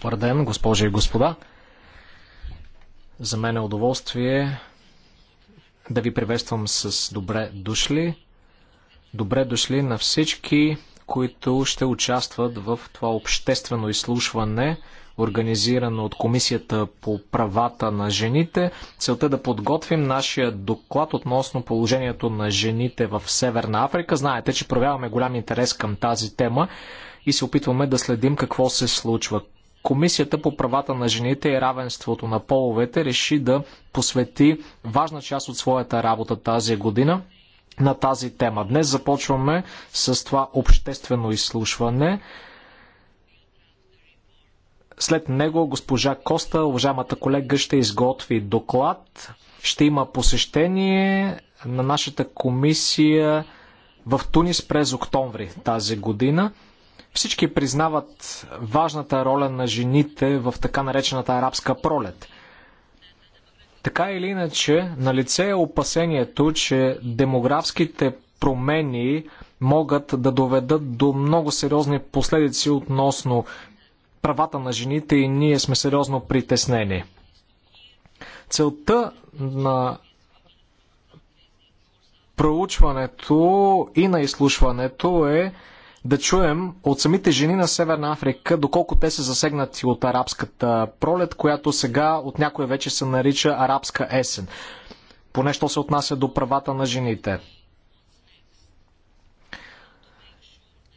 Добър ден, госпожи и господа. За мен е удоволствие да ви приветствам с добре дошли. Добре дошли на всички, които ще участват в това обществено изслушване, организирано от Комисията по правата на жените. Целта е да подготвим нашия доклад относно положението на жените в Северна Африка. Знаете, че проявяваме голям интерес към тази тема и се опитваме да следим какво се случва. Комисията по правата на жените и равенството на половете реши да посвети важна част от своята работа тази година на тази тема. Днес започваме с това обществено изслушване. След него госпожа Коста, уважаемата колега, ще изготви доклад. Ще има посещение на нашата комисия в Тунис през октомври тази година. Всички признават важната роля на жените в така наречената арабска пролет. Така или иначе, на лице е опасението, че демографските промени могат да доведат до много сериозни последици относно правата на жените и ние сме сериозно притеснени. Целта на проучването и на изслушването е да чуем от самите жени на Северна Африка, доколко те са засегнати от арабската пролет, която сега от някоя вече се нарича арабска есен. Поне що се отнася до правата на жените.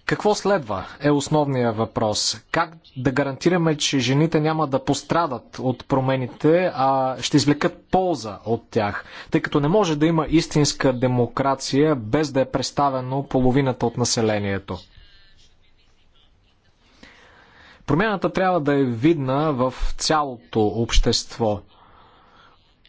Какво следва е основният въпрос. Как да гарантираме, че жените няма да пострадат от промените, а ще извлекат полза от тях? Тъй като не може да има истинска демокрация без да е представено половината от населението. Промяната трябва да е видна в цялото общество.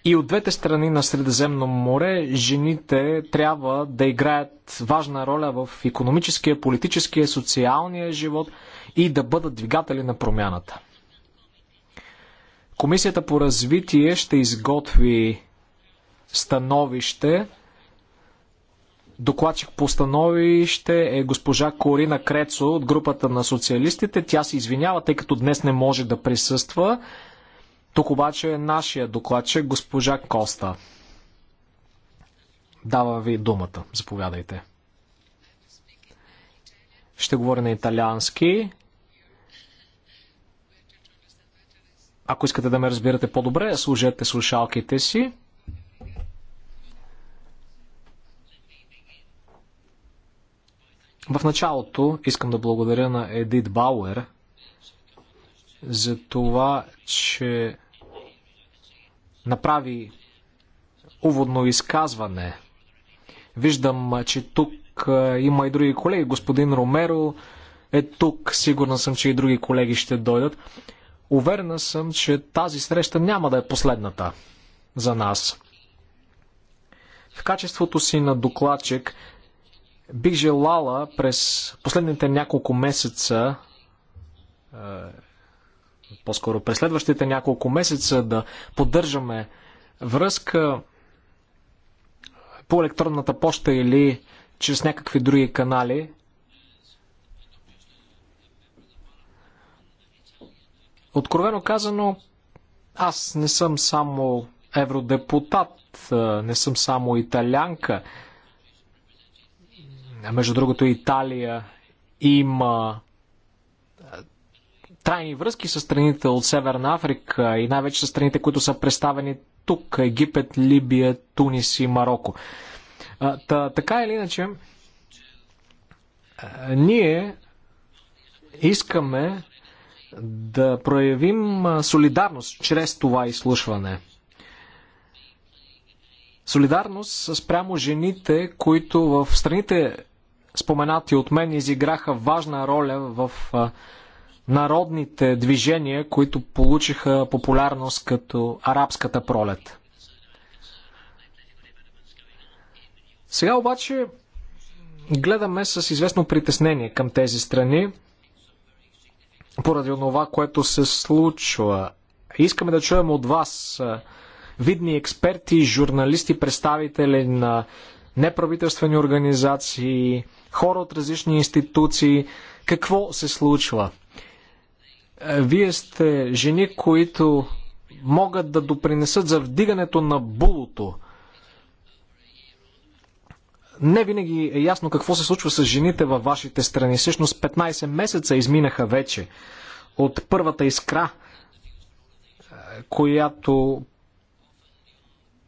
И от двете страни на Средиземно море жените трябва да играят важна роля в економическия, политическия, социалния живот и да бъдат двигатели на промяната. Комисията по развитие ще изготви становище Докладчик по становище е госпожа Корина Крецо от групата на социалистите. Тя се извинява, тъй като днес не може да присъства. Тук обаче е нашия докладчик, госпожа Коста. Дава ви думата. Заповядайте. Ще говоря на италиански. Ако искате да ме разбирате по-добре, служете слушалките си. В началото искам да благодаря на Едит Бауер за това, че направи уводно изказване. Виждам, че тук има и други колеги. Господин Ромеро е тук. Сигурна съм, че и други колеги ще дойдат. Уверена съм, че тази среща няма да е последната за нас. В качеството си на докладчик Бих желала през последните няколко месеца, е, по-скоро през следващите няколко месеца да поддържаме връзка по електронната почта или чрез някакви други канали. Откровено казано, аз не съм само евродепутат, е, не съм само италянка. Между другото, Италия има трайни връзки с страните от Северна Африка и най-вече с страните, които са представени тук Египет, Либия, Тунис и Марокко. Та, така или иначе, ние искаме да проявим солидарност чрез това изслушване. Солидарност спрямо жените, които в страните споменати от мен изиграха важна роля в народните движения, които получиха популярност като арабската пролет. Сега обаче гледаме с известно притеснение към тези страни, поради това, което се случва. Искаме да чуем от вас видни експерти, журналисти, представители на неправителствени организации, хора от различни институции. Какво се случва? Вие сте жени, които могат да допринесат за вдигането на булото. Не винаги е ясно какво се случва с жените във вашите страни. Всъщност 15 месеца изминаха вече от първата искра, която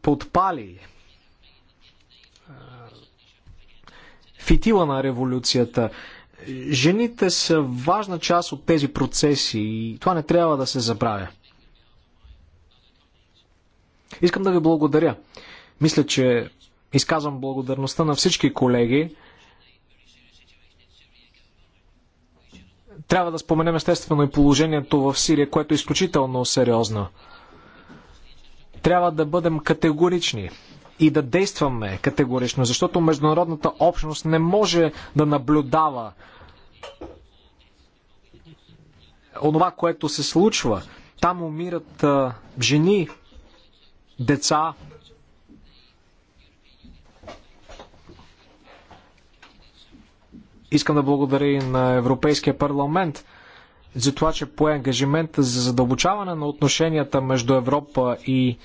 подпали фитила на революцията. Жените са важна част от тези процеси и това не трябва да се забравя. Искам да ви благодаря. Мисля, че изказвам благодарността на всички колеги. Трябва да споменем естествено и положението в Сирия, което е изключително сериозно. Трябва да бъдем категорични и да действаме категорично, защото международната общност не може да наблюдава онова, което се случва. Там умират а, жени, деца. Искам да благодаря и на Европейския парламент – за това, че пое ангажимент за задълбочаване на отношенията между Европа и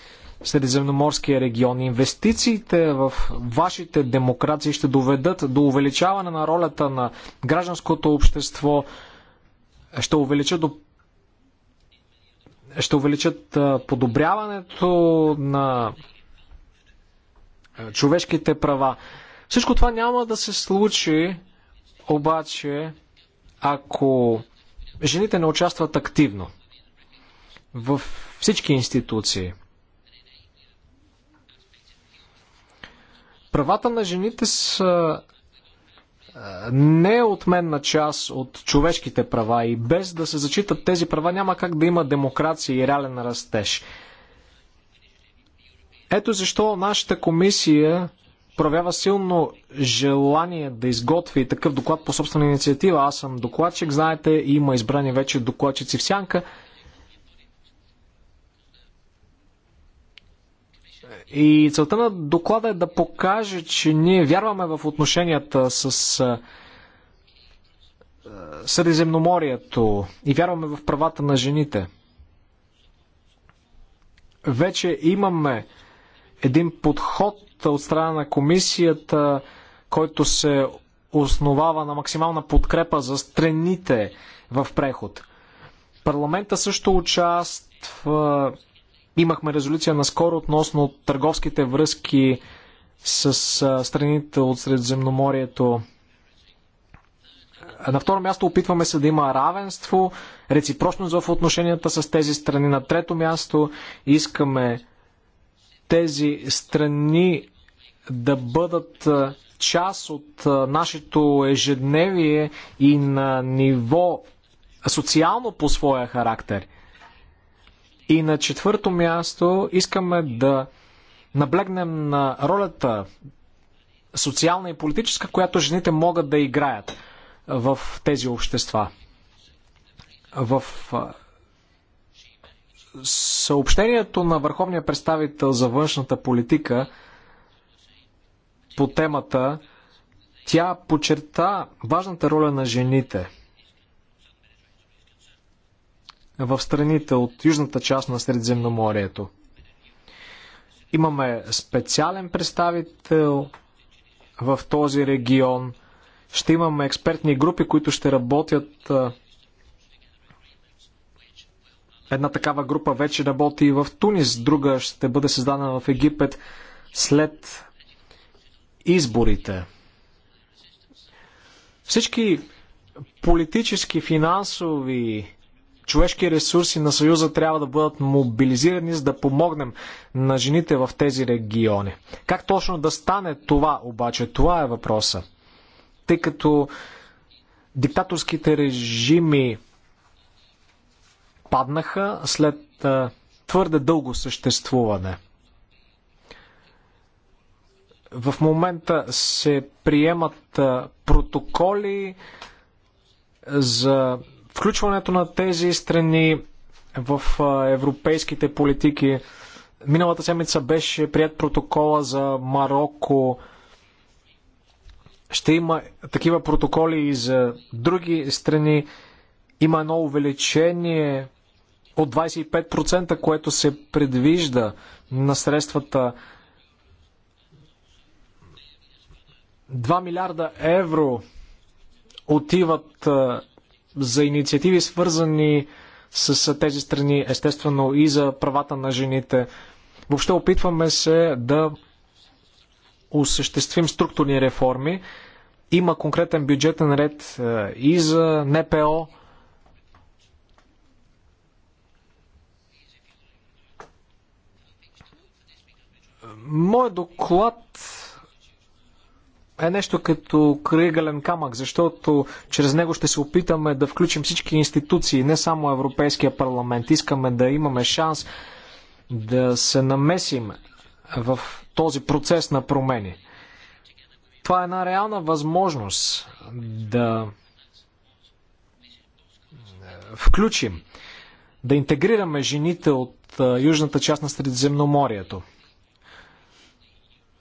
Средиземноморския регион. Инвестициите в вашите демокрации ще доведат до увеличаване на ролята на гражданското общество, ще увеличат до ще увеличат подобряването на човешките права. Всичко това няма да се случи, обаче, ако жените не участват активно в всички институции. Правата на жените са е, неотменна част от човешките права и без да се зачитат тези права няма как да има демокрация и реален растеж. Ето защо нашата комисия проявява силно желание да изготви такъв доклад по собствена инициатива. Аз съм докладчик, знаете, има избрани вече докладчици в сянка. И целта на доклада е да покаже, че ние вярваме в отношенията с Средиземноморието и вярваме в правата на жените. Вече имаме един подход от страна на комисията, който се основава на максимална подкрепа за страните в преход. Парламента също участва. Имахме резолюция наскоро относно търговските връзки с страните от Средземноморието. На второ място опитваме се да има равенство, реципрочност в отношенията с тези страни. На трето място искаме тези страни да бъдат част от нашето ежедневие и на ниво социално по своя характер. И на четвърто място искаме да наблегнем на ролята социална и политическа, която жените могат да играят в тези общества. В съобщението на върховния представител за външната политика – по темата, тя подчерта важната роля на жените в страните от южната част на Средиземноморието. Имаме специален представител в този регион. Ще имаме експертни групи, които ще работят. Една такава група вече работи и в Тунис, друга ще бъде създадена в Египет след изборите. Всички политически, финансови, човешки ресурси на Съюза трябва да бъдат мобилизирани, за да помогнем на жените в тези региони. Как точно да стане това обаче? Това е въпроса. Тъй като диктаторските режими паднаха след твърде дълго съществуване. В момента се приемат протоколи за включването на тези страни в европейските политики. Миналата седмица беше прият протокола за Марокко. Ще има такива протоколи и за други страни. Има едно увеличение от 25%, което се предвижда на средствата 2 милиарда евро отиват за инициативи свързани с тези страни, естествено и за правата на жените. Въобще опитваме се да осъществим структурни реформи. Има конкретен бюджетен ред и за НПО. Моят доклад е нещо като кръгален камък, защото чрез него ще се опитаме да включим всички институции, не само Европейския парламент. Искаме да имаме шанс да се намесим в този процес на промени. Това е една реална възможност да включим, да интегрираме жените от южната част на Средиземноморието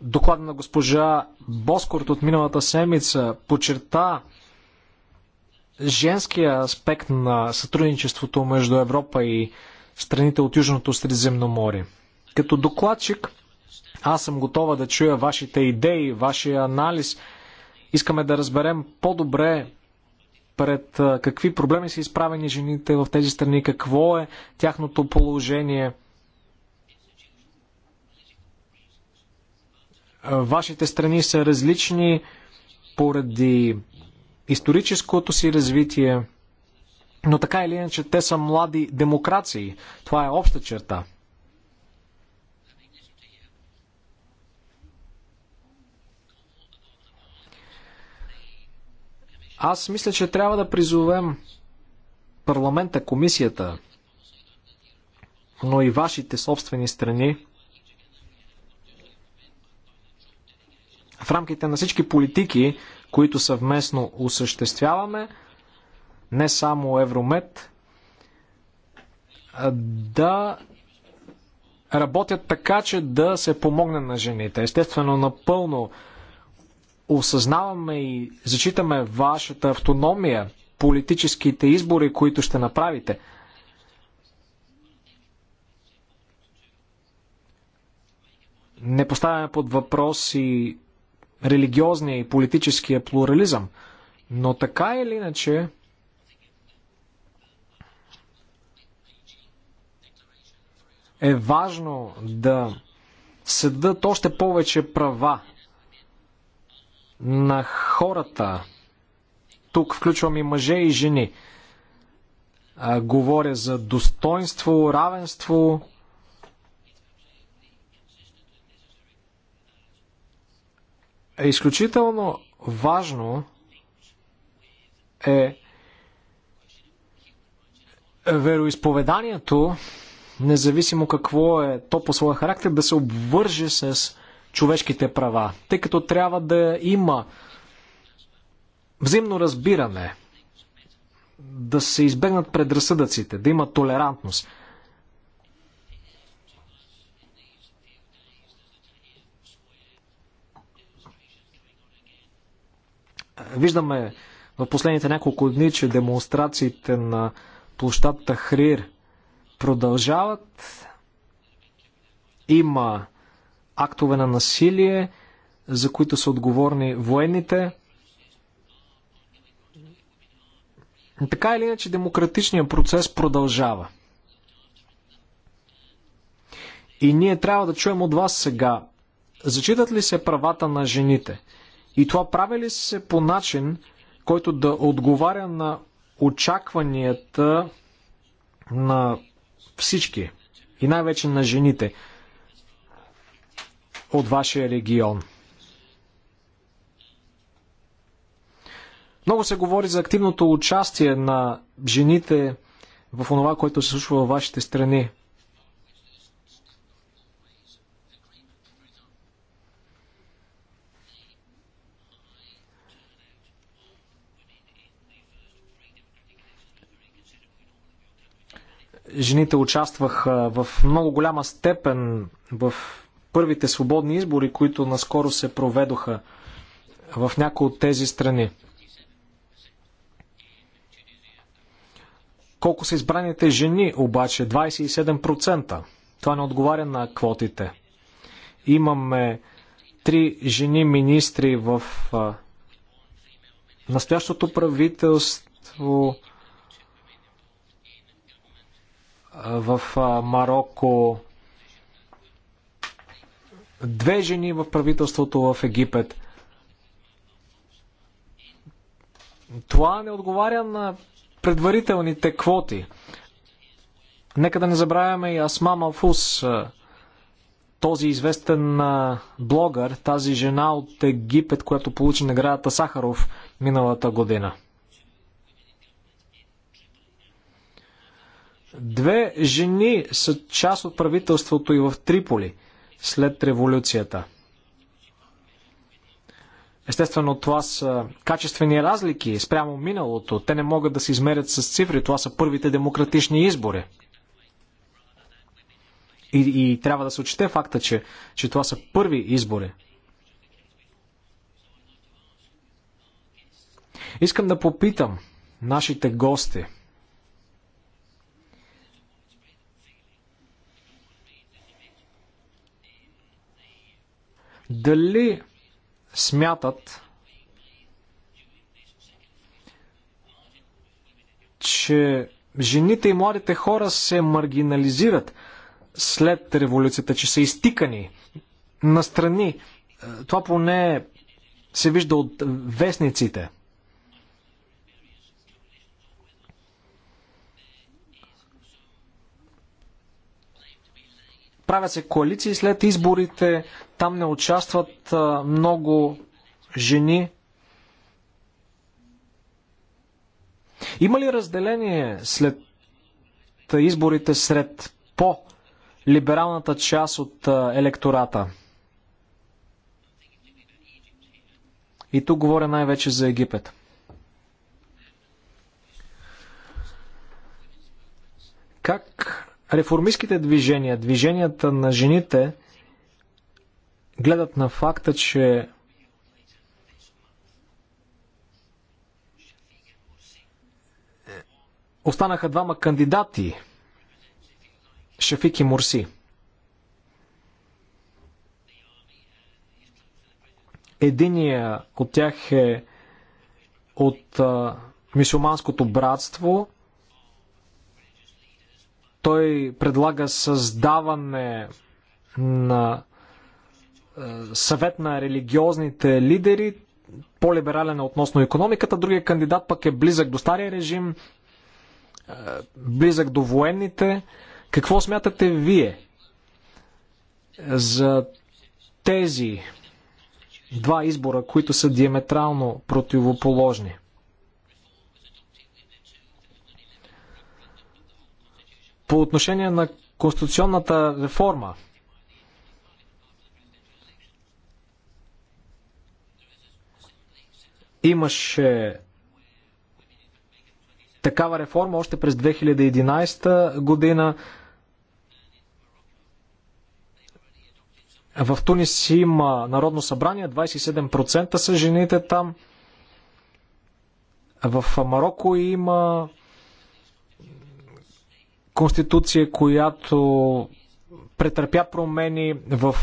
доклада на госпожа Боскорт от миналата седмица подчерта женския аспект на сътрудничеството между Европа и страните от Южното Средиземно море. Като докладчик, аз съм готова да чуя вашите идеи, вашия анализ. Искаме да разберем по-добре пред какви проблеми са изправени жените в тези страни, какво е тяхното положение – Вашите страни са различни поради историческото си развитие, но така или иначе те са млади демокрации. Това е обща черта. Аз мисля, че трябва да призовем парламента, комисията, но и вашите собствени страни в рамките на всички политики, които съвместно осъществяваме, не само Евромет, да работят така, че да се помогне на жените. Естествено, напълно осъзнаваме и зачитаме вашата автономия, политическите избори, които ще направите. Не поставяме под въпрос и религиозния и политическия плурализъм. Но така или иначе, е важно да се дадат още повече права на хората. Тук включвам и мъже и жени. А, говоря за достоинство, равенство, Е изключително важно е вероисповеданието, независимо какво е то по своя характер, да се обвърже с човешките права, тъй като трябва да има взаимно разбиране, да се избегнат предразсъдъците, да има толерантност – Виждаме в последните няколко дни, че демонстрациите на площад Тахрир продължават. Има актове на насилие, за които са отговорни военните. Така или иначе, демократичният процес продължава. И ние трябва да чуем от вас сега. Зачитат ли се правата на жените? И това прави ли се по начин, който да отговаря на очакванията на всички и най-вече на жените от вашия регион? Много се говори за активното участие на жените в онова, което се случва във вашите страни. жените участваха в много голяма степен в първите свободни избори, които наскоро се проведоха в някои от тези страни. Колко са избраните жени обаче? 27%. Това не отговаря на квотите. Имаме три жени министри в настоящото правителство, в Марокко, две жени в правителството в Египет. Това не отговаря на предварителните квоти. Нека да не забравяме и Асма Малфус, този известен блогър, тази жена от Египет, която получи наградата Сахаров миналата година. Две жени са част от правителството и в Триполи след революцията. Естествено, това са качествени разлики спрямо миналото. Те не могат да се измерят с цифри. Това са първите демократични избори. И, и трябва да се отчете факта, че, че това са първи избори. Искам да попитам нашите гости – Дали смятат, че жените и младите хора се маргинализират след революцията, че са изтикани настрани. Е, това поне се вижда от вестниците – Правят се коалиции след изборите, там не участват много жени. Има ли разделение след изборите сред по-либералната част от електората? И тук говоря най-вече за Египет. Как реформистските движения, движенията на жените гледат на факта, че останаха двама кандидати Шафик и Мурси. Единия от тях е от а, мисулманското братство – той предлага създаване на е, съвет на религиозните лидери, по-либерален относно економиката. Другия кандидат пък е близък до стария режим, е, близък до военните. Какво смятате вие за тези два избора, които са диаметрално противоположни? по отношение на конституционната реформа. Имаше такава реформа още през 2011 година. В Тунис има народно събрание, 27% са жените там. В Марокко има конституция, която претърпя промени в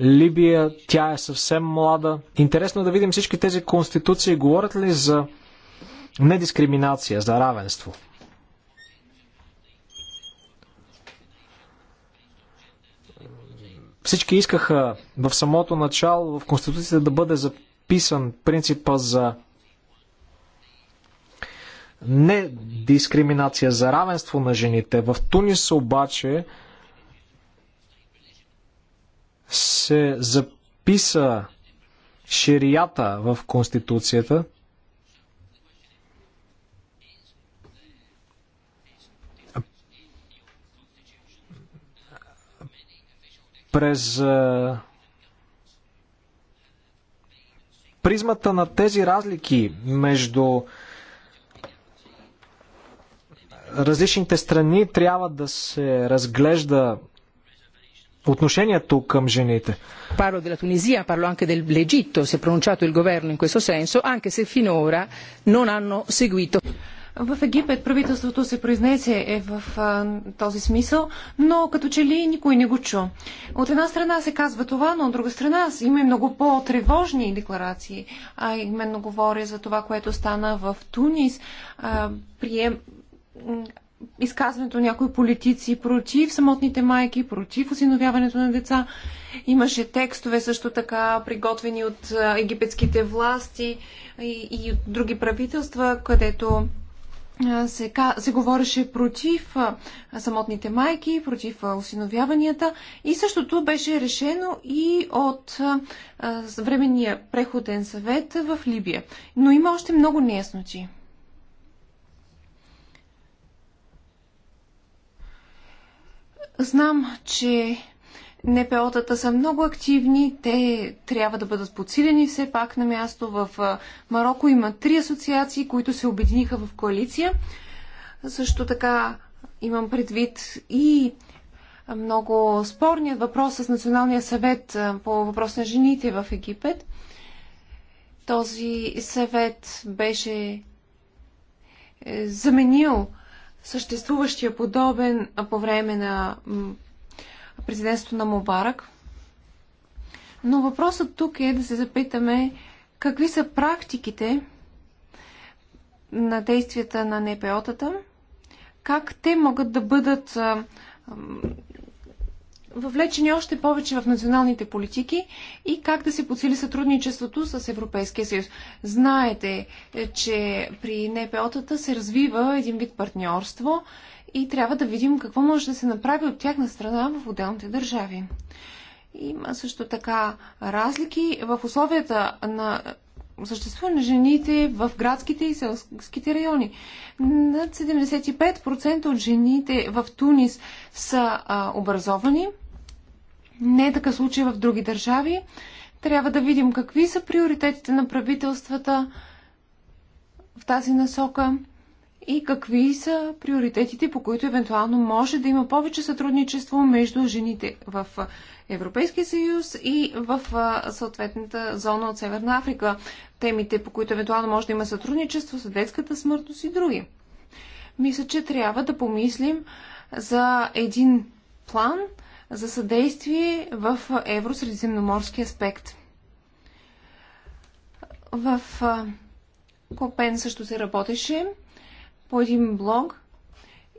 Либия, тя е съвсем млада. Интересно е да видим всички тези конституции говорят ли за недискриминация, за равенство. Всички искаха в самото начало в Конституцията да бъде записан принципа за не дискриминация, за равенство на жените. В Тунис обаче се записа ширията в Конституцията. През призмата на тези разлики между различните страни трябва да се разглежда отношението към жените. Parlo della Tunisia, parlo anche dell'Egitto, si è pronunciato il governo in questo senso, anche se finora non hanno seguito. В Египет правителството се произнесе е в а, този смисъл, но като че ли никой не го чу. От една страна се казва това, но от друга страна има и много по-тревожни декларации. А именно говоря за това, което стана в Тунис. А, прием, изказването на някои политици против самотните майки, против осиновяването на деца. Имаше текстове също така, приготвени от египетските власти и, и от други правителства, където се, се говореше против самотните майки, против осиновяванията и същото беше решено и от Временния преходен съвет в Либия. Но има още много неясноти. Знам, че НПО-тата са много активни. Те трябва да бъдат подсилени все пак на място. В Марокко има три асоциации, които се обединиха в коалиция. Също така имам предвид и много спорният въпрос с Националния съвет по въпрос на жените в Египет. Този съвет беше е, заменил съществуващия подобен по време на президентството на Мубарак. Но въпросът тук е да се запитаме какви са практиките на действията на НПО-тата, как те могат да бъдат въвлечени още повече в националните политики и как да се подсили сътрудничеството с Европейския съюз. Знаете, е, че при НПО-тата се развива един вид партньорство и трябва да видим какво може да се направи от тяхна страна в отделните държави. Има също така разлики в условията на съществуване на жените в градските и селските райони. Над 75% от жените в Тунис са а, образовани, не е така случай в други държави. Трябва да видим какви са приоритетите на правителствата в тази насока и какви са приоритетите, по които евентуално може да има повече сътрудничество между жените в Европейския съюз и в съответната зона от Северна Африка. Темите, по които евентуално може да има сътрудничество са детската смъртност и други. Мисля, че трябва да помислим за един план – за съдействие в евросредиземноморски аспект. В Копен също се работеше по един блог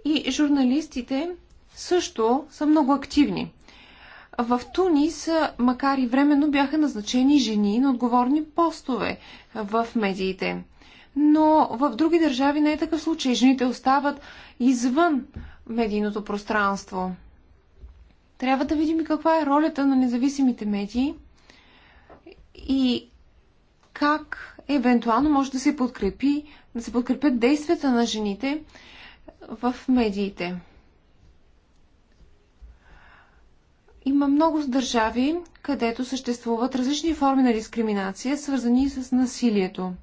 и журналистите също са много активни. В Тунис, макар и временно, бяха назначени жени на отговорни постове в медиите. Но в други държави не е такъв случай. Жените остават извън медийното пространство. Трябва да видим и каква е ролята на независимите медии и как евентуално може да се подкрепи, да се подкрепят действията на жените в медиите. Има много държави, където съществуват различни форми на дискриминация, свързани с насилието.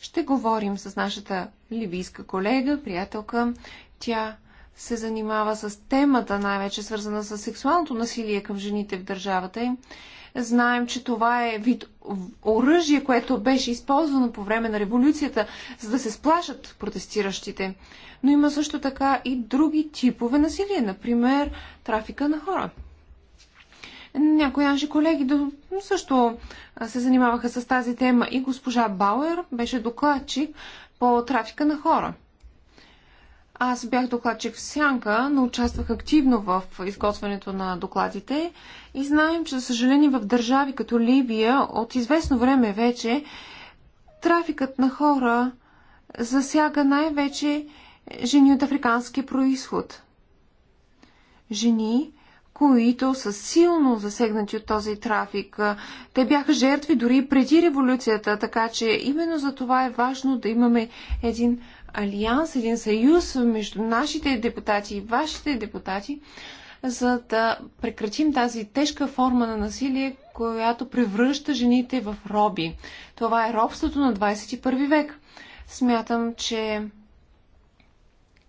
Ще говорим с нашата ливийска колега, приятелка. Тя се занимава с темата, най-вече свързана с сексуалното насилие към жените в държавата им. Знаем, че това е вид оръжие, което беше използвано по време на революцията, за да се сплашат протестиращите. Но има също така и други типове насилие, например трафика на хора. Някои наши колеги също се занимаваха с тази тема и госпожа Бауер беше докладчик по трафика на хора. Аз бях докладчик в Сянка, но участвах активно в изготвянето на докладите и знаем, че за съжаление в държави като Ливия, от известно време вече трафикът на хора засяга най-вече жени от африкански происход. Жени, които са силно засегнати от този трафик. Те бяха жертви дори преди революцията, така че именно за това е важно да имаме един алианс, един съюз между нашите депутати и вашите депутати, за да прекратим тази тежка форма на насилие, която превръща жените в роби. Това е робството на 21 век. Смятам, че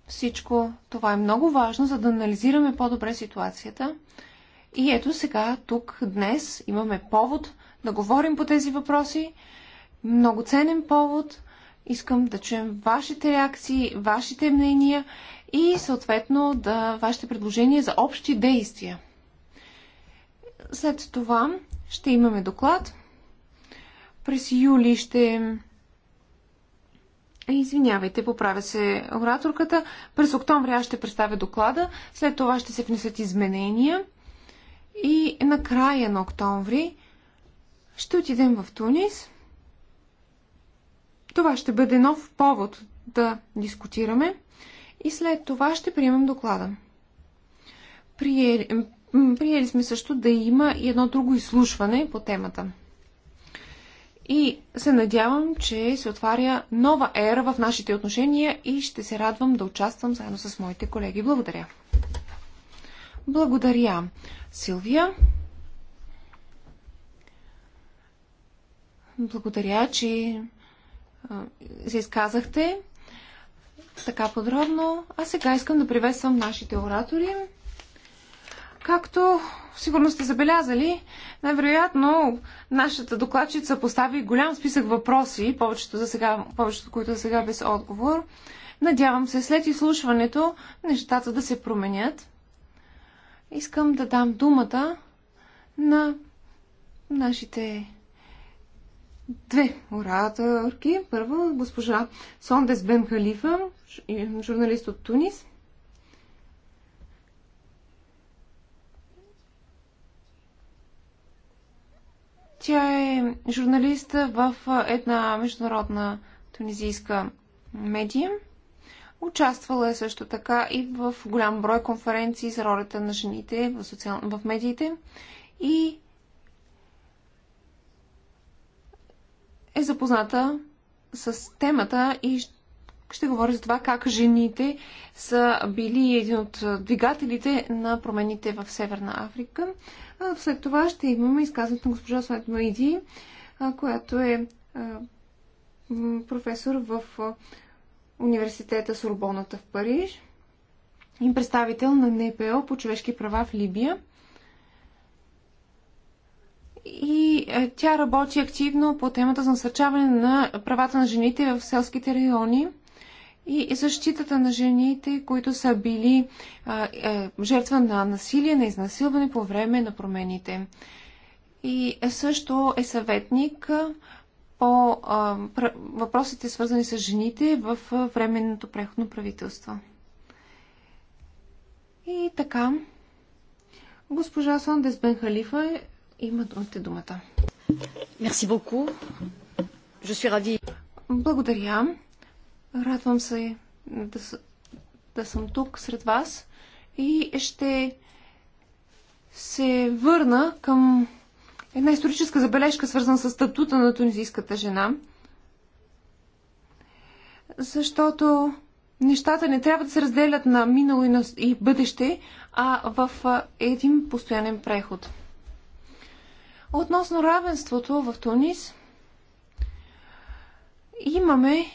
всичко това е много важно, за да анализираме по-добре ситуацията. И ето сега, тук, днес имаме повод да говорим по тези въпроси. Много ценен повод – Искам да чуем вашите реакции, вашите мнения и съответно да вашите предложения за общи действия. След това ще имаме доклад. През юли ще Извинявайте, поправя се ораторката. През октомври аз ще представя доклада, след това ще се внесат изменения и на края на октомври ще отидем в Тунис това ще бъде нов повод да дискутираме и след това ще приемем доклада. Приели, приели сме също да има и едно друго изслушване по темата. И се надявам, че се отваря нова ера в нашите отношения и ще се радвам да участвам заедно с моите колеги. Благодаря. Благодаря, Силвия. Благодаря, че се изказахте така подробно. А сега искам да приветствам нашите оратори. Както сигурно сте забелязали, най-вероятно нашата докладчица постави голям списък въпроси, повечето, за сега, повечето които за сега без отговор. Надявам се след изслушването нещата да се променят. Искам да дам думата на нашите две ораторки. Първо госпожа Сондес Бен Халифа, е журналист от Тунис. Тя е журналист в една международна тунизийска медия. Участвала е също така и в голям брой конференции за ролята на жените в, социал... в медиите и е запозната с темата и ще говори за това как жените са били един от двигателите на промените в Северна Африка. След това ще имаме изказването на госпожа Слайд Маиди, която е професор в университета Сорбоната в Париж и представител на НПО по човешки права в Либия и е, тя работи активно по темата за насърчаване на правата на жените в селските райони и защитата на жените, които са били е, жертва на насилие, на изнасилване по време на промените. И е, също е съветник по въпросите, свързани с жените в временното преходно правителство. И така, госпожа Сондес Бенхалифа Имате думата. Мерси боку. Je suis Благодаря. Радвам се да, да съм тук сред вас и ще се върна към една историческа забележка, свързана с статута на тунизийската жена. Защото нещата не трябва да се разделят на минало и, на, и бъдеще, а в един постоянен преход. Относно равенството в Тунис, имаме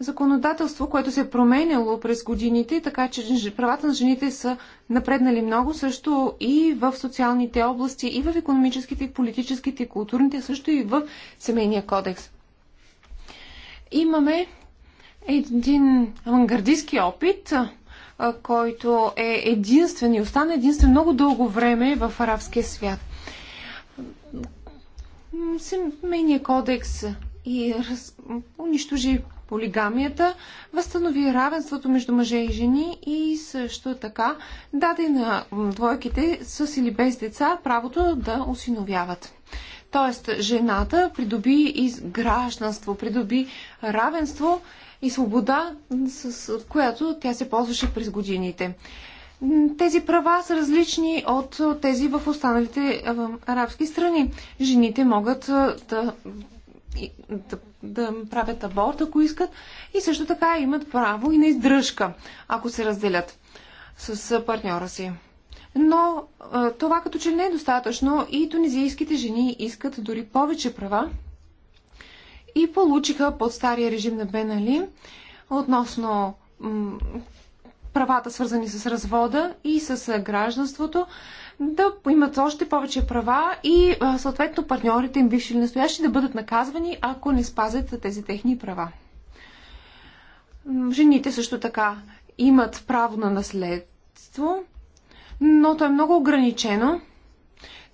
законодателство, което се е променяло през годините, така че правата на жените са напреднали много, също и в социалните области, и в економическите, и политическите, и културните, също и в семейния кодекс. Имаме един авангардистски опит, който е единствен и остана единствен много дълго време в арабския свят семейния кодекс и раз... унищожи полигамията, възстанови равенството между мъже и жени и също така даде на двойките с или без деца правото да осиновяват. Тоест, жената придоби и гражданство, придоби равенство и свобода, с която тя се ползваше през годините тези права са различни от тези в останалите арабски страни. Жените могат да, да, да правят аборт, ако искат, и също така имат право и на издръжка, ако се разделят с партньора си. Но това като че не е достатъчно и тунизийските жени искат дори повече права и получиха под стария режим на Бенали относно правата, свързани с развода и с гражданството, да имат още повече права и съответно партньорите им, бивши или настоящи, да бъдат наказвани, ако не спазят тези техни права. Жените също така имат право на наследство, но то е много ограничено.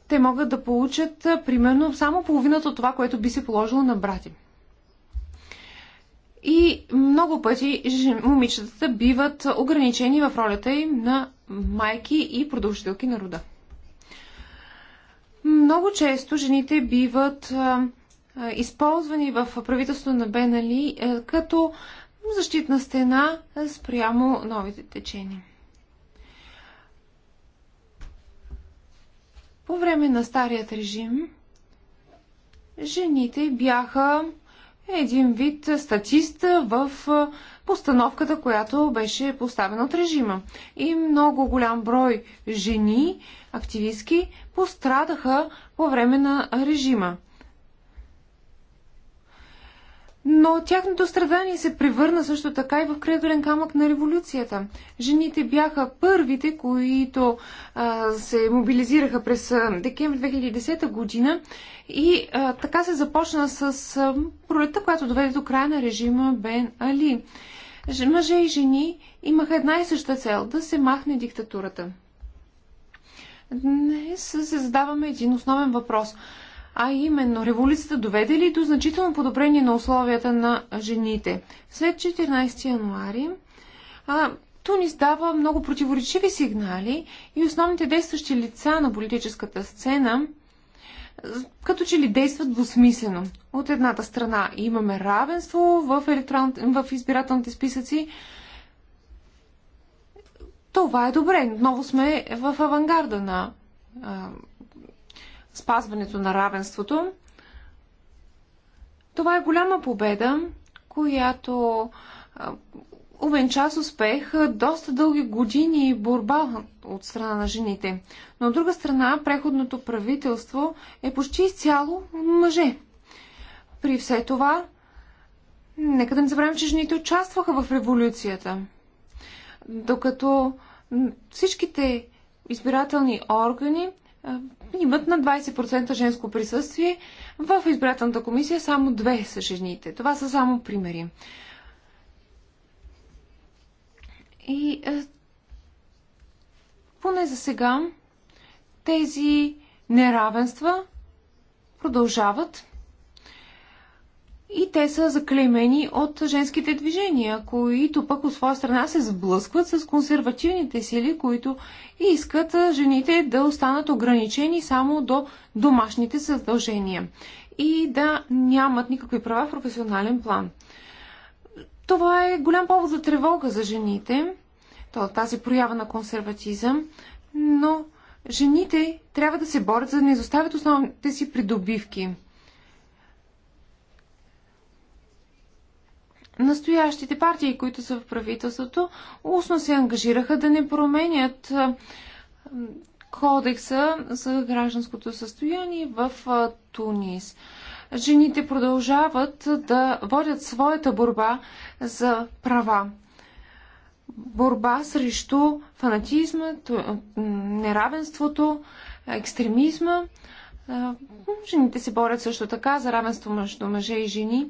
Те могат да получат примерно само половината от това, което би се положило на брати. И много пъти момичетата биват ограничени в ролята им на майки и продължителки на рода. Много често жените биват използвани в правителството на Бенали като защитна стена спрямо новите течения. По време на старият режим жените бяха е един вид статист в постановката, която беше поставена от режима. И много голям брой жени, активистки, пострадаха по време на режима. Но тяхното страдание се превърна също така и в кредолен камък на революцията. Жените бяха първите, които а, се мобилизираха през декември 2010 година и а, така се започна с а, пролета, която доведе до края на режима Бен Али. Мъже и жени имаха една и съща цел да се махне диктатурата. Днес се задаваме един основен въпрос – а именно, революцията доведе ли до значително подобрение на условията на жените? След 14 януари а, Тунис дава много противоречиви сигнали и основните действащи лица на политическата сцена като че ли действат двусмислено. От едната страна имаме равенство в, електрон... в избирателните списъци. Това е добре. Отново сме в авангарда на а, спазването на равенството. Това е голяма победа, която увенча с успех доста дълги години и борба от страна на жените. Но от друга страна, преходното правителство е почти изцяло мъже. При все това, нека да не забравим, че жените участваха в революцията. Докато всичките избирателни органи имат на 20% женско присъствие. В избирателната комисия само две са жените. Това са само примери. И поне за сега тези неравенства продължават и те са заклеймени от женските движения, които пък от своя страна се сблъскват с консервативните сили, които искат жените да останат ограничени само до домашните задължения и да нямат никакви права в професионален план. Това е голям повод за тревога за жените, тази проява на консерватизъм, но жените трябва да се борят, за да не изоставят основните си придобивки – настоящите партии, които са в правителството, устно се ангажираха да не променят кодекса за гражданското състояние в Тунис. Жените продължават да водят своята борба за права. Борба срещу фанатизма, неравенството, екстремизма. Жените се борят също така за равенство между мъже и жени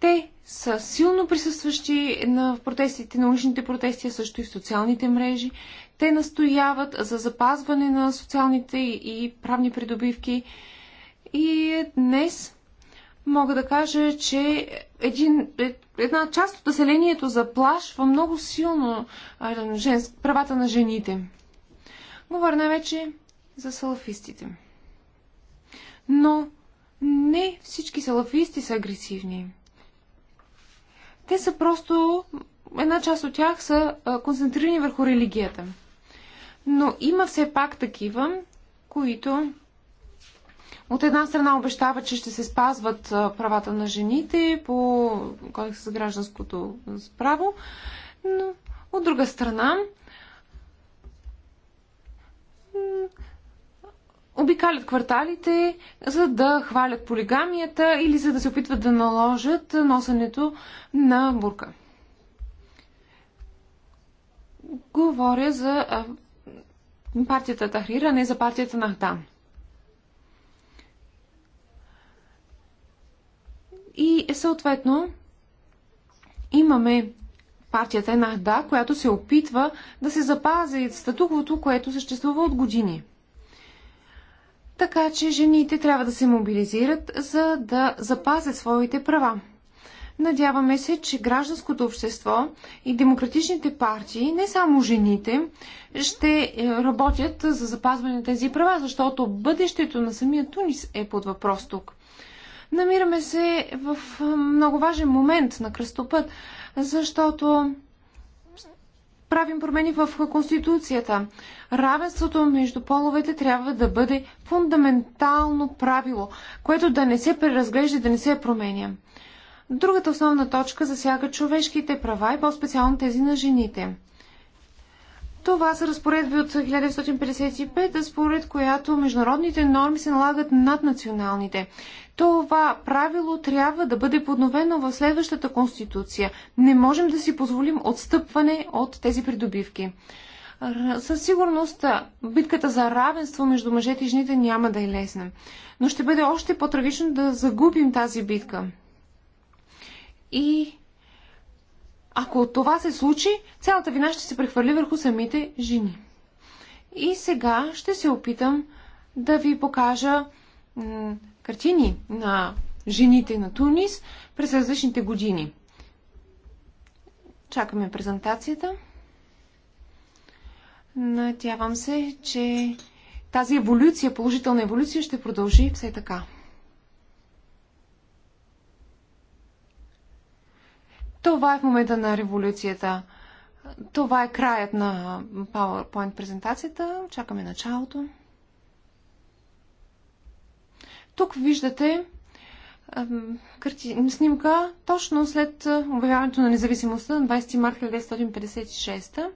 те са силно присъстващи на протестите, на уличните протести, също и в социалните мрежи. Те настояват за запазване на социалните и правни придобивки. И днес мога да кажа, че един, една част от населението заплашва много силно женск, правата на жените. Говоря най-вече за салафистите. Но не всички салафисти са агресивни. Те са просто, една част от тях са концентрирани върху религията. Но има все пак такива, които от една страна обещават, че ще се спазват правата на жените по Кодекса за гражданското право, но от друга страна обикалят кварталите, за да хвалят полигамията или за да се опитват да наложат носенето на бурка. Говоря за партията Тахрира, не за партията Нахдан. И съответно имаме партията Нахда, която се опитва да се запази статуквото, което съществува от години – така че жените трябва да се мобилизират, за да запазят своите права. Надяваме се, че гражданското общество и демократичните партии, не само жените, ще е, работят за запазване на тези права, защото бъдещето на самия Тунис е под въпрос тук. Намираме се в е, много важен момент на кръстопът, защото правим промени в Конституцията. Равенството между половете трябва да бъде фундаментално правило, което да не се преразглежда, да не се променя. Другата основна точка засяга човешките права и по-специално тези на жените. Това са разпоредби от 1955, според която международните норми се налагат над националните. Това правило трябва да бъде подновено в следващата конституция. Не можем да си позволим отстъпване от тези придобивки. Със сигурност битката за равенство между мъжете и жените няма да е лесна. Но ще бъде още по-трагично да загубим тази битка. И ако това се случи, цялата вина ще се прехвърли върху самите жени. И сега ще се опитам да ви покажа картини на жените на Тунис през различните години. Чакаме презентацията. Надявам се, че тази еволюция, положителна еволюция ще продължи все така. Това е в момента на революцията. Това е краят на PowerPoint презентацията. Чакаме началото. Тук виждате снимка точно след обявяването на независимостта на 20 марта 1956.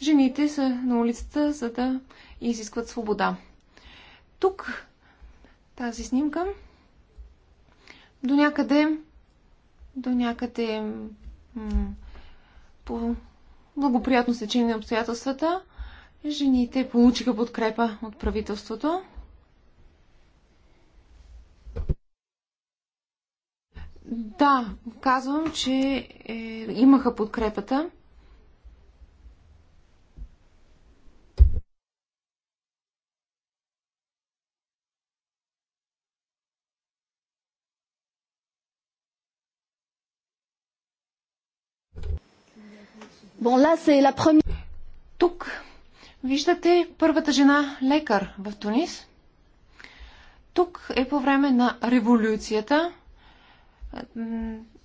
Жените са на улицата, за да изискват свобода. Тук тази снимка до някъде до някъде по благоприятно сечение на обстоятелствата, жените получиха подкрепа от правителството. Да, казвам, че е, имаха подкрепата. Bon, là, c'est la première... Тук виждате първата жена лекар в Тунис. Тук е по време на революцията.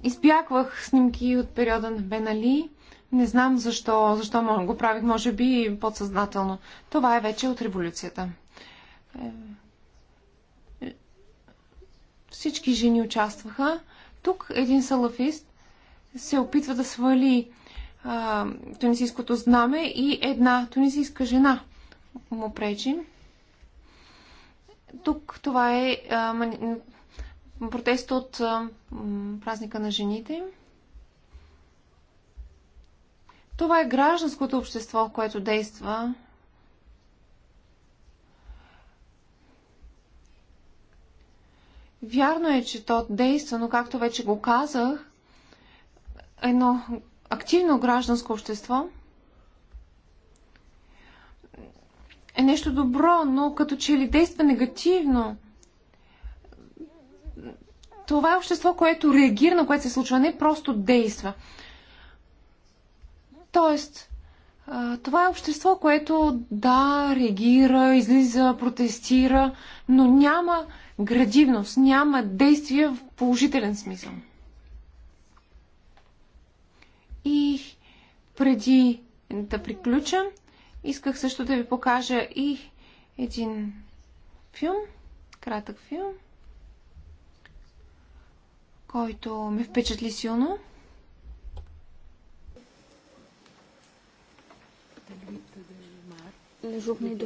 Избягвах снимки от периода на Бенали. Не знам защо, защо го правих, може би подсъзнателно. Това е вече от революцията. Е, всички жени участваха. Тук един салафист се опитва да свали а, тунисийското знаме и една тунисийска жена му пречи. Тук това е а, протест от а, празника на жените. Това е гражданското общество, което действа. Вярно е, че то действа, но както вече го казах, едно активно гражданско общество е нещо добро, но като че ли действа негативно. Това е общество, което реагира на което се случва, не просто действа. Тоест, това е общество, което да, реагира, излиза, протестира, но няма градивност, няма действие в положителен смисъл. И преди да приключа, исках също да ви покажа и един филм, кратък филм, който ме впечатли силно. La journée de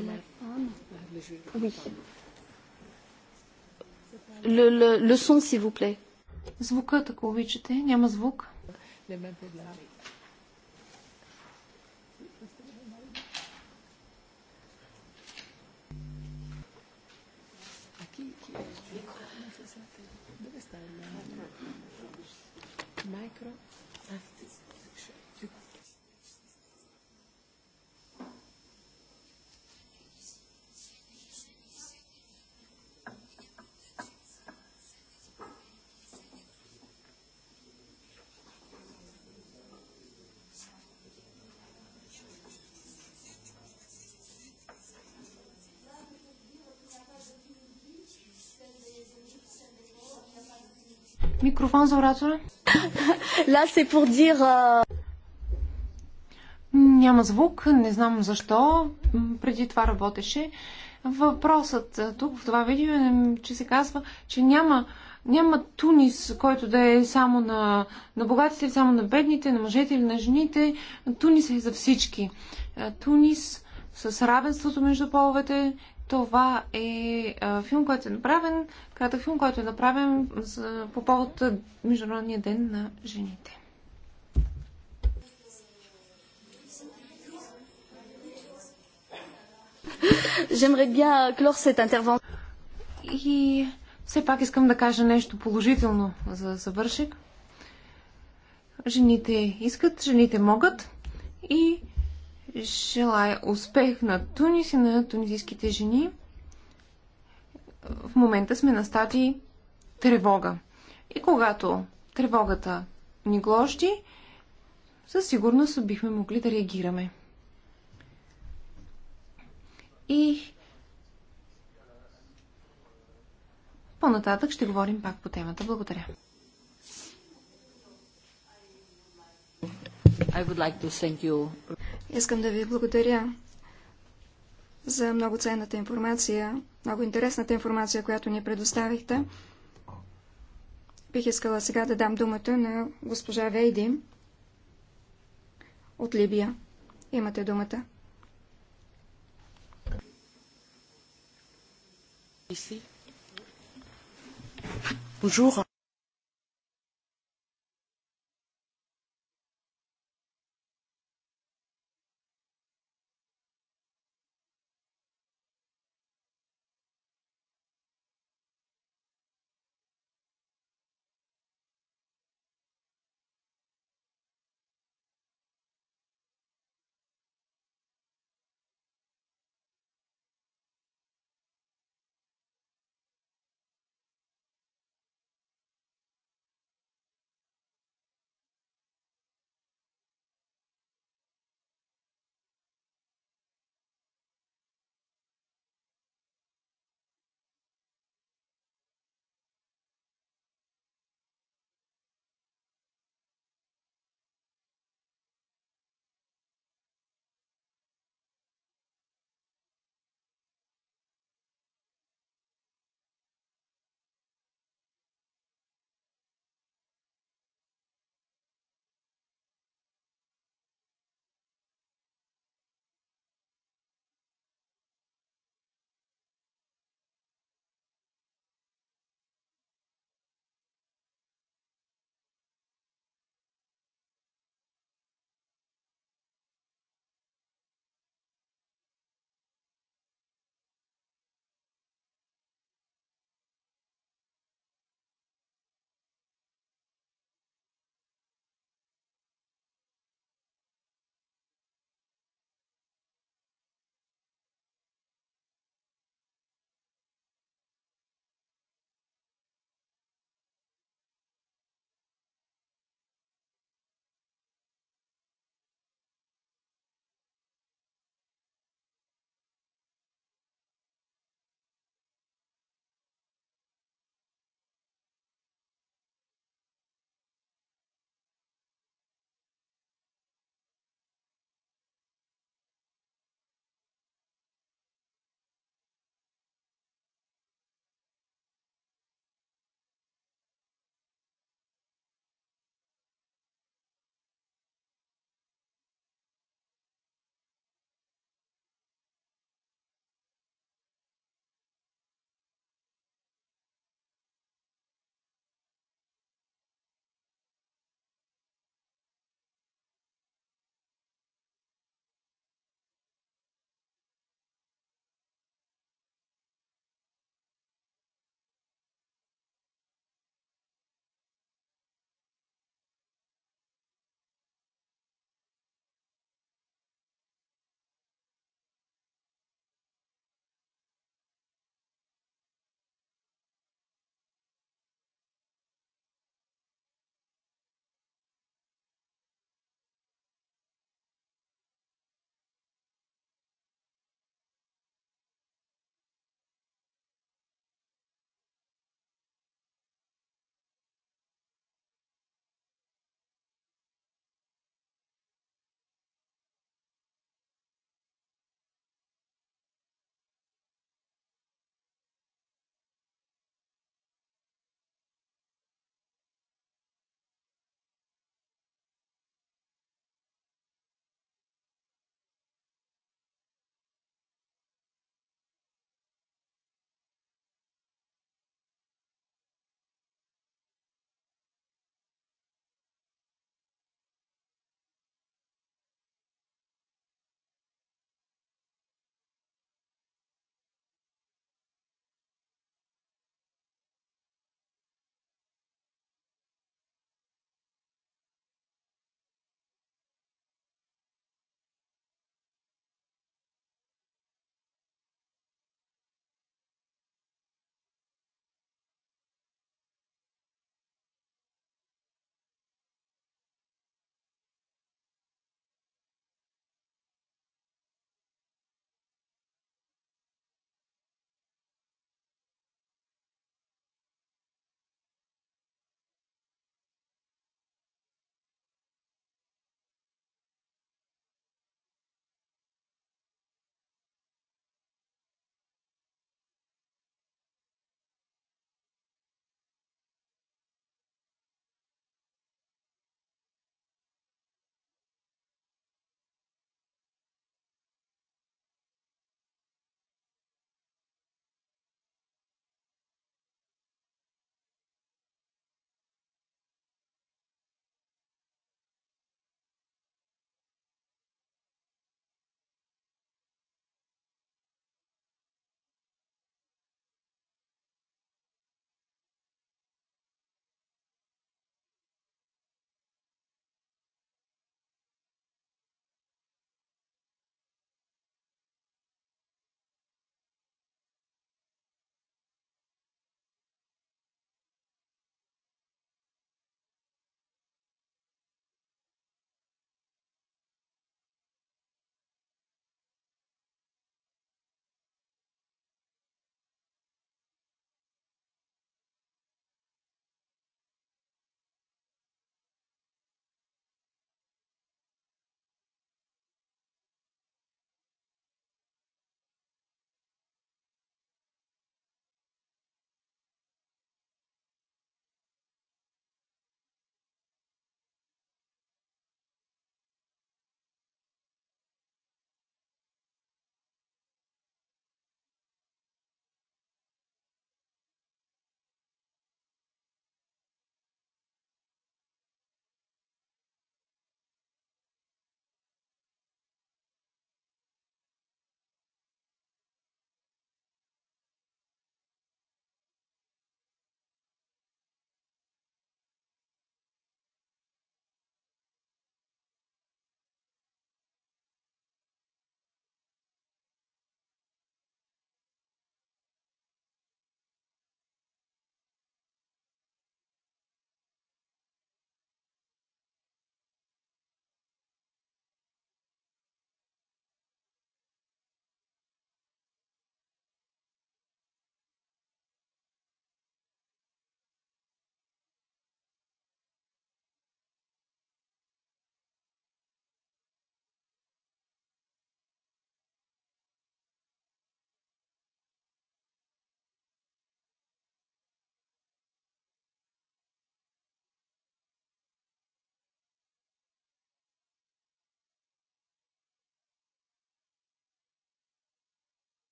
Le, le, le son, s'il vous plaît. Звукът, ако обичате. Няма звук les mêmes problèmes. Микрофон за оратора. Là, c'est pour dire... Euh, няма звук, не знам защо. Преди това работеше. Въпросът е, тук в това видео е, че се казва, че няма, няма Тунис, който да е само на, на богатите само на бедните, на мъжете или на жените. Тунис е за всички. Е, тунис с равенството между половете това е филм, който е направен, кратък филм, който е направен по повод Международния ден на жените. J'aimerais bien clore cette intervention. И все пак искам да кажа нещо положително за завършек. Жените искат, жените могат и Желая успех на Тунис и на тунизийските жени. В момента сме на стадии тревога. И когато тревогата ни гложди, със сигурност бихме могли да реагираме. И по-нататък ще говорим пак по темата. Благодаря. like Искам да ви благодаря за много ценната информация, много интересната информация, която ни предоставихте. Бих искала сега да дам думата на госпожа Вейди от Либия. Имате думата. Bonjour.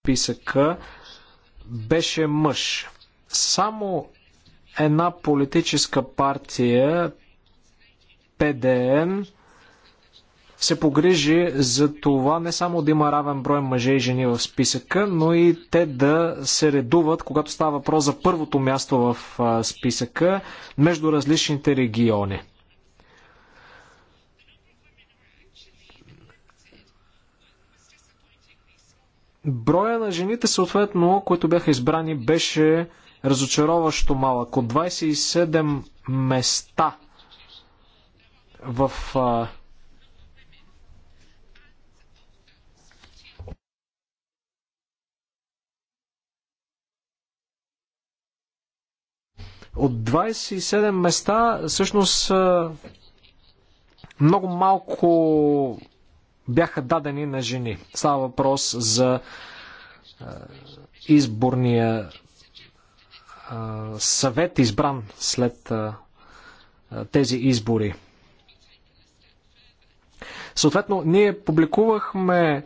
списъка беше мъж. Само една политическа партия, ПДН, се погрижи за това не само да има равен брой мъже и жени в списъка, но и те да се редуват, когато става въпрос за първото място в списъка, между различните региони. Броя на жените, съответно, които бяха избрани, беше разочароващо малък. От 27 места в а, от 27 места всъщност много малко бяха дадени на жени. Става въпрос за изборния съвет, избран след тези избори. Съответно, ние публикувахме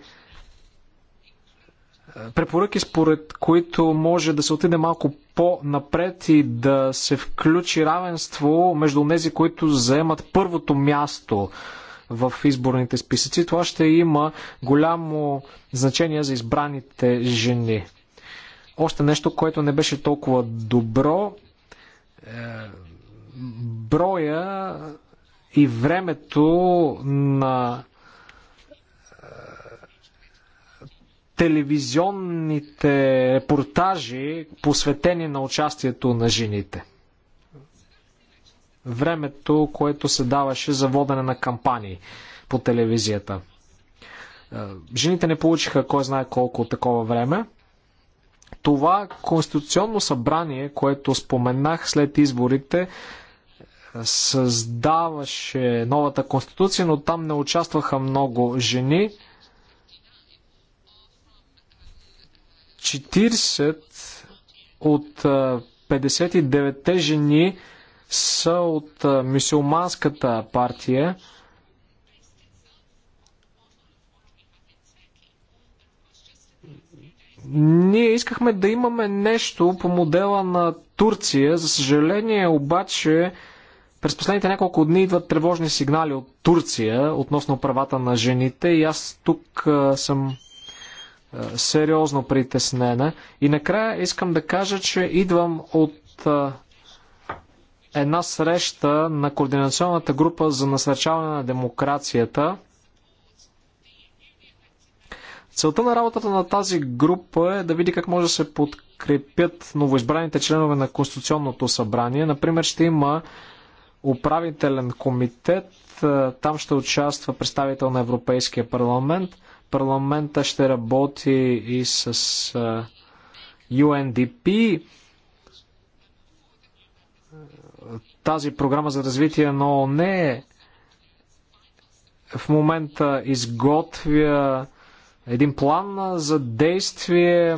препоръки, според които може да се отиде малко по-напред и да се включи равенство между тези, които заемат първото място в изборните списъци, това ще има голямо значение за избраните жени. Още нещо, което не беше толкова добро, е, броя и времето на е, телевизионните репортажи, посветени на участието на жените времето, което се даваше за водене на кампании по телевизията. Е, жените не получиха кой знае колко от такова време. Това конституционно събрание, което споменах след изборите, е, създаваше новата конституция, но там не участваха много жени. 40 от 59-те е, жени са от мисулманската партия. Ние искахме да имаме нещо по модела на Турция. За съжаление обаче през последните няколко дни идват тревожни сигнали от Турция относно правата на жените и аз тук съм сериозно притеснена. И накрая искам да кажа, че идвам от една среща на Координационната група за насърчаване на демокрацията. Целта на работата на тази група е да види как може да се подкрепят новоизбраните членове на Конституционното събрание. Например, ще има управителен комитет, там ще участва представител на Европейския парламент. Парламента ще работи и с UNDP, тази програма за развитие на ООН е в момента изготвя един план за действие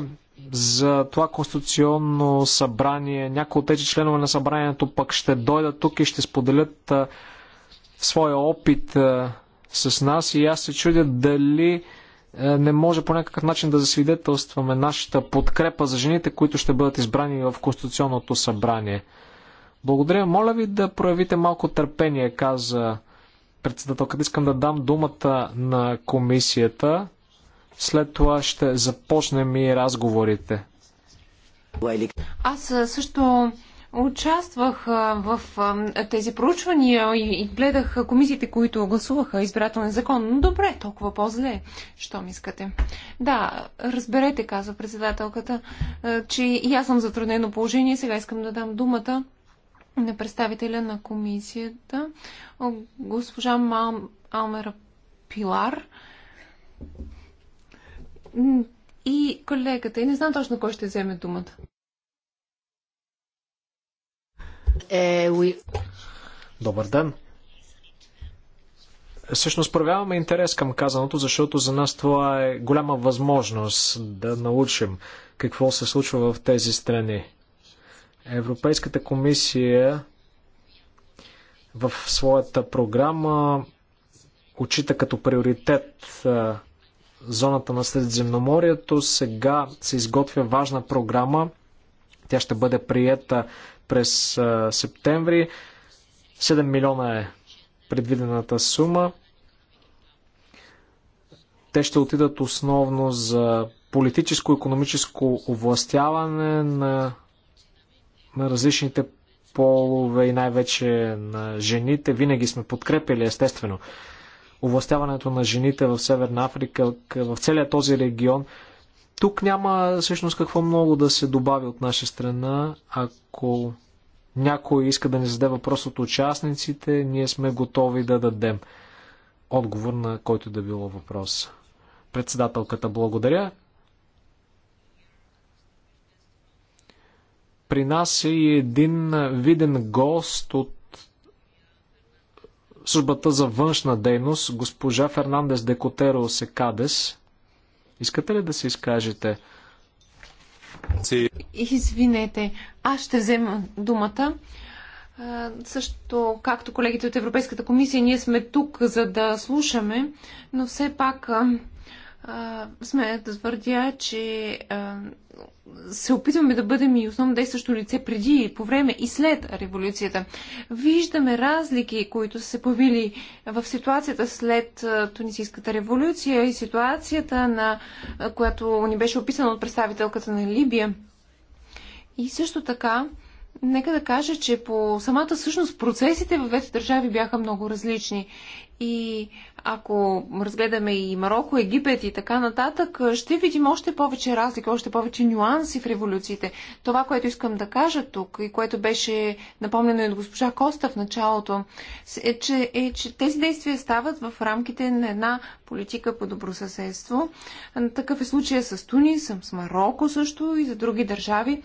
за това конституционно събрание. Някои от тези членове на събранието пък ще дойдат тук и ще споделят своя опит с нас и аз се чудя дали не може по някакъв начин да засвидетелстваме нашата подкрепа за жените, които ще бъдат избрани в Конституционното събрание. Благодаря. Моля ви да проявите малко търпение, каза председателката. Искам да дам думата на комисията. След това ще започнем и разговорите. Аз също участвах в тези проучвания и гледах комисиите, които гласуваха избирателен закон. Но добре, толкова по-зле, що ми искате. Да, разберете, казва председателката, че и аз съм затруднено положение. Сега искам да дам думата на представителя на комисията, госпожа Мал... Алмера Пилар и колегата. И не знам точно кой ще вземе думата. Е, уи. Добър ден. Всъщност проявяваме интерес към казаното, защото за нас това е голяма възможност да научим какво се случва в тези страни. Европейската комисия в своята програма отчита като приоритет зоната на Средиземноморието. Сега се изготвя важна програма. Тя ще бъде приета през септември. 7 милиона е предвидената сума. Те ще отидат основно за политическо-економическо овластяване на на различните полове и най-вече на жените винаги сме подкрепили, естествено. Овластяването на жените в Северна Африка, в целия този регион. Тук няма всъщност какво много да се добави от наша страна. Ако някой иска да ни зададе въпрос от участниците, ние сме готови да дадем отговор на който да било въпрос. Председателката благодаря. При нас е и един виден гост от службата за външна дейност, госпожа Фернандес Декотеро Секадес. Искате ли да се изкажете? Извинете, аз ще взема думата. Също, както колегите от Европейската комисия, ние сме тук, за да слушаме, но все пак смея да твърдя, че а, се опитваме да бъдем и основно действащо лице преди, по време и след революцията. Виждаме разлики, които са се появили в ситуацията след Тунисийската революция и ситуацията, на, която ни беше описана от представителката на Либия. И също така, нека да кажа, че по самата същност процесите в двете държави бяха много различни. И ако разгледаме и Марокко, Египет и така нататък, ще видим още повече разлика, още повече нюанси в революциите. Това, което искам да кажа тук и което беше напомнено и от госпожа Коста в началото, е, че, е, че тези действия стават в рамките на една политика по добросъседство. Такъв е случая с Тунис, с Марокко също и за други държави.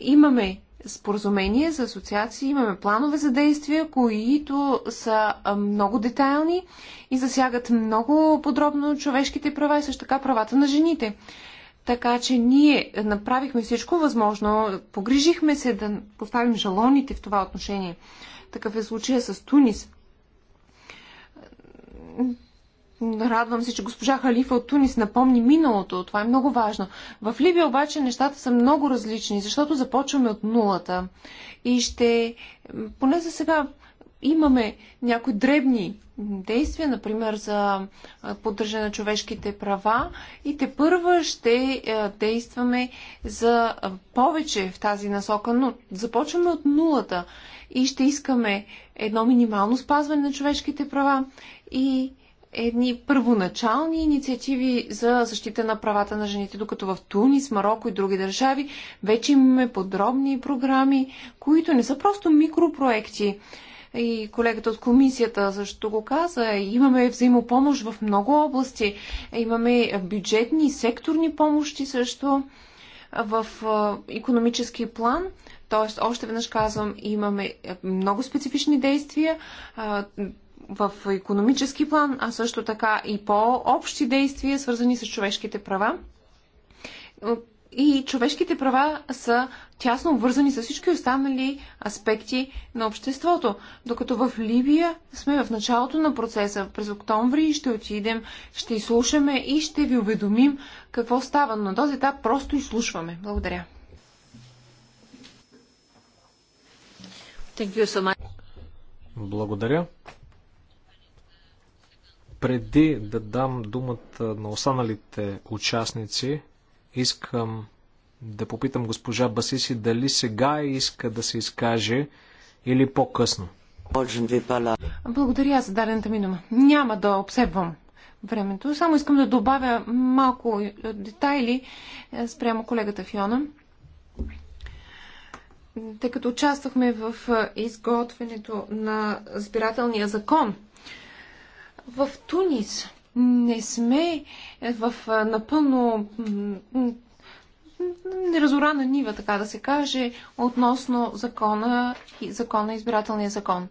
Имаме споразумение за асоциации, имаме планове за действия, които са много детайлни и засягат много подробно човешките права и също така правата на жените. Така че ние направихме всичко възможно, погрижихме се да поставим жалоните в това отношение. Такъв е случая с Тунис. Радвам се, че госпожа Халифа от Тунис напомни миналото. Това е много важно. В Либия обаче нещата са много различни, защото започваме от нулата. И ще, поне за сега, имаме някои дребни действия, например за поддържане на човешките права и те първа ще действаме за повече в тази насока, но започваме от нулата и ще искаме едно минимално спазване на човешките права и едни първоначални инициативи за защита на правата на жените, докато в Тунис, Марокко и други държави вече имаме подробни програми, които не са просто микропроекти. И колегата от комисията също го каза. Имаме взаимопомощ в много области. Имаме бюджетни и секторни помощи също в економически план. Тоест, още веднъж казвам, имаме много специфични действия в економически план, а също така и по-общи действия, свързани с човешките права. И човешките права са тясно обвързани с всички останали аспекти на обществото. Докато в Либия сме в началото на процеса, през октомври ще отидем, ще изслушаме и ще ви уведомим какво става. На този етап просто изслушваме. Благодаря. Благодаря. Преди да дам думата на останалите участници, искам да попитам госпожа Басиси дали сега иска да се изкаже или по-късно. Благодаря за дадената ми дума. Няма да обсебвам времето. Само искам да добавя малко детайли е, спрямо колегата Фиона. Тъй като участвахме в е, изготвянето на избирателния закон в Тунис не сме е, в е, напълно неразорана нива, така да се каже, относно закона и закона, избирателния закон. Е,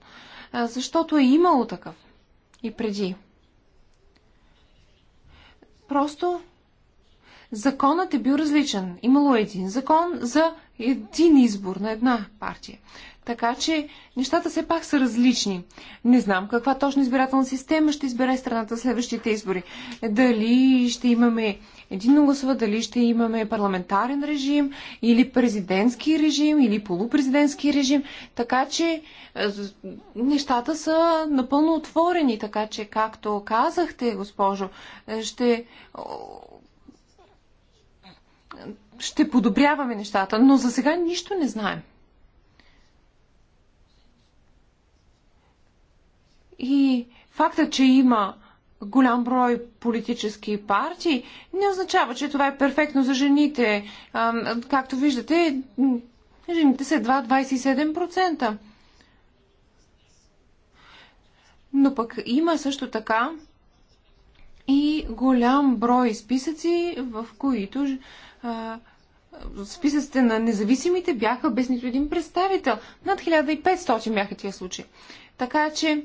защото е имало такъв и преди. Просто законът е бил различен. Имало един закон за един избор на една партия. Така че нещата все пак са различни. Не знам каква точно избирателна система ще избере страната следващите избори. Дали ще имаме един гласова, дали ще имаме парламентарен режим или президентски режим или полупрезидентски режим. Така че е, нещата са напълно отворени. Така че, както казахте, госпожо, е, ще ще подобряваме нещата, но за сега нищо не знаем. И факта, че има голям брой политически партии, не означава, че това е перфектно за жените. Както виждате, жените са едва 27%. Но пък има също така и голям брой списъци, в които а, списъците на независимите бяха без нито един представител. Над 1500 бяха тия случаи. Така че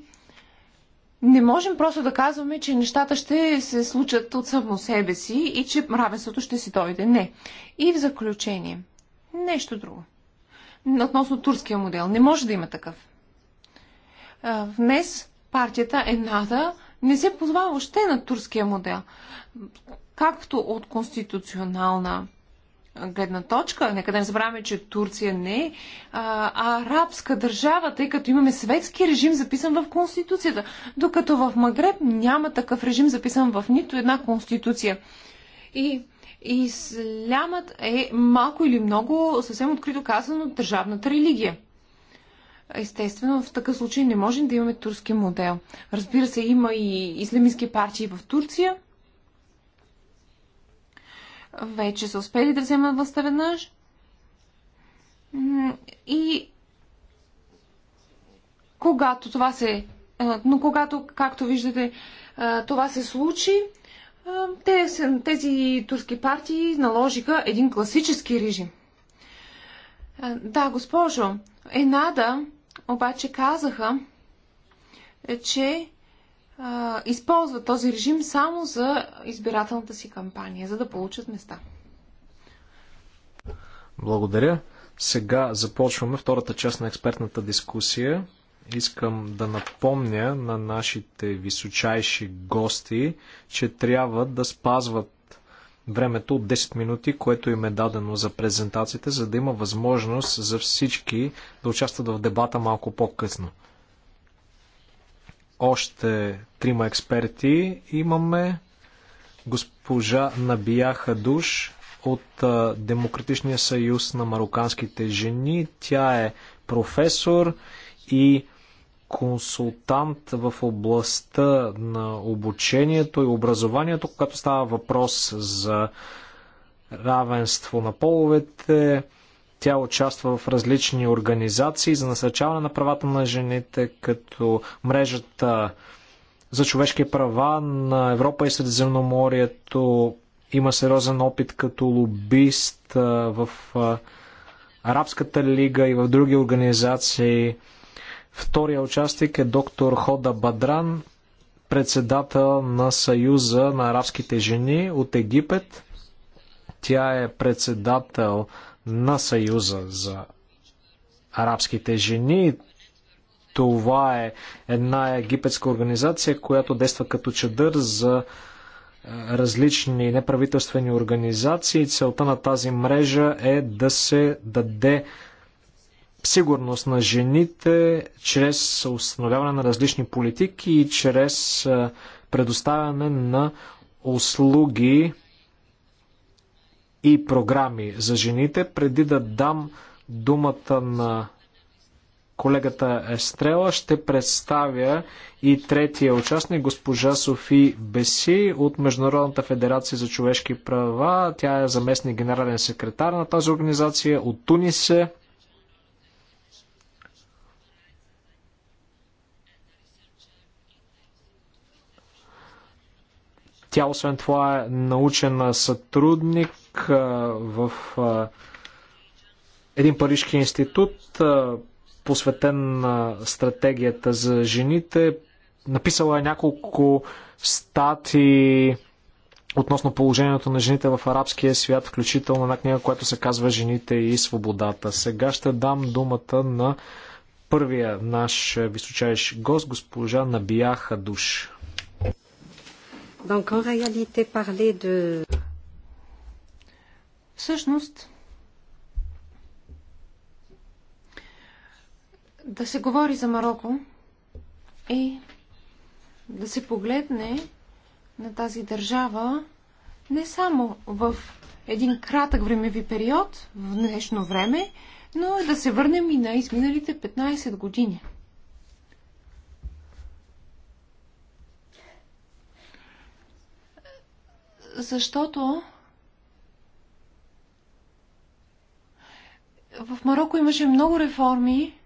не можем просто да казваме, че нещата ще се случат от само себе си и че равенството ще си дойде. Не. И в заключение, нещо друго. Относно турския модел. Не може да има такъв. Днес партията Ената не се позвава въобще на турския модел. Както от конституционална гледна точка. Нека да не забравяме, че Турция не е а, арабска държава, тъй като имаме светски режим записан в Конституцията, докато в Магреб няма такъв режим записан в нито една Конституция. И Ислямът е малко или много, съвсем открито казано, държавната религия. Естествено, в такъв случай не можем да имаме турски модел. Разбира се, има и ислямистски партии в Турция – вече са успели да вземат веднъж. И когато това се. Но когато, както виждате, това се случи, тези турски партии наложиха един класически режим. Да, госпожо, Енада обаче казаха, че а, използват този режим само за избирателната си кампания, за да получат места. Благодаря. Сега започваме втората част на експертната дискусия. Искам да напомня на нашите височайши гости, че трябва да спазват времето от 10 минути, което им е дадено за презентацията, за да има възможност за всички да участват в дебата малко по-късно още трима експерти. Имаме госпожа Набия Хадуш от Демократичния съюз на мароканските жени. Тя е професор и консултант в областта на обучението и образованието, когато става въпрос за равенство на половете, тя участва в различни организации за насърчаване на правата на жените, като мрежата за човешки права на Европа и Средиземноморието. Има сериозен опит като лобист в Арабската лига и в други организации. Втория участник е доктор Хода Бадран, председател на Съюза на арабските жени от Египет. Тя е председател на Съюза за арабските жени. Това е една египетска организация, която действа като чадър за е, различни неправителствени организации. Целта на тази мрежа е да се даде сигурност на жените чрез установяване на различни политики и чрез е, предоставяне на услуги и програми за жените. Преди да дам думата на колегата Естрела, ще представя и третия участник, госпожа Софи Беси от Международната федерация за човешки права. Тя е заместник генерален секретар на тази организация от Тунисе. Тя освен това е научен сътрудник в един парижки институт, посветен на стратегията за жените. Написала е няколко стати относно положението на жените в арабския свят, включително една книга, която се казва Жените и свободата. Сега ще дам думата на първия наш височайш гост, госпожа Набия Хадуш. Donc, en réalité, parler de... Всъщност, да се говори за Марокко и да се погледне на тази държава не само в един кратък времеви период, в днешно време, но и да се върнем и на изминалите 15 години. Защото в Марокко имаше много реформи.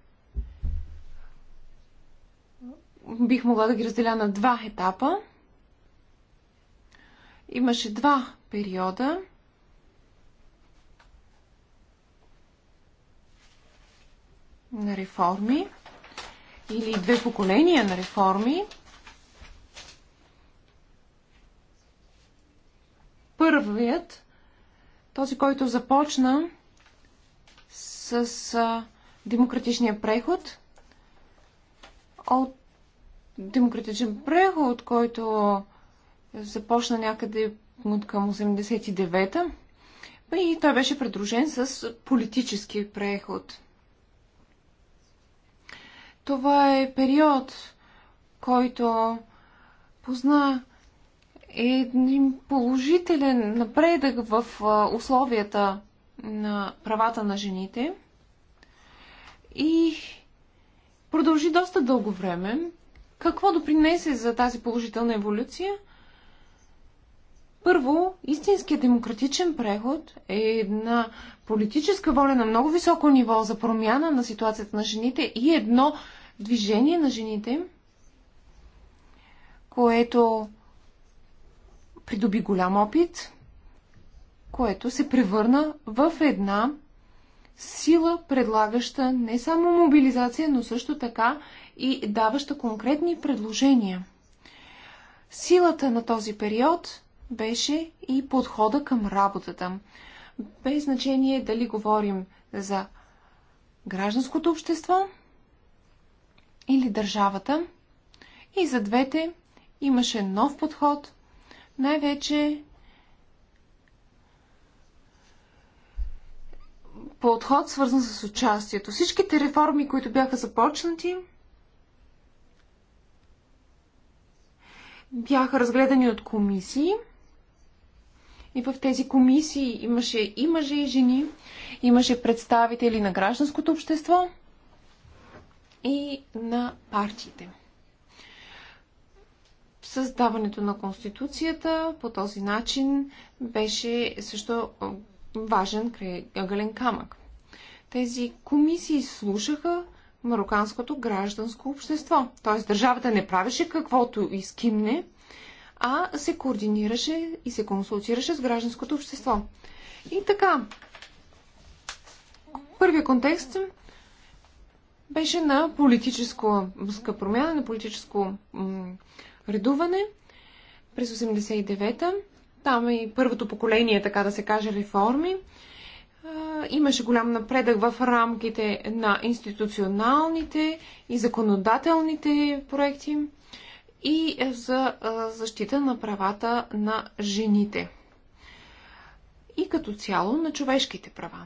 Бих могла да ги разделя на два етапа. Имаше два периода. на реформи или две поколения на реформи. Първият, този, който започна с демократичния преход. От демократичен преход, който започна някъде към 89-та. И той беше придружен с политически преход. Това е период, който позна един положителен напредък в условията на правата на жените и продължи доста дълго време. Какво допринесе за тази положителна еволюция? Първо, истинският демократичен преход е една политическа воля на много високо ниво за промяна на ситуацията на жените и едно движение на жените, което придоби голям опит което се превърна в една сила, предлагаща не само мобилизация, но също така и даваща конкретни предложения. Силата на този период беше и подхода към работата. Без значение дали говорим за гражданското общество или държавата. И за двете имаше нов подход, най-вече подход, свързан с участието. Всичките реформи, които бяха започнати, бяха разгледани от комисии. И в тези комисии имаше и мъже, и жени, имаше представители на гражданското общество и на партиите. Създаването на Конституцията по този начин беше също важен кръгълен камък. Тези комисии слушаха мароканското гражданско общество. Т.е. държавата не правеше каквото изкимне, а се координираше и се консултираше с гражданското общество. И така, първият контекст беше на политическа промяна, на политическо редуване през 89-та там е и първото поколение, така да се каже, реформи. Имаше голям напредък в рамките на институционалните и законодателните проекти и за защита на правата на жените. И като цяло на човешките права.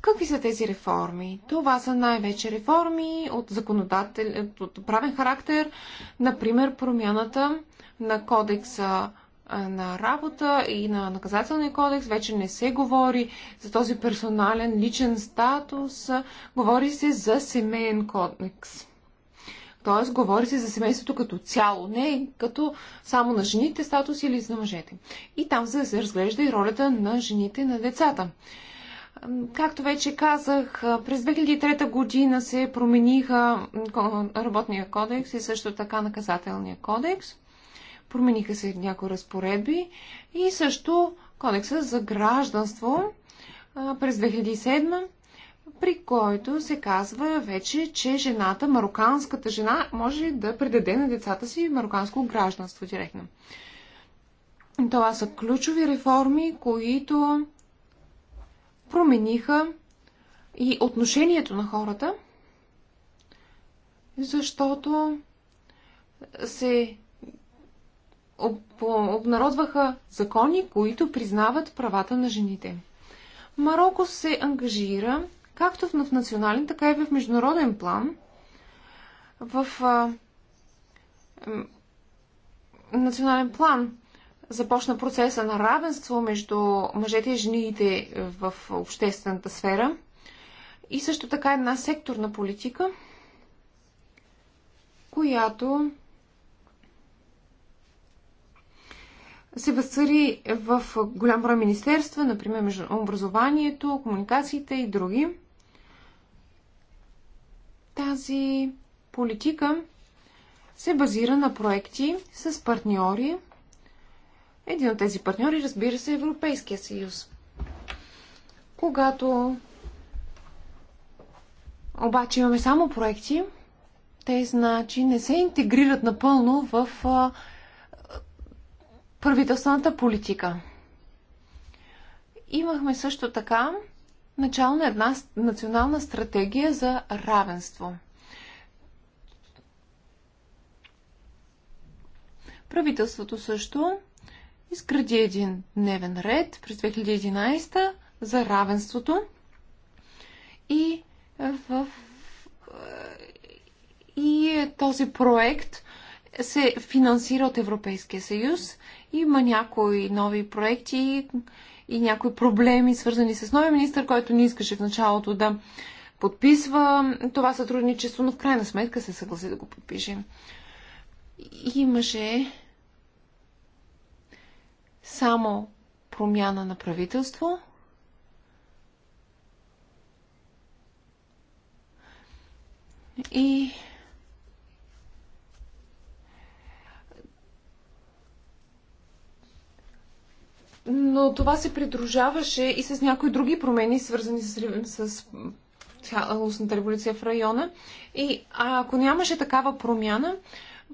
Какви са тези реформи? Това са най-вече реформи от законодател, от правен характер, например промяната на кодекса на работа и на наказателния кодекс вече не се говори за този персонален личен статус, говори се за семейен кодекс. Тоест, говори се за семейството като цяло, не като само на жените статус или за мъжете. И там се, разглежда и ролята на жените и на децата. Както вече казах, през 2003 година се промениха работния кодекс и също така наказателния кодекс – Промениха се някои разпоредби и също кодекса за гражданство през 2007 при който се казва вече, че жената, мароканската жена, може да предаде на децата си мароканско гражданство директно. Това са ключови реформи, които промениха и отношението на хората, защото се об, обнародваха закони, които признават правата на жените. Марокко се ангажира както в национален, така и в международен план в а, национален план започна процеса на равенство между мъжете и жените в обществената сфера и също така една секторна политика, която се възцари в голям брой министерства, например между образованието, комуникациите и други. Тази политика се базира на проекти с партньори. Един от тези партньори, разбира се, е Европейския съюз. Когато обаче имаме само проекти, те значи не се интегрират напълно в правителствената политика. Имахме също така начало на една национална стратегия за равенство. Правителството също изгради един дневен ред през 2011 за равенството и в и този проект се финансира от Европейския съюз. Има някои нови проекти и някои проблеми, свързани с новия министр, който не искаше в началото да подписва това сътрудничество, но в крайна сметка се съгласи да го подпише. Имаше само промяна на правителство. И но това се придружаваше и с някои други промени, свързани с, с цялостната революция в района. И ако нямаше такава промяна,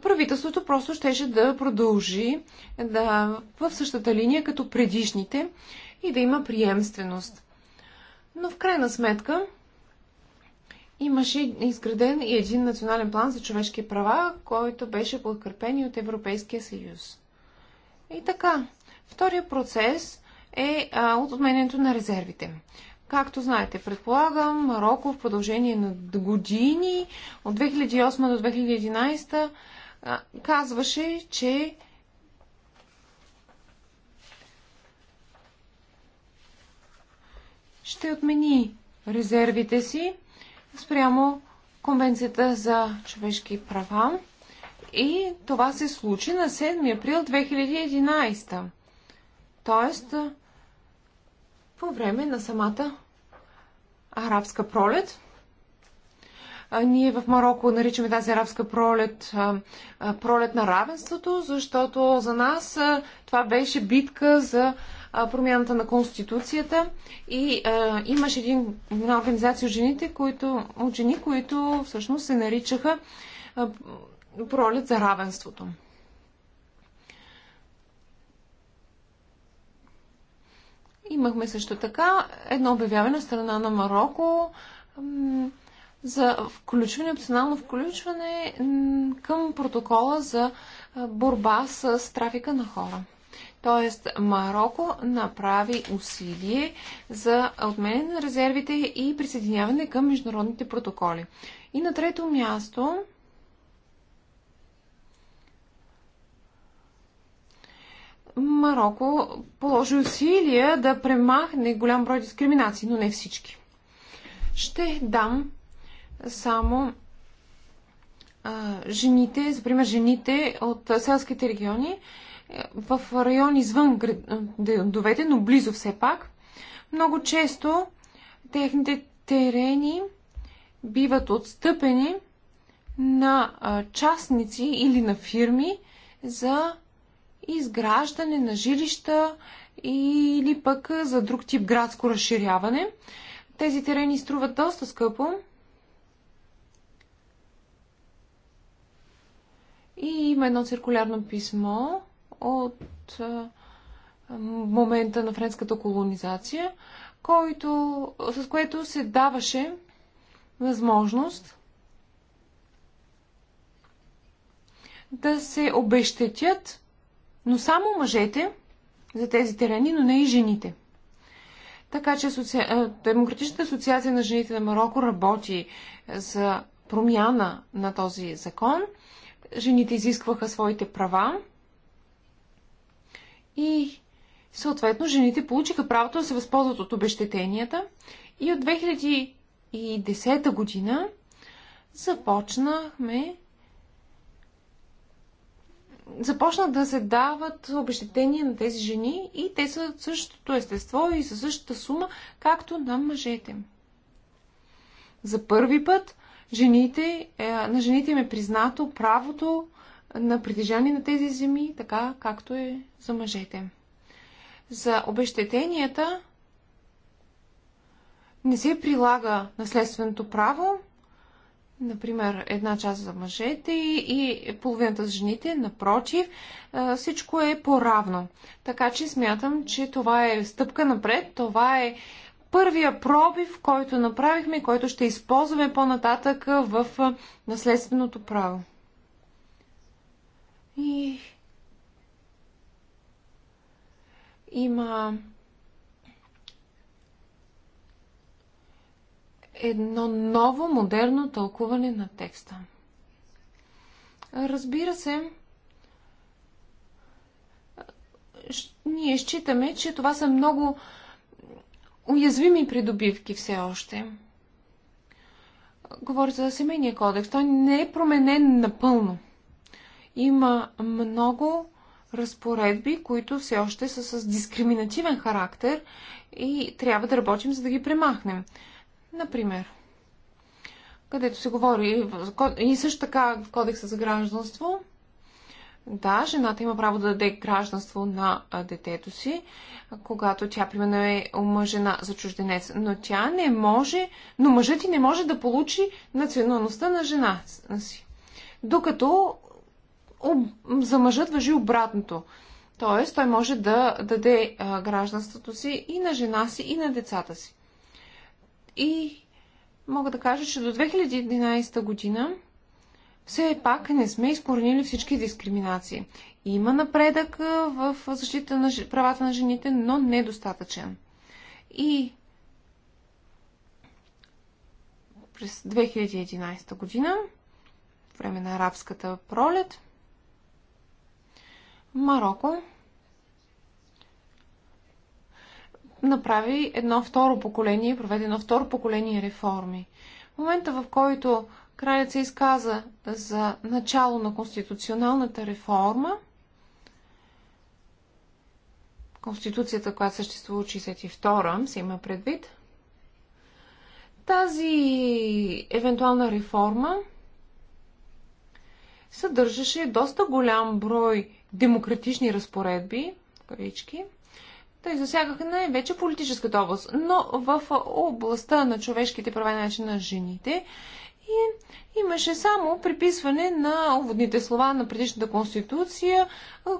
правителството просто щеше да продължи да, в същата линия като предишните и да има приемственост. Но в крайна сметка имаше изграден и един национален план за човешки права, който беше подкрепен и от Европейския съюз. И така, Втория процес е от отменянето на резервите. Както знаете, предполагам, Марокко в продължение на години, от 2008 до 2011, казваше, че ще отмени резервите си спрямо Конвенцията за човешки права. И това се случи на 7 април 2011. Тоест, по време на самата арабска пролет, ние в Марокко наричаме тази арабска пролет пролет на равенството, защото за нас това беше битка за промяната на Конституцията и имаше един, една организация от жените, които, от жени, които всъщност се наричаха пролет за равенството. Имахме също така едно обявяване на страна на Марокко за включване, опционално включване към протокола за борба с трафика на хора. Тоест, Марокко направи усилие за отмене на резервите и присъединяване към международните протоколи. И на трето място, Марокко положи усилия да премахне голям брой дискриминации, но не всички. Ще дам само а, жените, за пример жените от селските региони е, в райони извън е, градовете, но близо все пак. Много често техните терени биват отстъпени на частници или на фирми за изграждане на жилища или пък за друг тип градско разширяване. Тези терени струват доста скъпо. И има едно циркулярно писмо от момента на френската колонизация, който, с което се даваше възможност да се обещетят но само мъжете за тези терени, но не и жените. Така че Демократичната асоциация на жените на Марокко работи е, за промяна на този закон. Жените изискваха своите права и съответно жените получиха правото да се възползват от обещетенията и от 2010 година започнахме започнат да се дават обещетения на тези жени и те са същото естество и със същата сума, както на мъжете. За първи път жените, е, на жените им е признато правото на притежание на тези земи, така както е за мъжете. За обещетенията не се прилага наследственото право, например, една част за мъжете и половината за жените. Напротив, всичко е по-равно. Така че смятам, че това е стъпка напред. Това е първия пробив, който направихме и който ще използваме по-нататък в наследственото право. И има едно ново, модерно тълкуване на текста. Разбира се, ние считаме, че това са много уязвими придобивки все още. Говори за семейния кодекс. Той не е променен напълно. Има много разпоредби, които все още са с дискриминативен характер и трябва да работим, за да ги премахнем. Например, където се говори и също така в кодекса за гражданство, да, жената има право да даде гражданство на детето си, когато тя, примерно, е омъжена за чужденец. Но тя не може, но мъжът и не може да получи националността на жена си. Докато за мъжът въжи обратното. Тоест, той може да даде гражданството си и на жена си, и на децата си. И мога да кажа, че до 2011 година все пак не сме изкоренили всички дискриминации. Има напредък в защита на правата на жените, но недостатъчен. И през 2011 година, време на арабската пролет, Марокко направи едно второ поколение, проведе едно второ поколение реформи. В момента, в който кралят се изказа за начало на конституционалната реформа, Конституцията, която съществува от 62-а, се има предвид, тази евентуална реформа съдържаше доста голям брой демократични разпоредби, кавички – те засягаха най-вече политическата област, но в областта на човешките права и начин на жените и имаше само приписване на уводните слова на предишната конституция,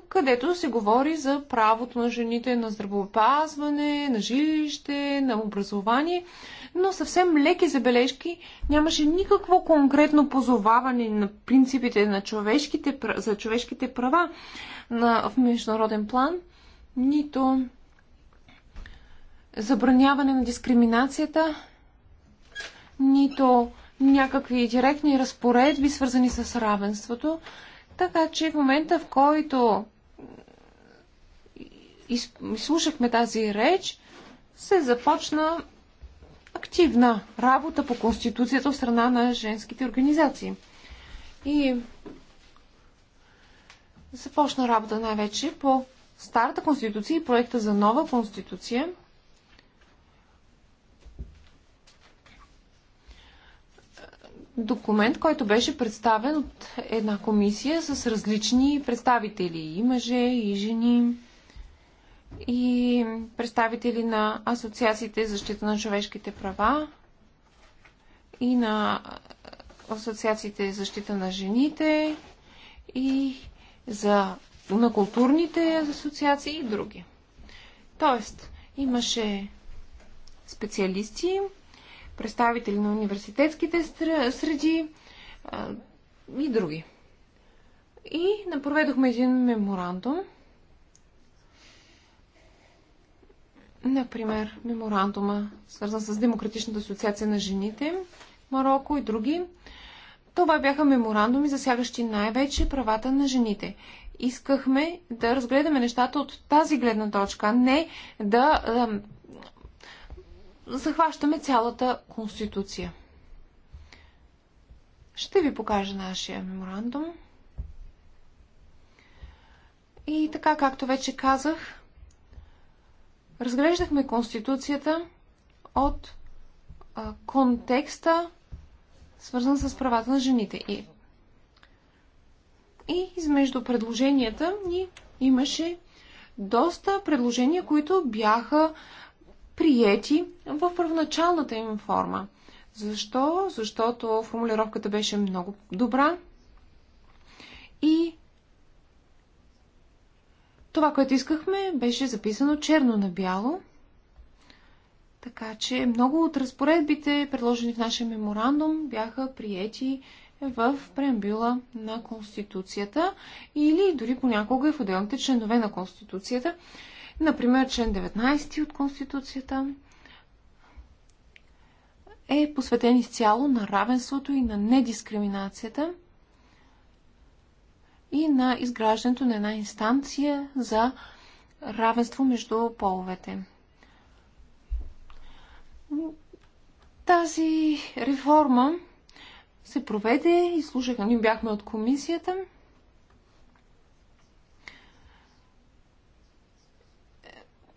където се говори за правото на жените на здравеопазване, на жилище, на образование, но съвсем леки забележки нямаше никакво конкретно позоваване на принципите на човешките, за човешките права на, в международен план, нито забраняване на дискриминацията, нито някакви директни разпоредби, свързани с равенството. Така че в момента, в който изслушахме тази реч, се започна активна работа по Конституцията от страна на женските организации. И започна работа най-вече по старата Конституция и проекта за нова Конституция – документ, който беше представен от една комисия с различни представители и мъже, и жени, и представители на Асоциациите за защита на човешките права и на Асоциациите за защита на жените и за, на културните асоциации и други. Тоест, имаше специалисти, представители на университетските среди и други. И напроведохме един меморандум. Например, меморандума, свързан с Демократичната асоциация на жените, Марокко и други. Това бяха меморандуми, засягащи най-вече правата на жените. Искахме да разгледаме нещата от тази гледна точка, не да захващаме цялата конституция. Ще ви покажа нашия меморандум. И така, както вече казах, разглеждахме Конституцията от а, контекста, свързан с правата на жените. И, и измежду предложенията ни имаше доста предложения, които бяха приети в първоначалната им форма. Защо? Защото формулировката беше много добра и това, което искахме, беше записано черно на бяло. Така че много от разпоредбите, предложени в нашия меморандум, бяха приети в преамбюла на Конституцията или дори понякога и в отделните членове на Конституцията. Например, член 19 от Конституцията е посветен изцяло на равенството и на недискриминацията и на изграждането на една инстанция за равенство между половете. Тази реформа се проведе и слушаха, ние бяхме от комисията –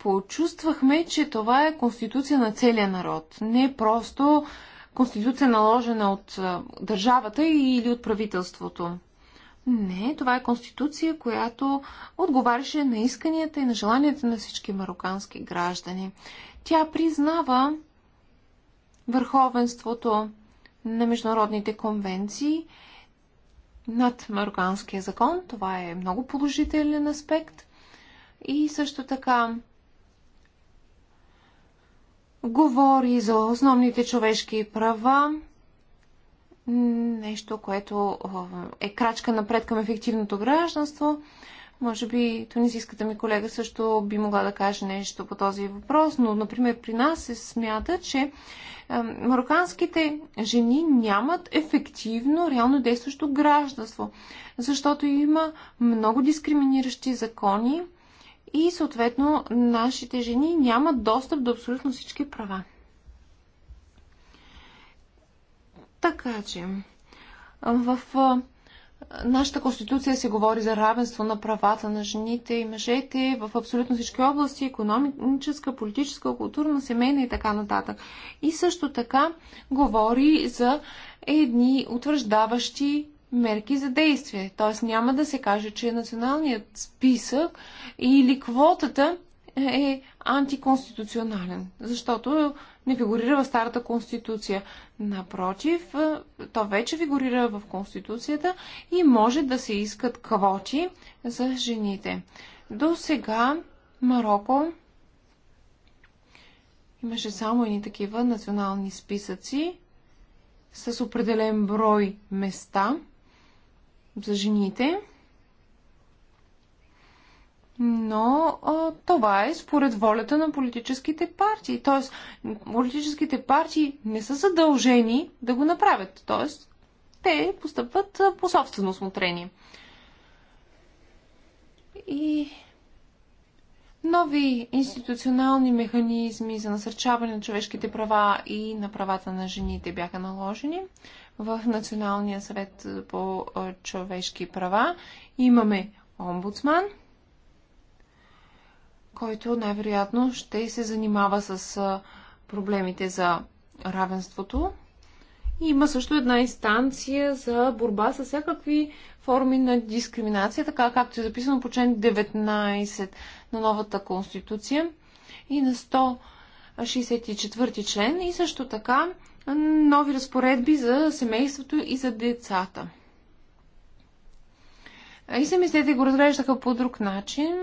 почувствахме, че това е конституция на целия народ. Не е просто конституция наложена от държавата или от правителството. Не, това е конституция, която отговаряше на исканията и на желанията на всички марокански граждани. Тя признава върховенството на международните конвенции над мароканския закон. Това е много положителен аспект. И също така говори за основните човешки права, нещо, което е крачка напред към ефективното гражданство. Може би тунисийската ми колега също би могла да каже нещо по този въпрос, но, например, при нас се смята, че мароканските жени нямат ефективно, реално действащо гражданство, защото има много дискриминиращи закони, и съответно нашите жени нямат достъп до абсолютно всички права. Така че, в нашата конституция се говори за равенство на правата на жените и мъжете в абсолютно всички области економическа, политическа, културна, семейна и така нататък. И също така говори за едни утвърждаващи мерки за действие. Т.е. няма да се каже, че националният списък или квотата е антиконституционален, защото не фигурира в старата конституция. Напротив, е, то вече фигурира в конституцията и може да се искат квоти за жените. До сега Марокко имаше само едни такива национални списъци с определен брой места – за жените. Но а, това е според волята на политическите партии. Тоест, политическите партии не са задължени да го направят. Тоест, те постъпват по собствено осмотрение. И нови институционални механизми за насърчаване на човешките права и на правата на жените бяха наложени в Националния съвет по човешки права. Имаме омбудсман, който най-вероятно ще се занимава с проблемите за равенството има също една инстанция за борба с всякакви форми на дискриминация, така както е записано по член 19 на новата конституция и на 164 член и също така нови разпоредби за семейството и за децата. И семействата го разглеждаха по друг начин.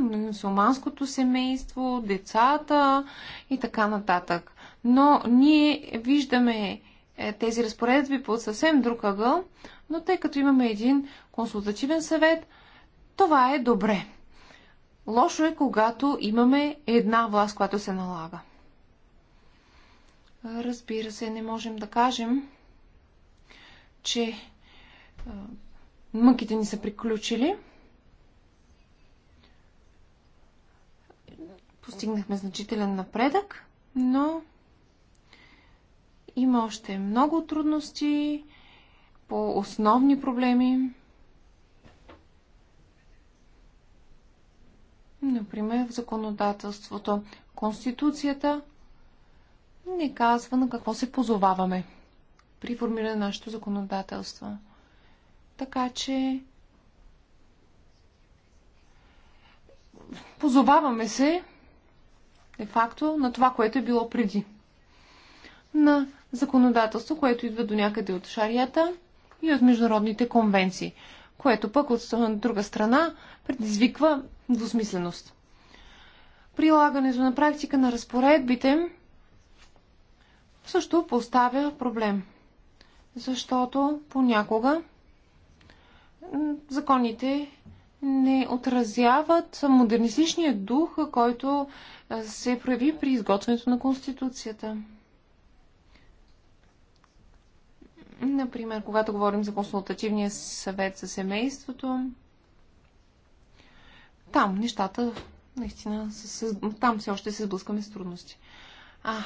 Мусулманското семейство, децата и така нататък. Но ние виждаме е, тези разпоредби под съвсем друг ъгъл, но тъй като имаме един консултативен съвет, това е добре. Лошо е, когато имаме една власт, която се налага. Разбира се, не можем да кажем, че мъките ни са приключили. Постигнахме значителен напредък, но има още много трудности по основни проблеми. Например, в законодателството, Конституцията не казва на какво се позоваваме при формиране на нашето законодателство. Така че позоваваме се де факто на това, което е било преди. На законодателство, което идва до някъде от шарията и от международните конвенции, което пък от друга страна предизвиква двусмисленост. Прилагането на практика на разпоредбите също поставя проблем, защото понякога законите не отразяват модернистичния дух, който се прояви при изготвянето на Конституцията. Например, когато говорим за консултативния съвет за семейството, там нещата наистина са, там все още се сблъскаме с трудности. А,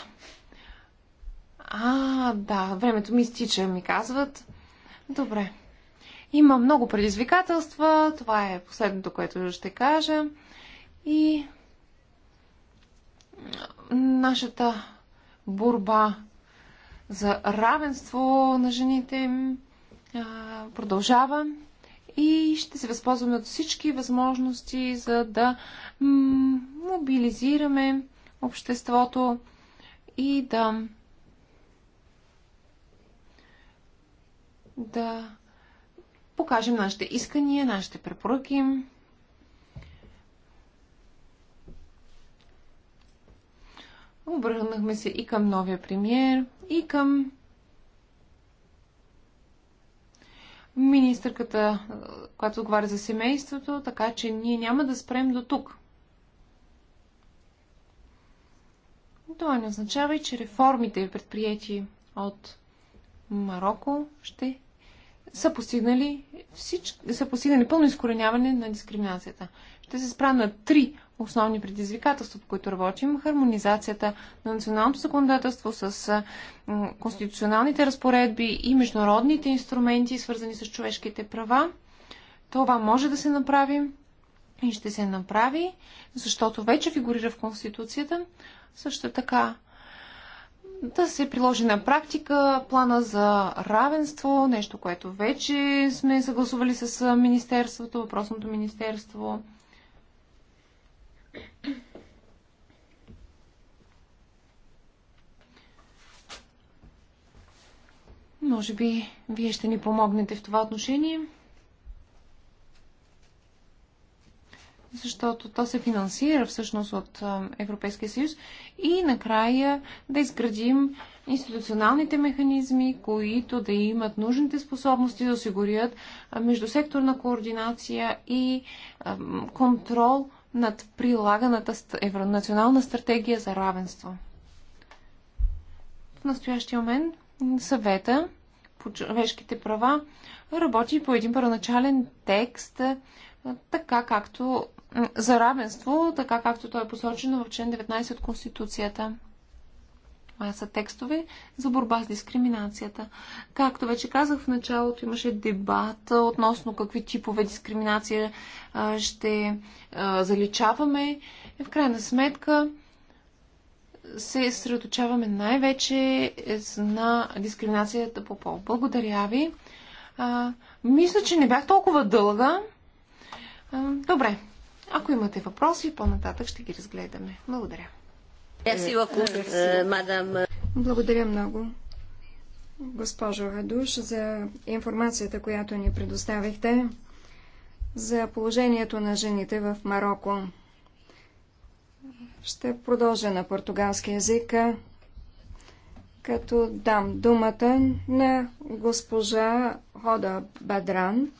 а, да, времето ми стича, ми казват. Добре. Има много предизвикателства. Това е последното, което ще кажа. И нашата борба за равенство на жените продължава и ще се възползваме от всички възможности, за да мобилизираме обществото и да да покажем нашите искания, нашите препоръки. Обърнахме се и към новия премьер – и към министърката, която отговаря за семейството, така че ние няма да спрем до тук. Това не означава и, че реформите, предприяти от Марокко, ще са постигнали, всич... са постигнали пълно изкореняване на дискриминацията. Ще се спра на три основни предизвикателства, по които работим. Хармонизацията на националното законодателство с конституционалните разпоредби и международните инструменти, свързани с човешките права. Това може да се направи и ще се направи, защото вече фигурира в Конституцията. Също така да се приложи на практика плана за равенство, нещо, което вече сме съгласували с Министерството, въпросното Министерство. Може би вие ще ни помогнете в това отношение, защото то се финансира всъщност от Европейския съюз и накрая да изградим институционалните механизми, които да имат нужните способности да осигурят междусекторна координация и контрол над прилаганата евронационална стратегия за равенство. В настоящия момент съвета по човешките права работи по един първоначален текст, така както за равенство, така както той е посочено в член 19 от Конституцията. Това са текстове за борба с дискриминацията. Както вече казах, в началото имаше дебат относно какви типове дискриминация ще заличаваме. В крайна сметка, се средочаваме най-вече на дискриминацията по пол. Благодаря ви. А, мисля, че не бях толкова дълга. А, добре. Ако имате въпроси, по-нататък ще ги разгледаме. Благодаря. Благодаря много, госпожо Радуш, за информацията, която ни предоставихте за положението на жените в Марокко. Ще продължа на португалски язик, като дам думата на госпожа Хода Бадран.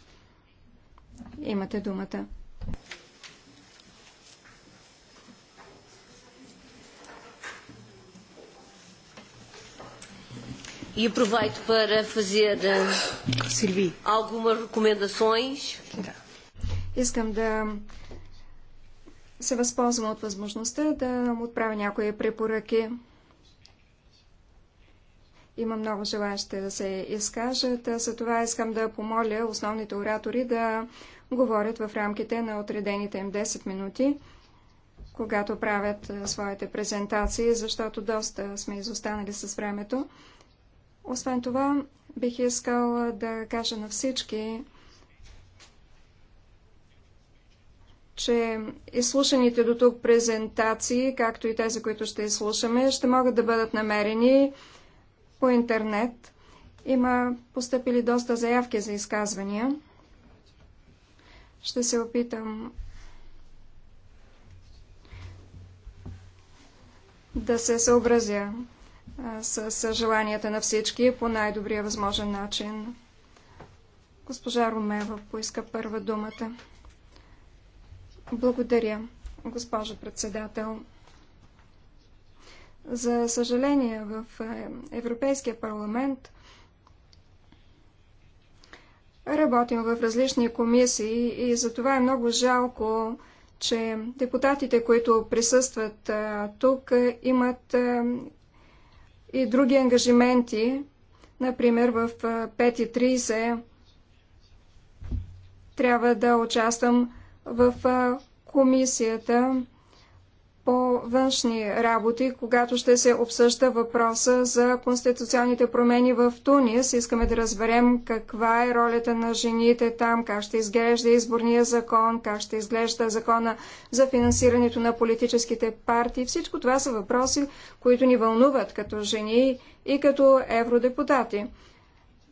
Имате думата. E aproveito para fazer uh, algumas recomendações. Искам да се възползвам от възможността да му отправя някои препоръки. Има много желаящи да се изкажат, за това искам да помоля основните оратори да говорят в рамките на отредените им 10 минути, когато правят своите презентации, защото доста сме изостанали с времето. Освен това, бих искал да кажа на всички, че изслушаните до тук презентации, както и тези, които ще изслушаме, ще могат да бъдат намерени по интернет. Има поступили доста заявки за изказвания. Ще се опитам да се съобразя с желанията на всички по най-добрия възможен начин. Госпожа Ромева поиска първа думата. Благодаря, госпожо председател. За съжаление, в е, Европейския парламент работим в различни комисии и за това е много жалко, че депутатите, които присъстват е, тук, е, имат и други ангажименти. Например, в 5.30 трябва да участвам в комисията по външни работи, когато ще се обсъжда въпроса за конституционните промени в Тунис. Искаме да разберем каква е ролята на жените там, как ще изглежда изборния закон, как ще изглежда закона за финансирането на политическите партии. Всичко това са въпроси, които ни вълнуват като жени и като евродепутати.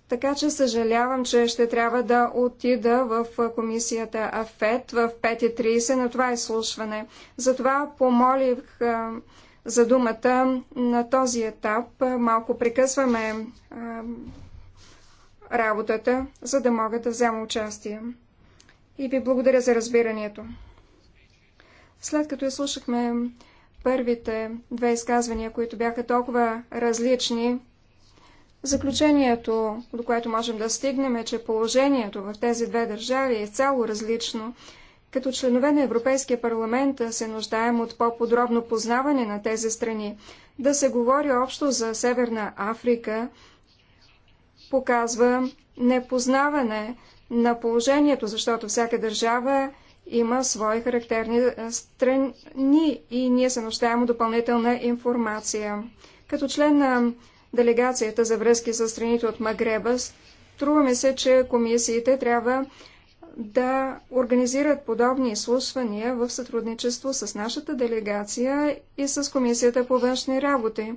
Така че съжалявам, че ще трябва да отида в комисията АФЕТ в 5.30 на това изслушване. Затова помолих за думата на този етап. Малко прекъсваме работата, за да мога да взема участие. И ви благодаря за разбирането. След като изслушахме първите две изказвания, които бяха толкова различни, Заключението, до което можем да стигнем е, че положението в тези две държави е цяло различно. Като членове на Европейския парламент се нуждаем от по-подробно познаване на тези страни. Да се говори общо за Северна Африка показва непознаване на положението, защото всяка държава има свои характерни страни и ние се нуждаем от допълнителна информация. Като член на делегацията за връзки с страните от Магреба, струва ми се, че комисиите трябва да организират подобни изслушвания в сътрудничество с нашата делегация и с Комисията по външни работи.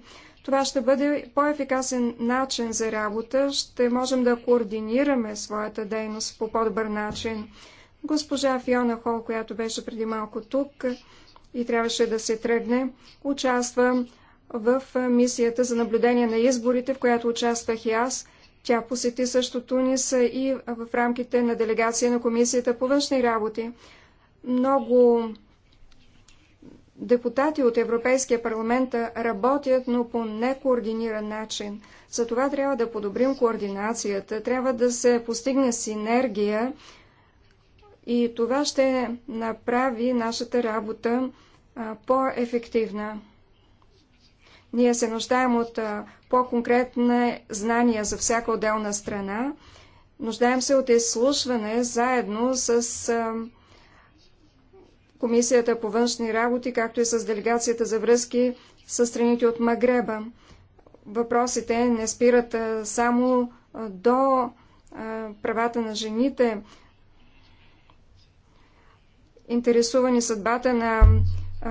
Това ще бъде по-ефикасен начин за работа, ще можем да координираме своята дейност по по-добър начин. Госпожа Фиона Хол, която беше преди малко тук и трябваше да се тръгне, участва в мисията за наблюдение на изборите, в която участвах и аз. Тя посети също Тунис и в рамките на делегация на Комисията по външни работи. Много депутати от Европейския парламент работят, но по некоординиран начин. За това трябва да подобрим координацията, трябва да се постигне синергия и това ще направи нашата работа по-ефективна. Ние се нуждаем от по-конкретни знания за всяка отделна страна. Нуждаем се от изслушване заедно с а, Комисията по външни работи, както и с делегацията за връзки с страните от Магреба. Въпросите не спират а, само а, до правата на жените. Интересувани съдбата на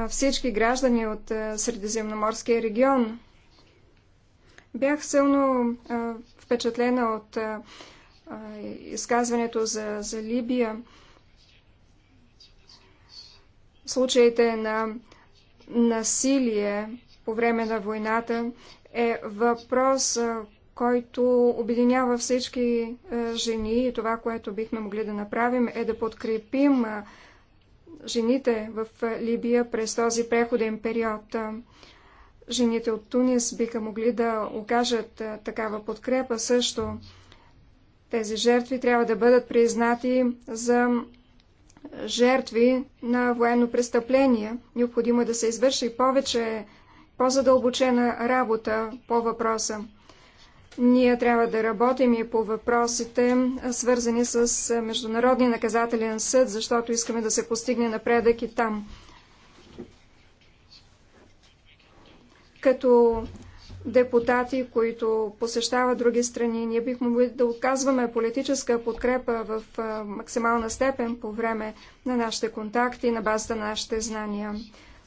всички граждани от Средиземноморския регион. Бях силно впечатлена от изказването за, за Либия. Случаите на насилие по време на войната е въпрос, който обединява всички жени и това, което бихме могли да направим е да подкрепим жените в Либия през този преходен период. Жените от Тунис биха могли да окажат такава подкрепа също. Тези жертви трябва да бъдат признати за жертви на военно престъпление. Необходимо е да се извърши повече по-задълбочена работа по въпроса. Ние трябва да работим и по въпросите, свързани с Международния наказателен съд, защото искаме да се постигне напредък и там. Като депутати, които посещават други страни, ние бихме могли да оказваме политическа подкрепа в максимална степен по време на нашите контакти, на базата на нашите знания.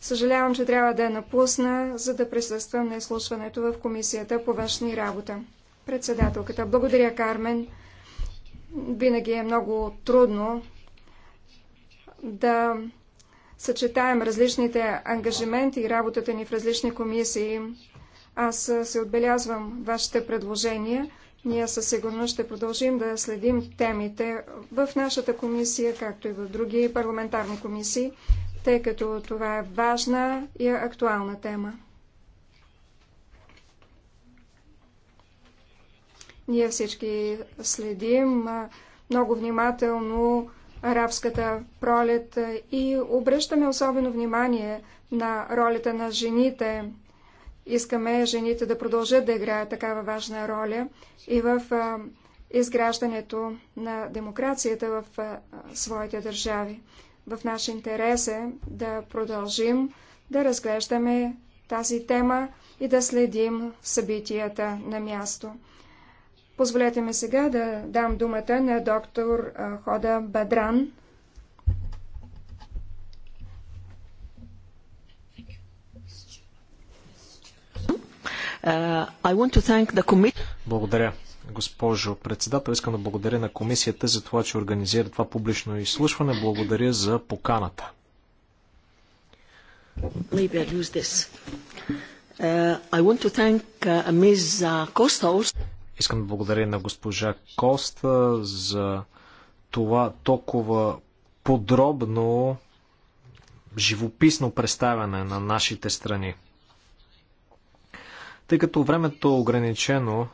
Съжалявам, че трябва да я напусна, за да присъствам на изслушването в Комисията по външни работа. Председателката. Благодаря, Кармен. Винаги е много трудно да съчетаем различните ангажименти и работата ни в различни комисии. Аз се отбелязвам вашите предложения. Ние със сигурност ще продължим да следим темите в нашата комисия, както и в други парламентарни комисии, тъй като това е важна и актуална тема. Ние всички следим много внимателно арабската пролет и обръщаме особено внимание на ролята на жените. Искаме жените да продължат да играят такава важна роля и в изграждането на демокрацията в своите държави. В наш интерес е да продължим да разглеждаме тази тема и да следим събитията на място. Позволете ми сега да дам думата на доктор Хода Бадран. Uh, благодаря, госпожо председател. Искам да благодаря на комисията за това, че организира това публично изслушване. Благодаря за поканата. Искам да благодаря на госпожа Коста за това толкова подробно, живописно представяне на нашите страни. Тъй като времето е ограничено,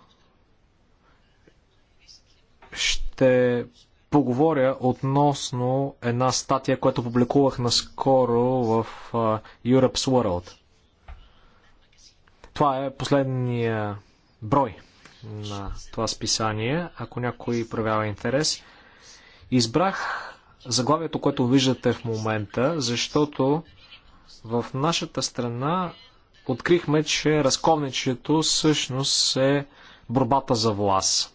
ще поговоря относно една статия, която публикувах наскоро в Europe's World. Това е последния брой на това списание, ако някой проявява интерес. Избрах заглавието, което виждате в момента, защото в нашата страна открихме, че разковничето всъщност е борбата за власт.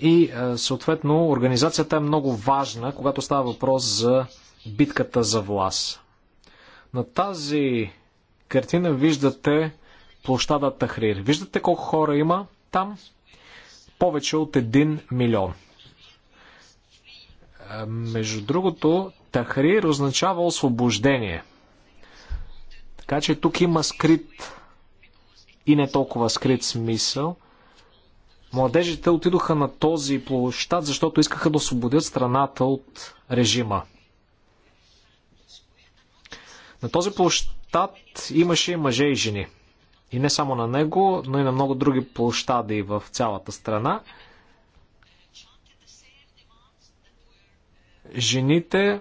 И е, съответно организацията е много важна, когато става въпрос за битката за власт. На тази картина виждате площада Тахрир. Виждате колко хора има там? Повече от 1 милион. Между другото, Тахрир означава освобождение. Така че тук има скрит и не толкова скрит смисъл. Младежите отидоха на този площад, защото искаха да освободят страната от режима. На този площад Тат имаше и мъже и жени. И не само на него, но и на много други площади в цялата страна. Жените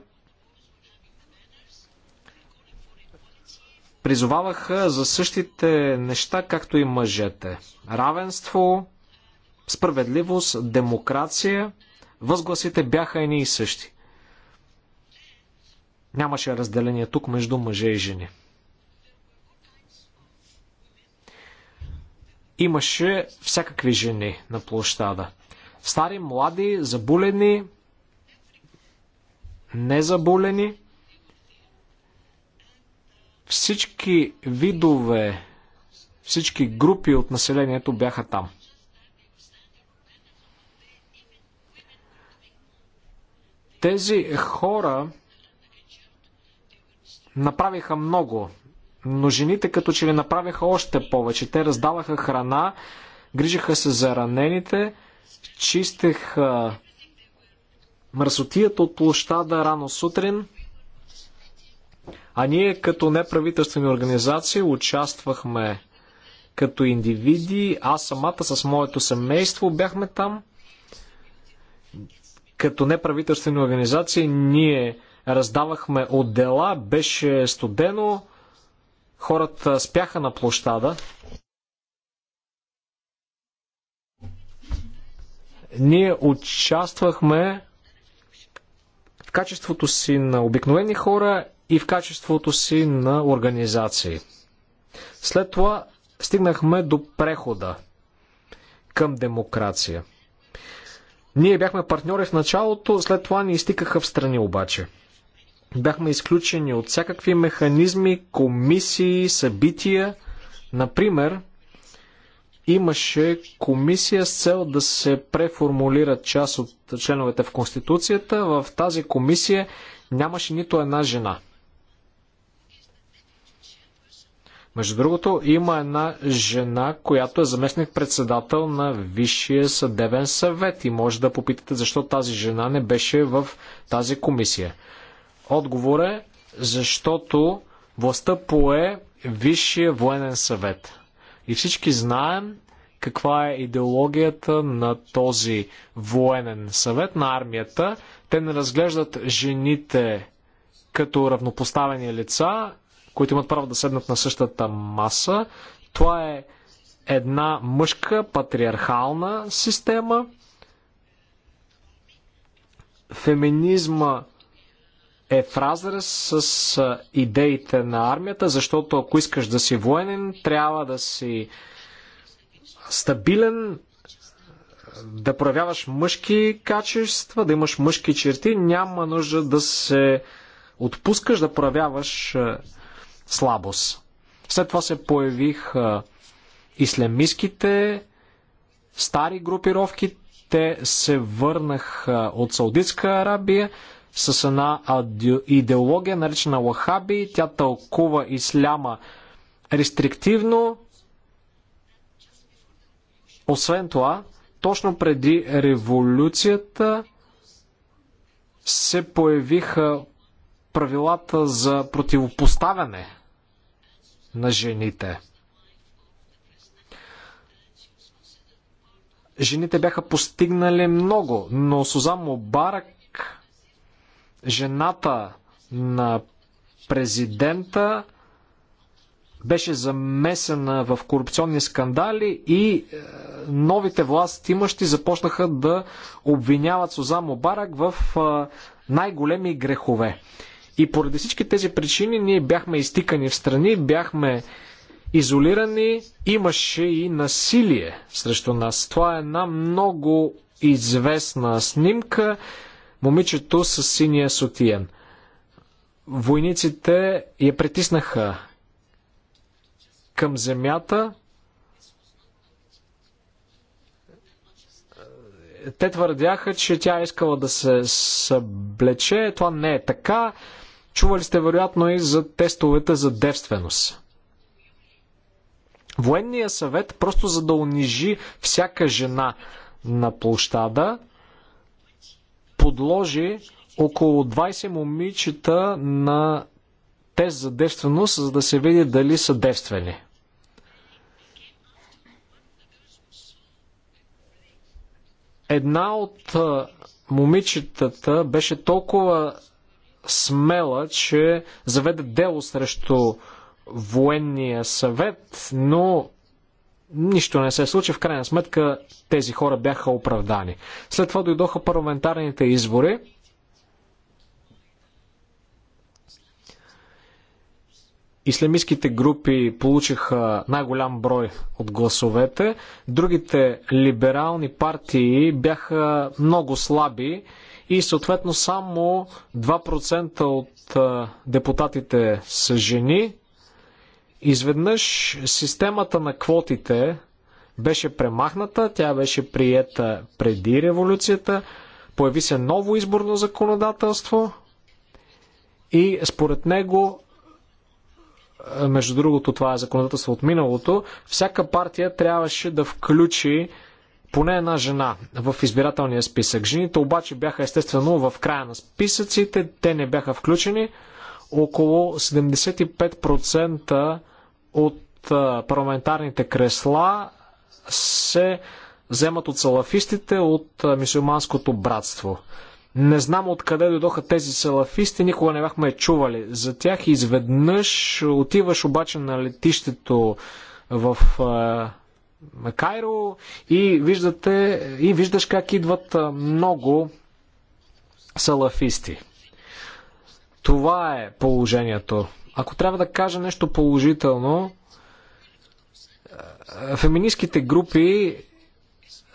призоваваха за същите неща, както и мъжете. Равенство, справедливост, демокрация, възгласите бяха едни и същи. Нямаше разделение тук между мъже и жени. Имаше всякакви жени на площада. Стари, млади, забулени, незабулени. Всички видове, всички групи от населението бяха там. Тези хора направиха много но жените като че ли направиха още повече. Те раздаваха храна, грижаха се за ранените, чистеха мръсотията от площада рано сутрин. А ние като неправителствени организации участвахме като индивиди. Аз самата с моето семейство бяхме там. Като неправителствени организации ние раздавахме отдела, беше студено, Хората спяха на площада. Ние участвахме в качеството си на обикновени хора и в качеството си на организации. След това стигнахме до прехода към демокрация. Ние бяхме партньори в началото, след това ни изтикаха в страни обаче – Бяхме изключени от всякакви механизми, комисии, събития. Например, имаше комисия с цел да се преформулират част от членовете в Конституцията. В тази комисия нямаше нито една жена. Между другото, има една жена, която е заместник-председател на Висшия съдебен съвет и може да попитате защо тази жена не беше в тази комисия. Отговор е, защото властта пое Висшия военен съвет. И всички знаем каква е идеологията на този военен съвет, на армията. Те не разглеждат жените като равнопоставени лица, които имат право да седнат на същата маса. Това е една мъжка патриархална система. Феминизма е в разрез с идеите на армията, защото ако искаш да си военен, трябва да си стабилен, да проявяваш мъжки качества, да имаш мъжки черти, няма нужда да се отпускаш, да проявяваш слабост. След това се появиха ислямистките стари групировки, те се върнаха от Саудитска Арабия, с една идеология, наречена лахаби. Тя тълкува исляма рестриктивно. Освен това, точно преди революцията се появиха правилата за противопоставяне на жените. Жените бяха постигнали много, но Сузан Мубарак Жената на президента беше замесена в корупционни скандали и е, новите власти имащи започнаха да обвиняват Сузан Мобарак в е, най-големи грехове. И поради всички тези причини ние бяхме изтикани в страни, бяхме изолирани, имаше и насилие срещу нас. Това е една много известна снимка момичето с синия сотиен. Войниците я притиснаха към земята. Те твърдяха, че тя е искала да се съблече. Това не е така. Чували сте вероятно и за тестовете за девственост. Военният съвет, просто за да унижи всяка жена на площада, подложи около 20 момичета на тест за девственост, за да се види дали са девствени. Една от момичетата беше толкова смела, че заведе дело срещу военния съвет, но нищо не се случи. В крайна сметка тези хора бяха оправдани. След това дойдоха парламентарните избори. Ислямистските групи получиха най-голям брой от гласовете. Другите либерални партии бяха много слаби и съответно само 2% от депутатите са жени, Изведнъж системата на квотите беше премахната, тя беше приета преди революцията, появи се ново изборно законодателство и според него е, между другото, това е законодателство от миналото, всяка партия трябваше да включи поне една жена в избирателния списък. Жените обаче бяха естествено в края на списъците, те не бяха включени около 75% от парламентарните кресла се вземат от салафистите от мисюлманското братство. Не знам откъде дойдоха тези салафисти, никога не бяхме чували за тях. Изведнъж отиваш обаче на летището в е, Кайро и, виждате, и виждаш как идват много салафисти. Това е положението. Ако трябва да кажа нещо положително, е, феминистските групи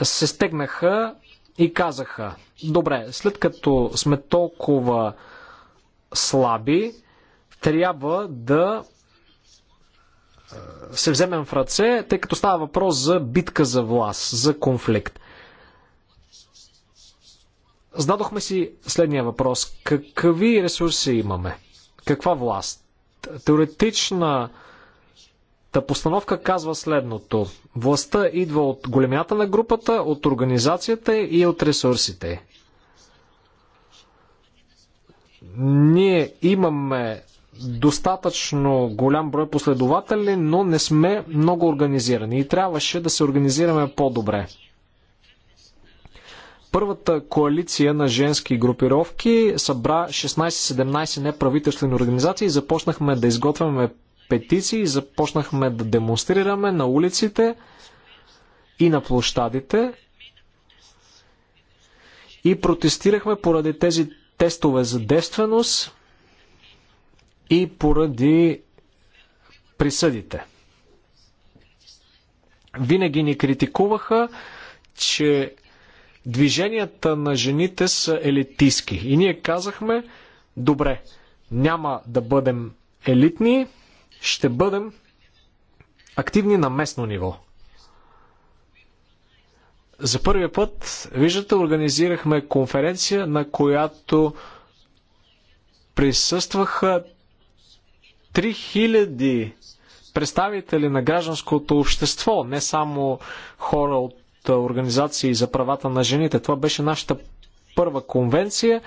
се стегнаха и казаха, добре, след като сме толкова слаби, трябва да е, се вземем в ръце, тъй като става въпрос за битка за власт, за конфликт. Зададохме си следния въпрос. Какви ресурси имаме? Каква власт? Теоретична Та постановка казва следното. Властта идва от големината на групата, от организацията и от ресурсите. Ние имаме достатъчно голям брой последователи, но не сме много организирани и трябваше да се организираме по-добре. Първата коалиция на женски групировки събра 16-17 неправителствени организации и започнахме да изготвяме петиции, започнахме да демонстрираме на улиците и на площадите и протестирахме поради тези тестове за действеност и поради присъдите. Винаги ни критикуваха, че движенията на жените са елитистки. И ние казахме, добре, няма да бъдем елитни, ще бъдем активни на местно ниво. За първия път, виждате, организирахме конференция, на която присъстваха 3000 представители на гражданското общество, не само хора от организации за правата на жените. Това беше нашата първа конвенция.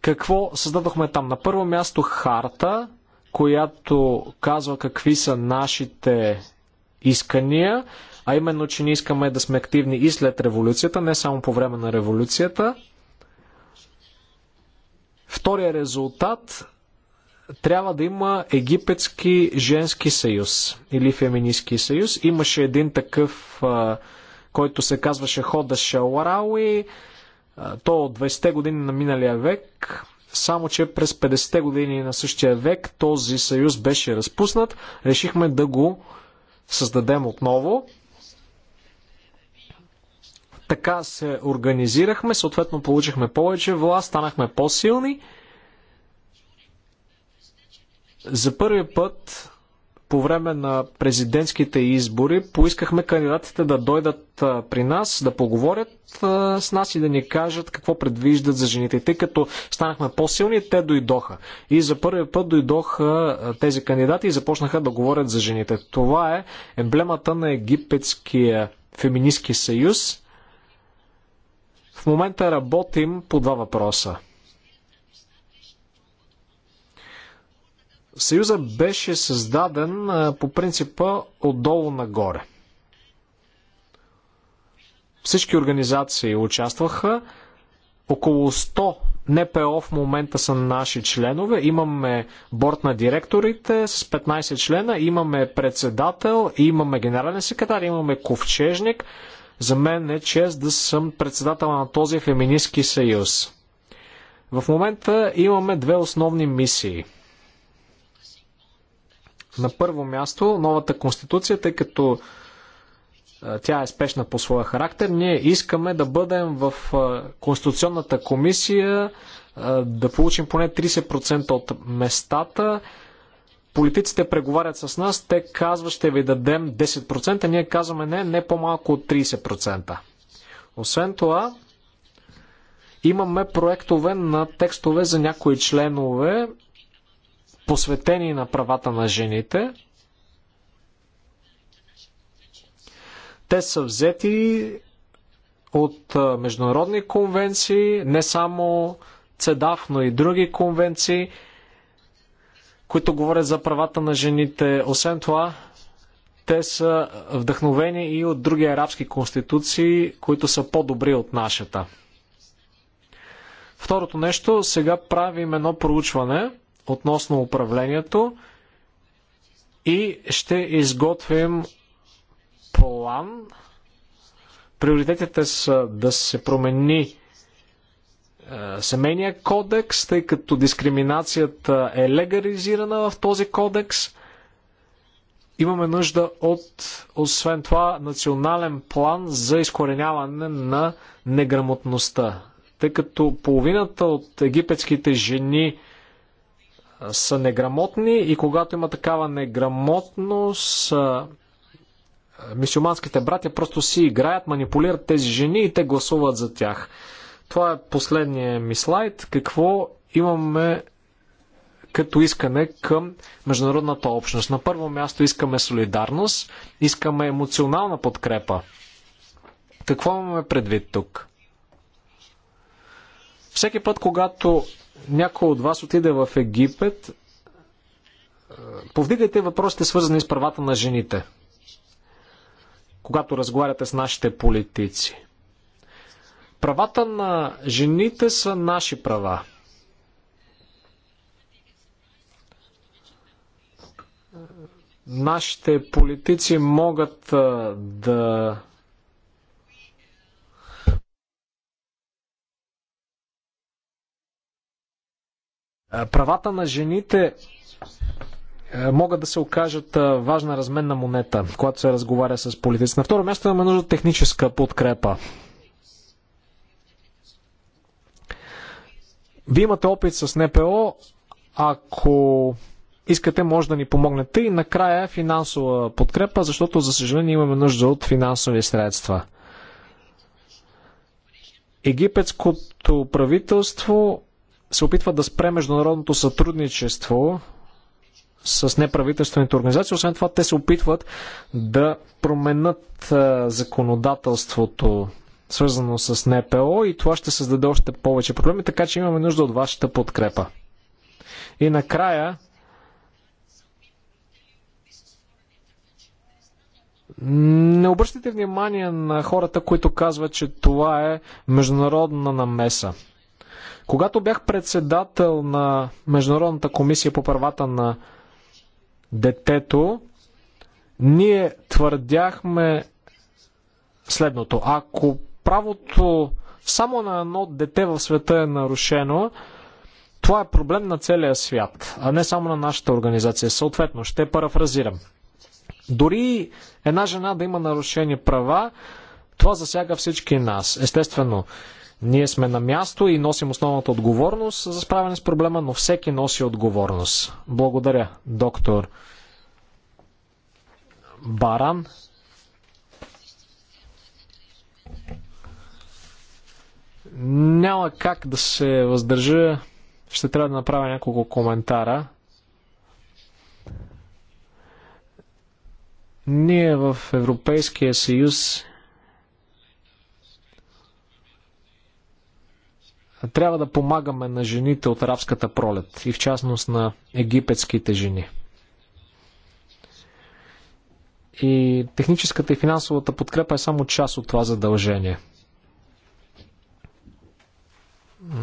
Какво създадохме там? На първо място харта, която казва какви са нашите искания, а именно, че не искаме да сме активни и след революцията, не само по време на революцията. Втория резултат трябва да има Египетски женски съюз или феминистски съюз. Имаше един такъв, който се казваше Хода Шауарауи. То от 20-те години на миналия век, само че през 50-те години на същия век този съюз беше разпуснат. Решихме да го създадем отново. Така се организирахме, съответно получихме повече власт, станахме по-силни – за първи път по време на президентските избори поискахме кандидатите да дойдат при нас, да поговорят с нас и да ни кажат какво предвиждат за жените. Тъй като станахме по-силни, те дойдоха. И за първи път дойдоха тези кандидати и започнаха да говорят за жените. Това е емблемата на Египетския феминистски съюз. В момента работим по два въпроса. Съюза беше създаден по принципа отдолу нагоре. Всички организации участваха. Около 100 НПО в момента са наши членове. Имаме борт на директорите с 15 члена, имаме председател, имаме генерален секретар, имаме ковчежник. За мен е чест да съм председател на този Феминистски съюз. В момента имаме две основни мисии – на първо място, новата конституция, тъй като тя е спешна по своя характер. Ние искаме да бъдем в Конституционната комисия, да получим поне 30% от местата. Политиците преговарят с нас, те казват ще ви дадем 10%, ние казваме не, не по-малко от 30%. Освен това, имаме проектове на текстове за някои членове посветени на правата на жените. Те са взети от международни конвенции, не само ЦЕДАВ, но и други конвенции, които говорят за правата на жените. Освен това, те са вдъхновени и от други арабски конституции, които са по-добри от нашата. Второто нещо, сега правим едно проучване – относно управлението и ще изготвим план. Приоритетите са да се промени е, семейния кодекс, тъй като дискриминацията е легализирана в този кодекс. Имаме нужда от, освен това, национален план за изкореняване на неграмотността, тъй като половината от египетските жени са неграмотни и когато има такава неграмотност, мисюманските братя просто си играят, манипулират тези жени и те гласуват за тях. Това е последния ми слайд. Какво имаме като искане към международната общност. На първо място искаме солидарност, искаме емоционална подкрепа. Какво имаме предвид тук? Всеки път, когато някой от вас отиде в Египет, е, повдигайте въпросите свързани с правата на жените, когато разговаряте с нашите политици. Правата на жените са наши права. Нашите политици могат е, да Правата на жените могат да се окажат важна разменна монета, когато се разговаря с политици. На второ място имаме нужда техническа подкрепа. Вие имате опит с НПО, ако искате, може да ни помогнете. И накрая финансова подкрепа, защото, за съжаление, имаме нужда от финансови средства. Египетското правителство се опитва да спре международното сътрудничество с неправителствените организации. Освен това, те се опитват да променят законодателството, свързано с НПО, и това ще създаде още повече проблеми, така че имаме нужда от вашата подкрепа. И накрая, Не обръщайте внимание на хората, които казват, че това е международна намеса. Когато бях председател на Международната комисия по правата на детето, ние твърдяхме следното. Ако правото само на едно дете в света е нарушено, това е проблем на целия свят, а не само на нашата организация. Съответно, ще парафразирам. Дори една жена да има нарушени права, това засяга всички нас. Естествено, ние сме на място и носим основната отговорност за справяне с проблема, но всеки носи отговорност. Благодаря, доктор Баран. Няма как да се въздържа. Ще трябва да направя няколко коментара. Ние в Европейския съюз Трябва да помагаме на жените от арабската пролет и в частност на египетските жени. И техническата и финансовата подкрепа е само част от това задължение.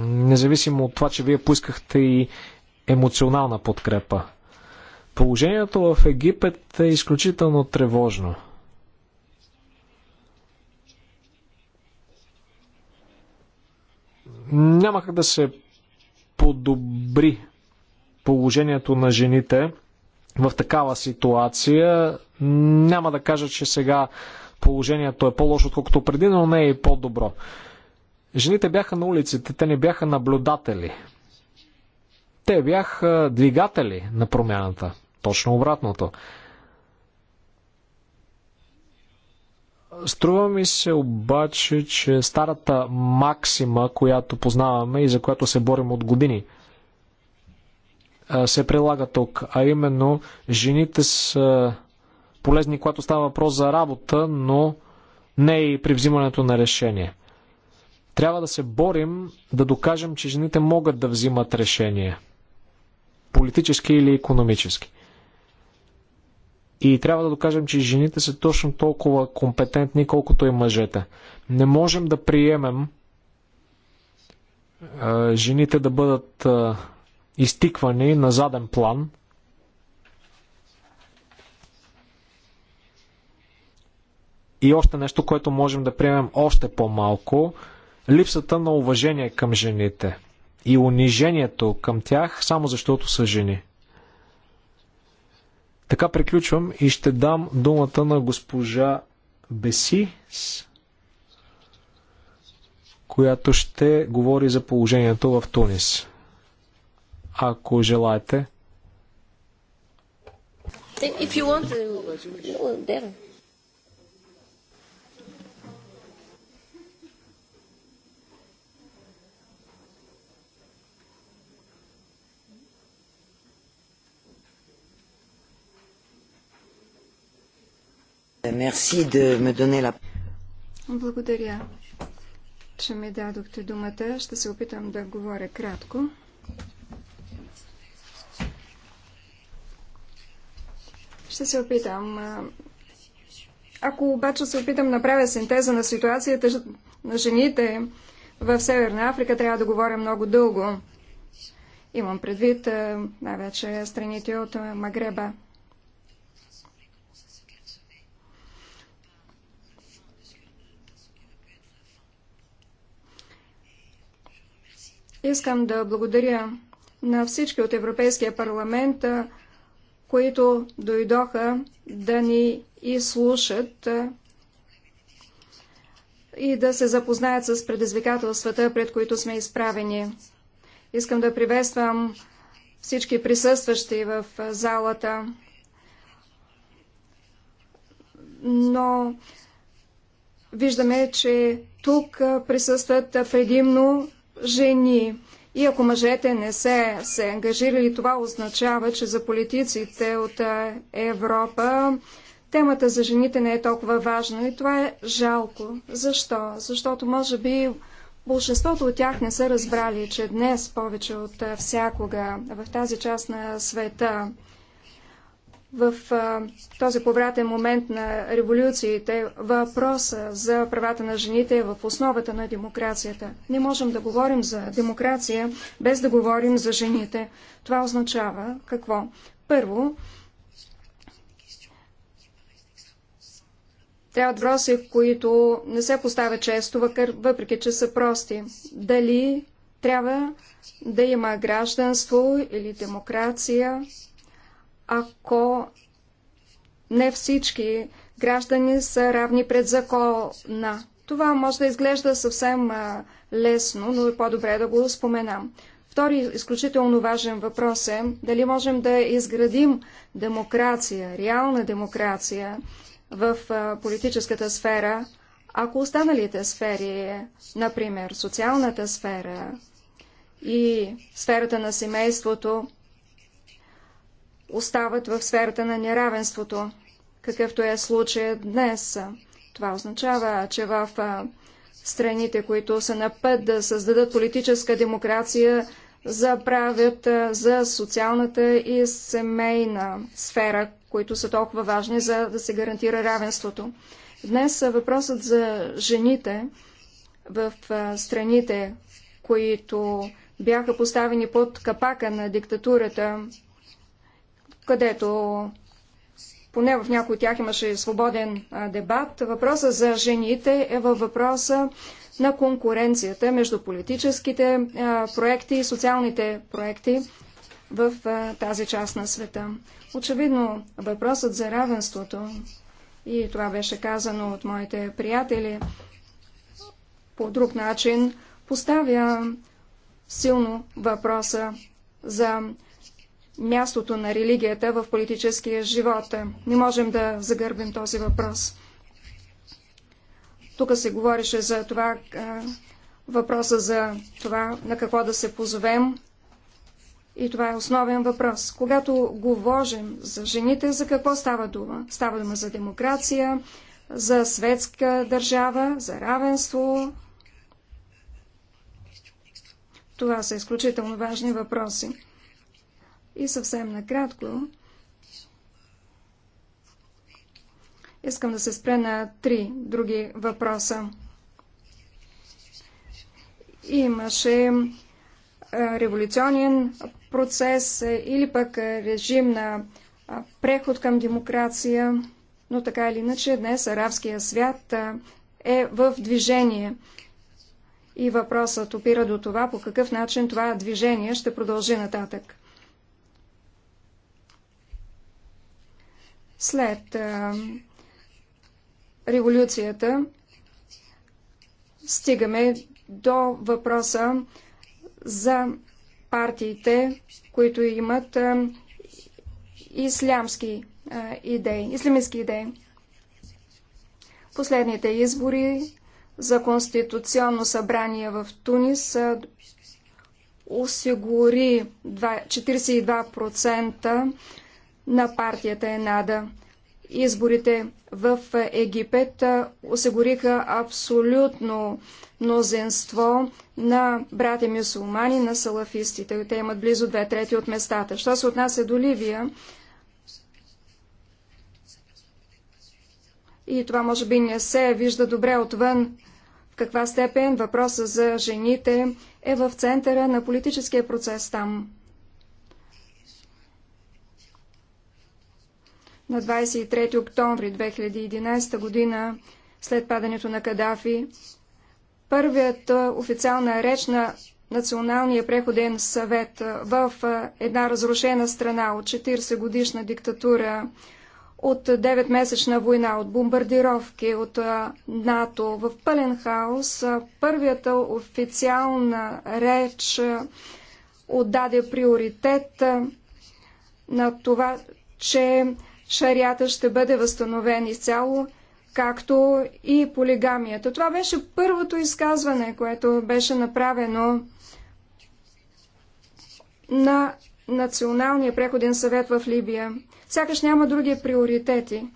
Независимо от това, че вие поискахте и емоционална подкрепа. Положението в Египет е изключително тревожно – няма как да се подобри положението на жените в такава ситуация. Няма да кажа, че сега положението е по-лошо, отколкото преди, но не е и по-добро. Жените бяха на улиците, те не бяха наблюдатели. Те бяха двигатели на промяната. Точно обратното. Струва ми се обаче, че старата максима, която познаваме и за която се борим от години, се прилага тук. А именно, жените са полезни, когато става въпрос за работа, но не и при взимането на решение. Трябва да се борим да докажем, че жените могат да взимат решение. Политически или економически. И трябва да докажем, че жените са точно толкова компетентни, колкото и мъжете. Не можем да приемем е, жените да бъдат е, изтиквани на заден план. И още нещо, което можем да приемем още по-малко липсата на уважение към жените и унижението към тях, само защото са жени. Така приключвам и ще дам думата на госпожа Бесис, която ще говори за положението в Тунис. Ако желаете. If you want uh, to... Благодаря, че ми дадохте думата. Ще се опитам да говоря кратко. Ще се опитам. Ако обаче се опитам да направя синтеза на ситуацията на жените в Северна Африка, трябва да говоря много дълго. Имам предвид най-вече страните от Магреба. Искам да благодаря на всички от Европейския парламент, които дойдоха да ни изслушат и да се запознаят с предизвикателствата, пред които сме изправени. Искам да приветствам всички присъстващи в залата, но виждаме, че тук присъстват предимно жени. И ако мъжете не се, се ангажирали, това означава, че за политиците от Европа темата за жените не е толкова важна. И това е жалко. Защо? Защото може би Большинството от тях не са разбрали, че днес повече от всякога в тази част на света в а, този повратен момент на революциите въпроса за правата на жените е в основата на демокрацията. Не можем да говорим за демокрация без да говорим за жените. Това означава какво? Първо, Те въпроси, които не се поставя често, въпреки че са прости. Дали трябва да има гражданство или демокрация, ако не всички граждани са равни пред закона. Това може да изглежда съвсем лесно, но е по-добре да го споменам. Втори изключително важен въпрос е дали можем да изградим демокрация, реална демокрация в политическата сфера, ако останалите сфери, например социалната сфера и сферата на семейството, остават в сферата на неравенството, какъвто е случая днес. Това означава, че в страните, които са на път да създадат политическа демокрация, заправят за социалната и семейна сфера, които са толкова важни, за да се гарантира равенството. Днес въпросът за жените в страните, които бяха поставени под капака на диктатурата, където поне в някои от тях имаше свободен дебат. Въпроса за жените е във въпроса на конкуренцията между политическите проекти и социалните проекти в тази част на света. Очевидно, въпросът за равенството, и това беше казано от моите приятели, по друг начин поставя силно въпроса за мястото на религията в политическия живот. Не можем да загърбим този въпрос. Тук се говореше за това, въпроса за това на какво да се позовем. И това е основен въпрос. Когато говорим за жените, за какво става дума? Става дума за демокрация, за светска държава, за равенство. Това са изключително важни въпроси. И съвсем накратко искам да се спре на три други въпроса. Имаше революционен процес или пък режим на преход към демокрация, но така или иначе днес арабския свят е в движение. И въпросът опира до това по какъв начин това движение ще продължи нататък. След а, революцията стигаме до въпроса за партиите, които имат а, ислямски а, идеи, ислямски идеи. Последните избори за Конституционно събрание в Тунис осигури 42% на партията Енада. Изборите в Египет осигуриха абсолютно мнозинство на братя мюсулмани, на салафистите. Те имат близо две трети от местата. Що се отнася до Ливия, и това може би не се вижда добре отвън, в каква степен въпроса за жените е в центъра на политическия процес там. на 23 октомври 2011 година, след падането на Кадафи, първият официална реч на Националния преходен съвет в една разрушена страна от 40 годишна диктатура, от 9-месечна война, от бомбардировки, от НАТО в пълен хаос. първият официална реч отдаде приоритет на това, че шарията ще бъде възстановен изцяло, както и полигамията. Това беше първото изказване, което беше направено на Националния преходен съвет в Либия. Сякаш няма други приоритети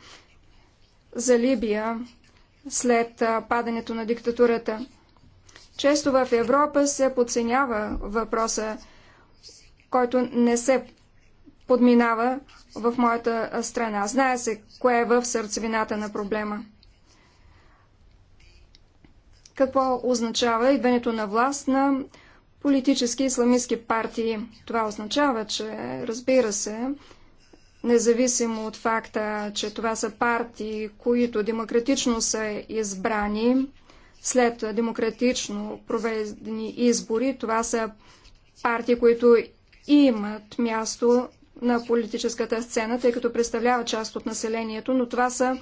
за Либия след падането на диктатурата. Често в Европа се подценява въпроса, който не се подминава в моята страна. Знае се кое е в сърцевината на проблема. Какво означава идването на власт на политически исламистски партии? Това означава, че, разбира се, независимо от факта, че това са партии, които демократично са избрани, след демократично проведени избори, това са партии, които имат място на политическата сцена, тъй като представлява част от населението, но това са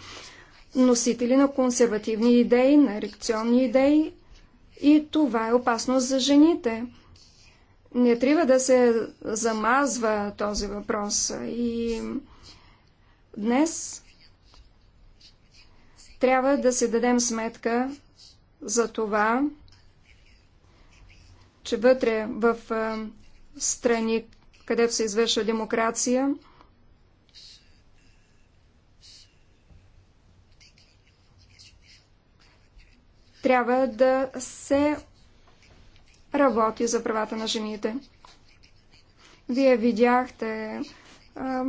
носители на консервативни идеи, на ерекционни идеи и това е опасност за жените. Не трябва да се замазва този въпрос и днес трябва да се дадем сметка за това, че вътре в страни където се извършва демокрация. Трябва да се работи за правата на жените. Вие видяхте а,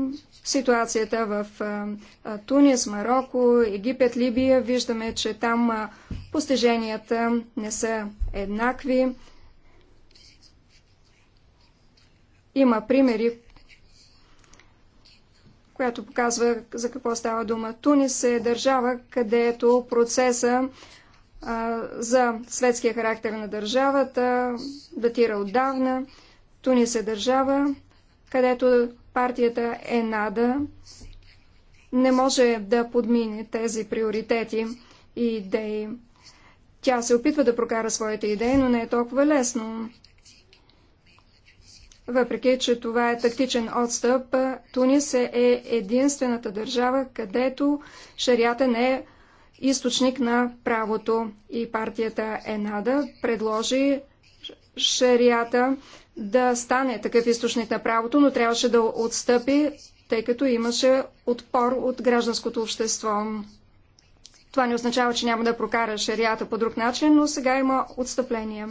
ситуацията в а, Тунис, Марокко, Египет, Либия. Виждаме, че там а, постиженията не са еднакви. Има примери, която показва за какво става дума. Тунис е държава, където процеса а, за светския характер на държавата датира отдавна. Тунис е държава, където партията Енада не може да подмине тези приоритети и идеи. Тя се опитва да прокара своите идеи, но не е толкова лесно. Въпреки, че това е тактичен отстъп, Тунис е, е единствената държава, където шарията не е източник на правото и партията Енада предложи шарията да стане такъв източник на правото, но трябваше да отстъпи, тъй като имаше отпор от гражданското общество. Това не означава, че няма да прокара шарията по друг начин, но сега има отстъпление.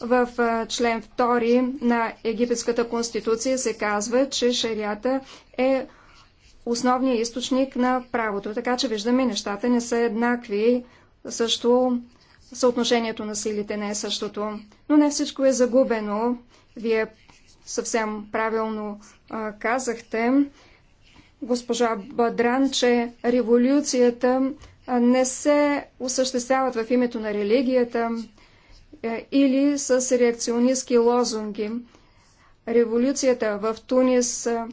В член 2 на Египетската конституция се казва, че шарията е основният източник на правото. Така че виждаме, нещата не са еднакви. Също съотношението на силите не е същото. Но не всичко е загубено. Вие съвсем правилно а, казахте, госпожа Бадран, че революцията не се осъществяват в името на религията, е, или с реакционистски лозунги. Революцията в Тунис, е,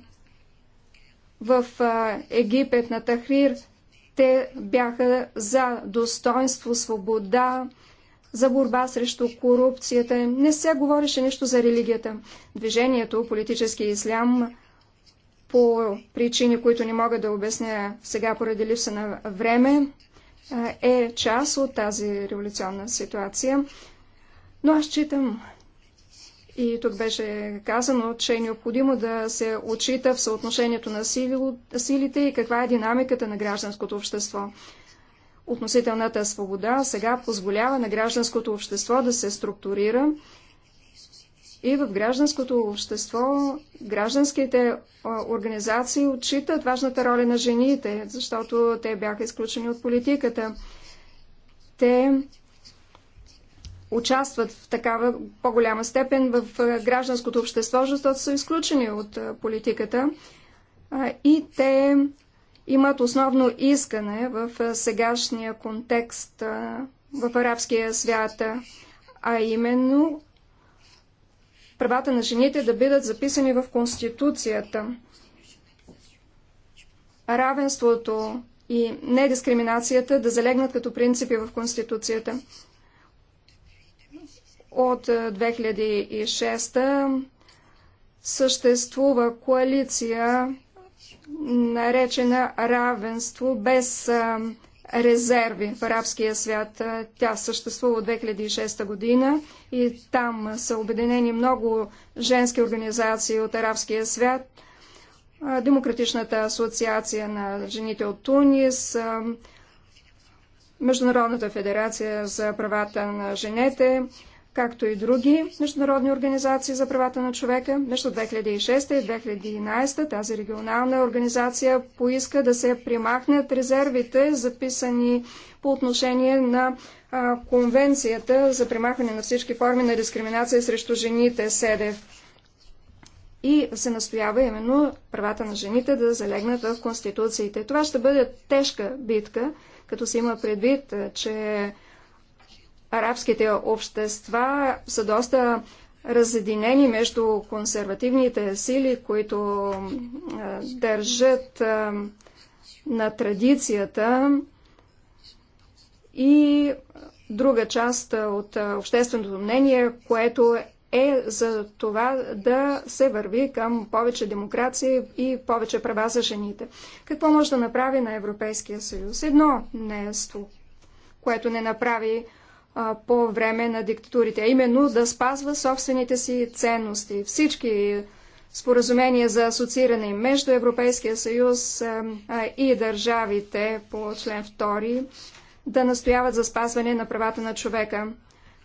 в е, Египет, на Тахрир, те бяха за достоинство, свобода, за борба срещу корупцията. Не се говореше нищо за религията. Движението политически ислям по причини, които не мога да обясня сега поради липса на време, е част от тази революционна ситуация. Но аз читам, и тук беше казано, че е необходимо да се отчита в съотношението на силите и каква е динамиката на гражданското общество. Относителната свобода сега позволява на гражданското общество да се структурира и в гражданското общество гражданските организации отчитат важната роля на жените, защото те бяха изключени от политиката. Те участват в такава по-голяма степен в гражданското общество, защото са изключени от политиката и те имат основно искане в сегашния контекст в арабския свят, а именно правата на жените да бъдат записани в Конституцията. Равенството и недискриминацията да залегнат като принципи в Конституцията. От 2006 е, съществува коалиция, наречена равенство без е, резерви в арабския свят. Е, тя съществува от 2006 година и там са обединени много женски организации от арабския свят. Демократичната асоциация на жените от Тунис, Международната федерация за правата на женете, както и други международни организации за правата на човека. Между 2006 и 2011 тази регионална организация поиска да се примахнат резервите, записани по отношение на а, Конвенцията за примахване на всички форми на дискриминация срещу жените СЕДЕВ. И се настоява именно правата на жените да залегнат в конституциите. Това ще бъде тежка битка, като се има предвид, че арабските общества са доста разединени между консервативните сили, които държат на традицията и друга част от общественото мнение, което е за това да се върви към повече демокрация и повече права за жените. Какво може да направи на Европейския съюз? Едно нещо, което не направи по време на диктатурите, а именно да спазва собствените си ценности. Всички споразумения за асоцииране между Европейския съюз и държавите по член 2 да настояват за спазване на правата на човека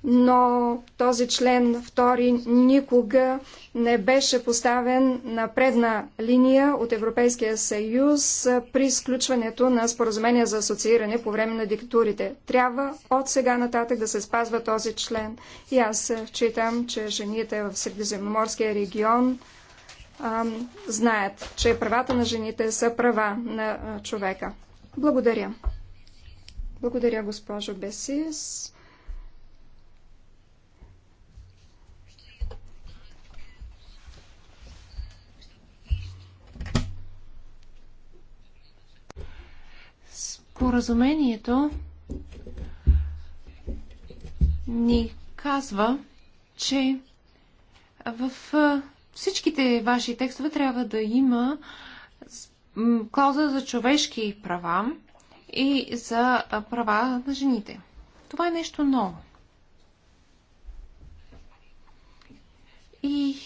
но този член втори никога не беше поставен на предна линия от Европейския съюз при сключването на споразумения за асоцииране по време на диктатурите. Трябва от сега нататък да се спазва този член. И аз считам, че жените в Средиземноморския регион а, знаят, че правата на жените са права на човека. Благодаря. Благодаря, госпожо Бесис. Споразумението ни казва, че в всичките ваши текстове трябва да има клауза за човешки права и за права на жените. Това е нещо ново. И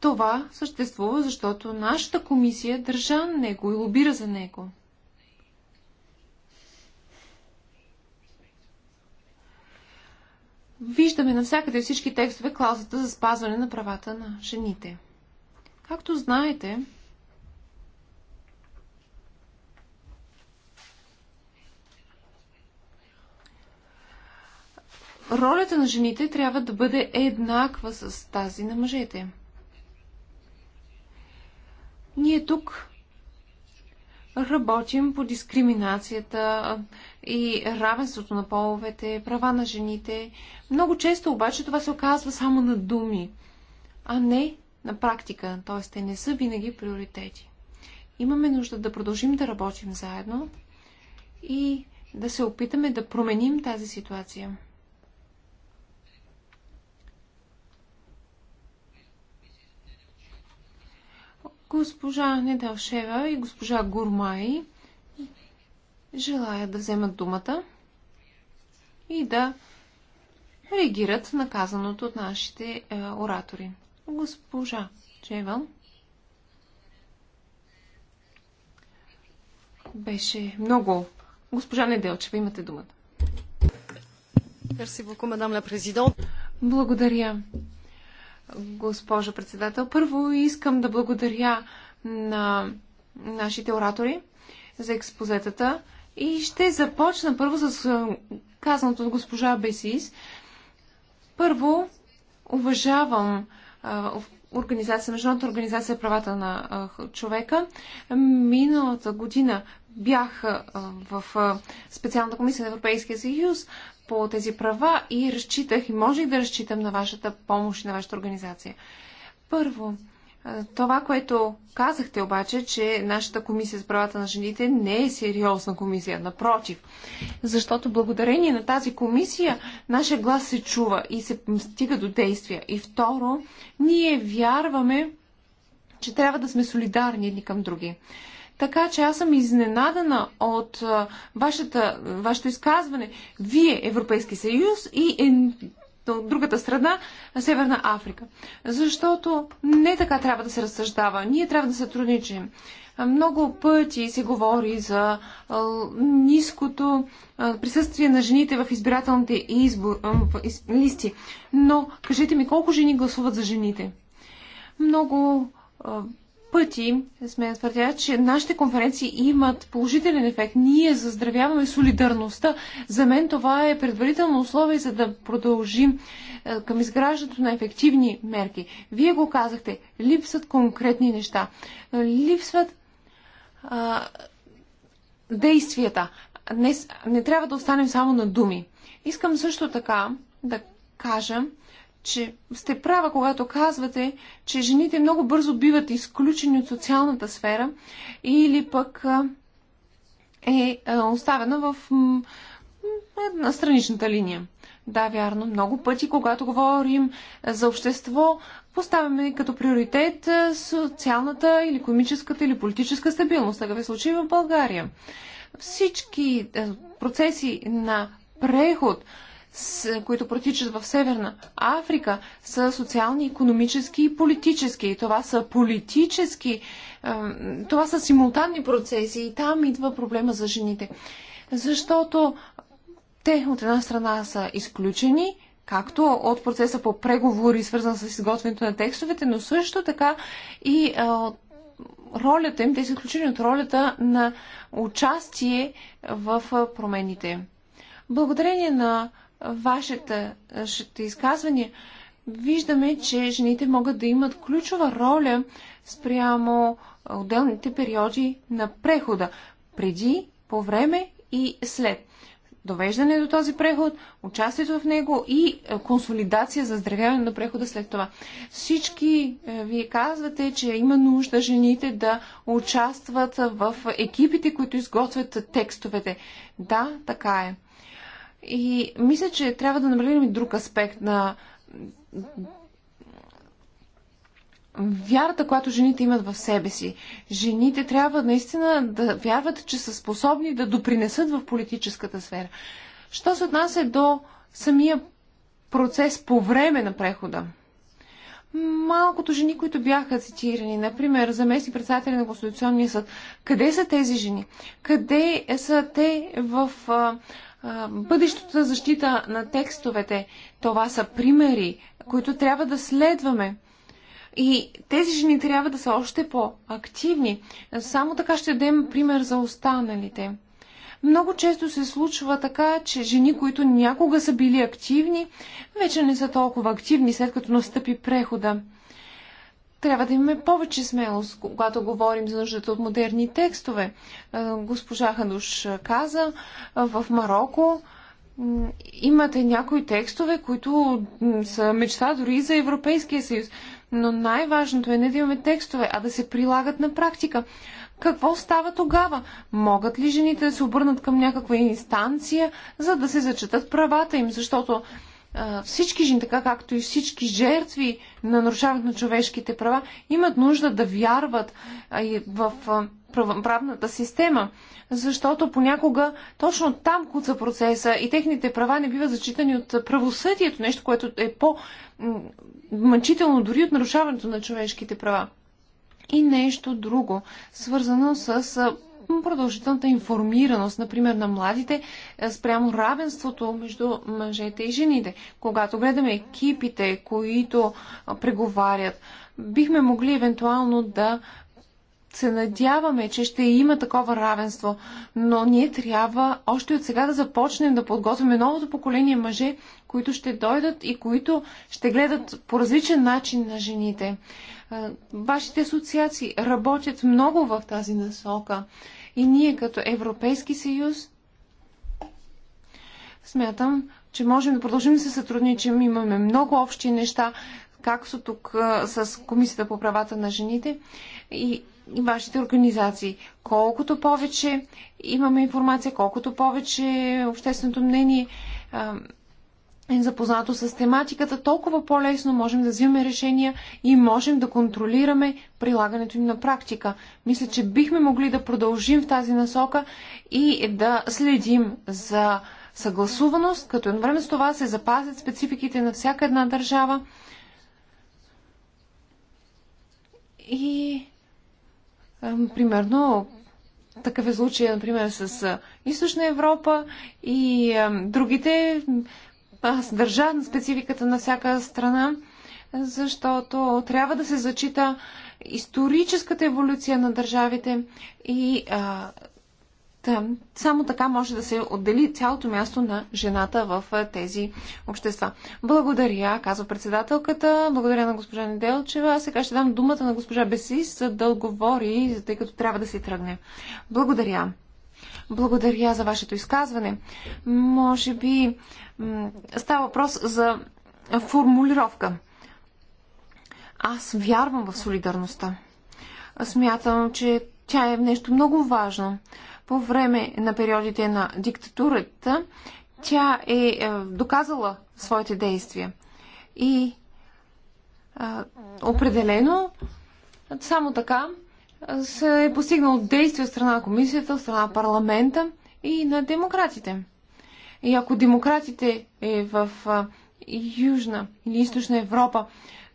това съществува, защото нашата комисия държа на него и лобира за него. виждаме навсякъде всички текстове клаузата за спазване на правата на жените. Както знаете, ролята на жените трябва да бъде еднаква с тази на мъжете. Ние тук работим по дискриминацията и равенството на половете, права на жените. Много често обаче това се оказва само на думи, а не на практика, т.е. те не са винаги приоритети. Имаме нужда да продължим да работим заедно и да се опитаме да променим тази ситуация. Госпожа Недалшева и госпожа Гурмай желаят да вземат думата и да реагират на казаното от нашите е, оратори. Госпожа Чевал беше много. Госпожа Неделчева, имате думата. Благодаря госпожо председател. Първо искам да благодаря на нашите оратори за експозетата и ще започна първо с казаното от госпожа Бесис. Първо, уважавам организация, Международната организация правата на човека. Миналата година бях в специалната комисия на Европейския съюз по тези права и разчитах и можех да разчитам на вашата помощ, на вашата организация. Първо, това, което казахте обаче, че нашата комисия за правата на жените не е сериозна комисия, напротив. Защото благодарение на тази комисия нашия глас се чува и се стига до действия. И второ, ние вярваме, че трябва да сме солидарни едни към други. Така че аз съм изненадана от вашата, вашето изказване. Вие, Европейски съюз и е, от другата страна, Северна Африка. Защото не така трябва да се разсъждава. Ние трябва да сътрудничим. Много пъти се говори за ниското присъствие на жените в избирателните избор, листи. Но кажете ми, колко жени гласуват за жените? Много пъти сме твърдя, че нашите конференции имат положителен ефект. Ние заздравяваме солидарността. За мен това е предварително условие, за да продължим е, към изграждането на ефективни мерки. Вие го казахте. Липсват конкретни неща. Липсват а, действията. Не, не трябва да останем само на думи. Искам също така да кажа, че сте права, когато казвате, че жените много бързо биват изключени от социалната сфера или пък е оставена в една страничната линия. Да, вярно. Много пъти, когато говорим за общество, поставяме като приоритет социалната или економическата или политическа стабилност. Така ви случи в България. Всички процеси на преход, които протичат в Северна Африка, са социални, економически и политически. Това са политически, това са симултанни процеси и там идва проблема за жените. Защото те от една страна са изключени, както от процеса по преговори, свързан с изготвянето на текстовете, но също така и от ролята им, те са изключени от ролята на участие в промените. Благодарение на вашата, вашите изказвания, виждаме, че жените могат да имат ключова роля спрямо отделните периоди на прехода. Преди, по време и след. Довеждане до този преход, участието в него и консолидация за здравяване на прехода след това. Всички вие казвате, че има нужда жените да участват в екипите, които изготвят текстовете. Да, така е. И мисля, че трябва да намалираме и друг аспект на вярата, която жените имат в себе си. Жените трябва наистина да вярват, че са способни да допринесат в политическата сфера. Що се отнася до самия процес по време на прехода? Малкото жени, които бяха цитирани, например, заместни председатели на Конституционния съд, къде са тези жени? Къде са те в бъдещата защита на текстовете. Това са примери, които трябва да следваме. И тези жени трябва да са още по-активни. Само така ще дадем пример за останалите. Много често се случва така, че жени, които някога са били активни, вече не са толкова активни, след като настъпи прехода трябва да имаме повече смелост, когато говорим за нуждата от модерни текстове. Е, госпожа Хануш каза, е, в Марокко имате някои текстове, които са мечта дори за Европейския съюз. Но най-важното е не да имаме текстове, а да се прилагат на практика. Какво става тогава? Могат ли жените да се обърнат към някаква инстанция, за да се зачитат правата им? Защото всички жени, така както и всички жертви на нарушаването на човешките права, имат нужда да вярват в правната система, защото понякога точно там куца процеса и техните права не биват зачитани от правосъдието, нещо, което е по-мъчително дори от нарушаването на човешките права. И нещо друго, свързано с продължителната информираност, например, на младите е, спрямо равенството между мъжете и жените. Когато гледаме екипите, които преговарят, бихме могли евентуално да се надяваме, че ще има такова равенство, но ние трябва още от сега да започнем да подготвяме новото поколение мъже, които ще дойдат и които ще гледат по различен начин на жените. Вашите асоциации работят много в тази насока и ние като Европейски съюз смятам, че можем да продължим да се сътрудничим. Имаме много общи неща, както тук с Комисията по правата на жените и, и вашите организации. Колкото повече имаме информация, колкото повече общественото мнение е запознато с тематиката, толкова по-лесно можем да взимаме решения и можем да контролираме прилагането им на практика. Мисля, че бихме могли да продължим в тази насока и да следим за съгласуваност, като едновременно с това се запазят спецификите на всяка една държава. И, примерно, такъв е случай, например, с Източна Европа и другите аз държа на спецификата на всяка страна, защото трябва да се зачита историческата еволюция на държавите и а, там, само така може да се отдели цялото място на жената в тези общества. Благодаря, казва председателката. Благодаря на госпожа Неделчева. Сега ще дам думата на госпожа Бесис, да отговори, тъй като трябва да си тръгне. Благодаря. Благодаря за вашето изказване. Може би става въпрос за формулировка. Аз вярвам в солидарността. Смятам, че тя е нещо много важно. По време на периодите на диктатурата тя е, е доказала своите действия. И а, определено, само така, се е постигнало действие от страна на комисията, от страна на парламента и на демократите. И ако демократите е в Южна или Източна Европа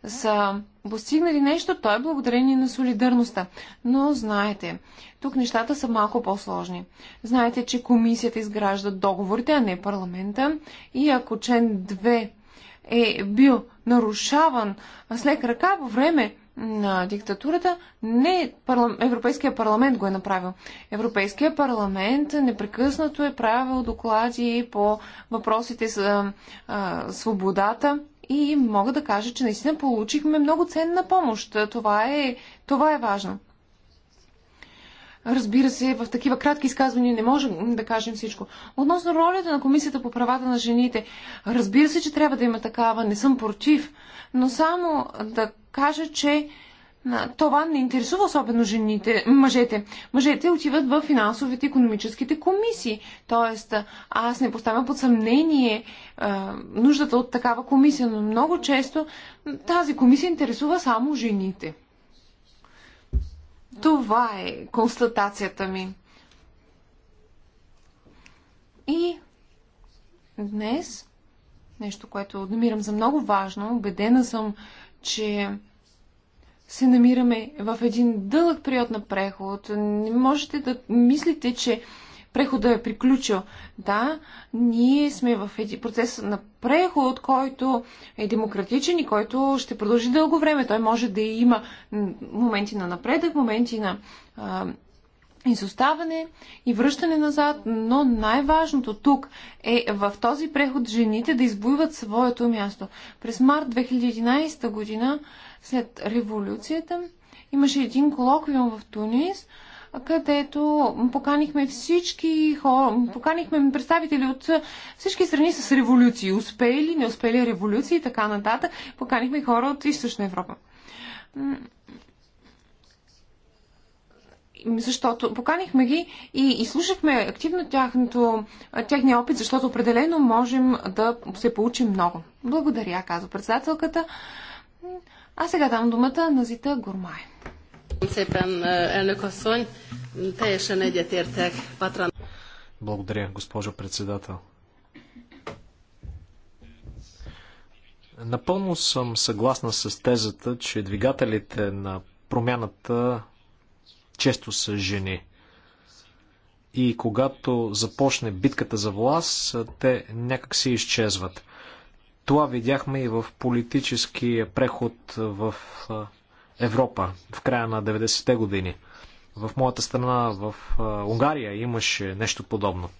са постигнали нещо, то е благодарение на солидарността. Но знаете, тук нещата са малко по-сложни. Знаете, че комисията изгражда договорите, а не парламента. И ако член 2 е бил нарушаван с ръка по време на диктатурата, не парла... Европейския парламент го е направил. Европейския парламент непрекъснато е правил доклади по въпросите за а, свободата и мога да кажа, че наистина получихме много ценна помощ. Това е, това е важно. Разбира се, в такива кратки изказвания не можем да кажем всичко. Относно ролята на Комисията по правата на жените, разбира се, че трябва да има такава, не съм против, но само да кажа, че това не интересува особено жените, мъжете. Мъжете отиват в финансовите и економическите комисии. Тоест, аз не поставям под съмнение нуждата от такава комисия, но много често тази комисия интересува само жените. Това е констатацията ми. И днес, нещо, което намирам за много важно, убедена съм, че се намираме в един дълъг период на преход. Не можете да мислите, че прехода е приключил. Да, ние сме в един процес на преход, който е демократичен и който ще продължи дълго време. Той може да има моменти на напредък, моменти на а, изоставане и връщане назад, но най-важното тук е в този преход жените да избуйват своето място. През март 2011 година, след революцията, имаше един колоквиум в Тунис – където поканихме всички хора, поканихме представители от всички страни с революции, успели, не успели революции и така нататък. Поканихме хора от Източна Европа. Защото поканихме ги и слушахме активно тяхното, тяхния опит, защото определено можем да се получим много. Благодаря, казва председателката. А сега дам думата на Зита Гормай. Szépen, elnök благодаря, госпожо председател. Напълно съм съгласна с тезата, че двигателите на промяната често са жени. И когато започне битката за власт, те някак си изчезват. Това видяхме и в политическия преход в Европа в края на 90-те години – в моята страна, в Унгария, имаше нещо подобно.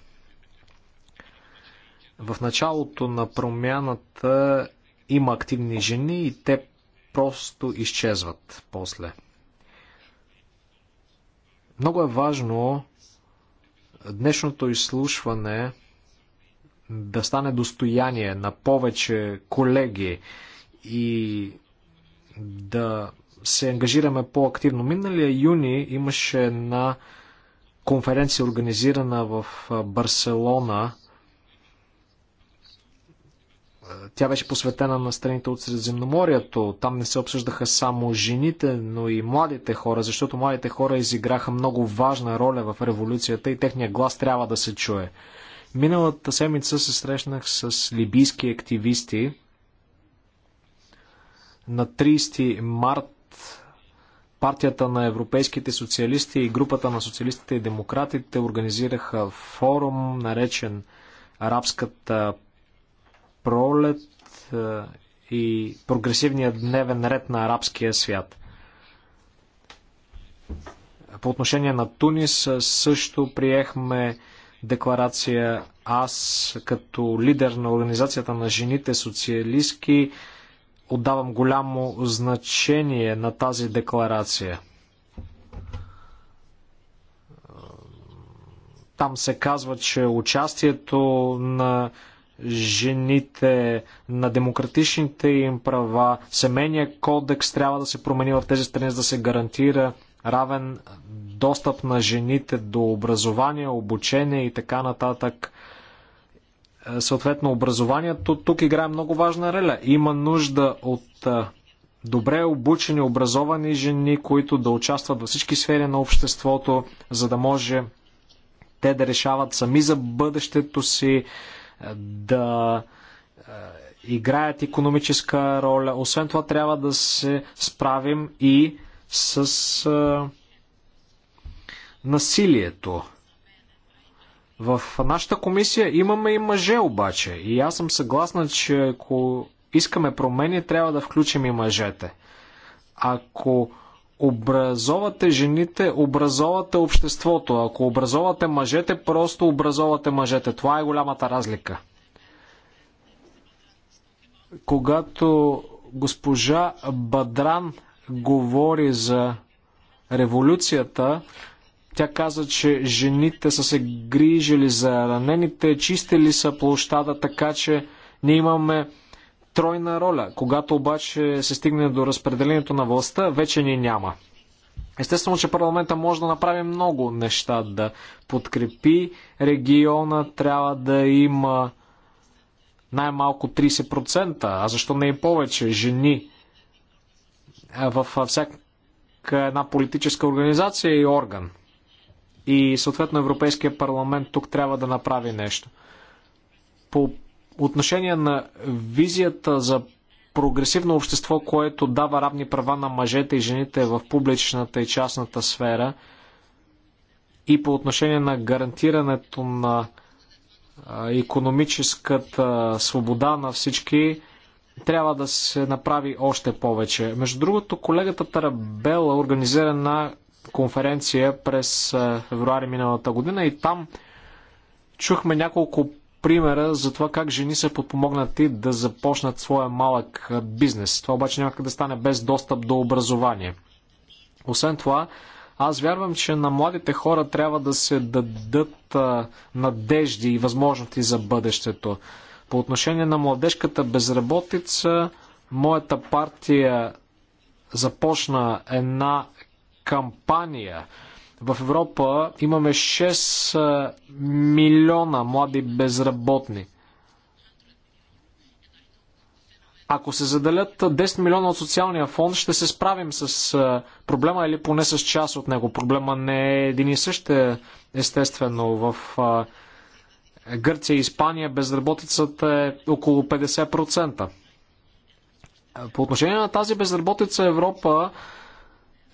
В началото на промяната има активни жени и те просто изчезват после. Много е важно днешното изслушване да стане достояние на повече колеги и да се ангажираме по-активно. Миналия юни имаше една конференция, организирана в Барселона. Тя беше посветена на страните от Средиземноморието. Там не се обсъждаха само жените, но и младите хора, защото младите хора изиграха много важна роля в революцията и техния глас трябва да се чуе. Миналата седмица се срещнах с либийски активисти. На 30 март партията на европейските социалисти и групата на социалистите и демократите организираха форум, наречен Арабската пролет е, и прогресивният дневен ред на арабския свят. По отношение на Тунис е, също приехме декларация аз като лидер на Организацията на жените социалистки отдавам голямо значение на тази декларация. Там се казва, че участието на жените, на демократичните им права, семейния кодекс трябва да се промени в тези страни, за да се гарантира равен достъп на жените до образование, обучение и така нататък. Е, съответно образованието тук играе много важна роля. Има нужда от е, добре обучени, образовани жени, които да участват във всички сфери на обществото, за да може те да решават сами за бъдещето си, е, да играят економическа роля. Освен това, трябва да се справим и с насилието. В нашата комисия имаме и мъже обаче. И аз съм съгласна, че ако искаме промени, трябва да включим и мъжете. Ако образовате жените, образовате обществото. Ако образовате мъжете, просто образовате мъжете. Това е голямата разлика. Когато госпожа Бадран говори за революцията, тя каза, че жените са се грижили за ранените, чистили са площада, така че ние имаме тройна роля. Когато обаче се стигне до разпределението на властта, вече ни няма. Естествено, че парламента може да направи много неща да подкрепи региона, трябва да има най-малко 30%, а защо не и повече жени във всяка една политическа организация и орган. И съответно Европейския парламент тук трябва да направи нещо. По отношение на визията за прогресивно общество, което дава равни права на мъжете и жените в публичната и частната сфера и по отношение на гарантирането на економическата свобода на всички, трябва да се направи още повече. Между другото, колегата Тарабела организира една конференция през февруари миналата година и там чухме няколко примера за това как жени са подпомогнати да започнат своя малък бизнес. Това обаче няма как да стане без достъп до образование. Освен това, аз вярвам, че на младите хора трябва да се дадат надежди и възможности за бъдещето. По отношение на младежката безработица, моята партия започна една кампания. В Европа имаме 6 милиона млади безработни. Ако се заделят 10 милиона от социалния фонд, ще се справим с проблема или поне с част от него. Проблема не е един и същ, е, естествено. В Гърция и Испания безработицата е около 50%. По отношение на тази безработица Европа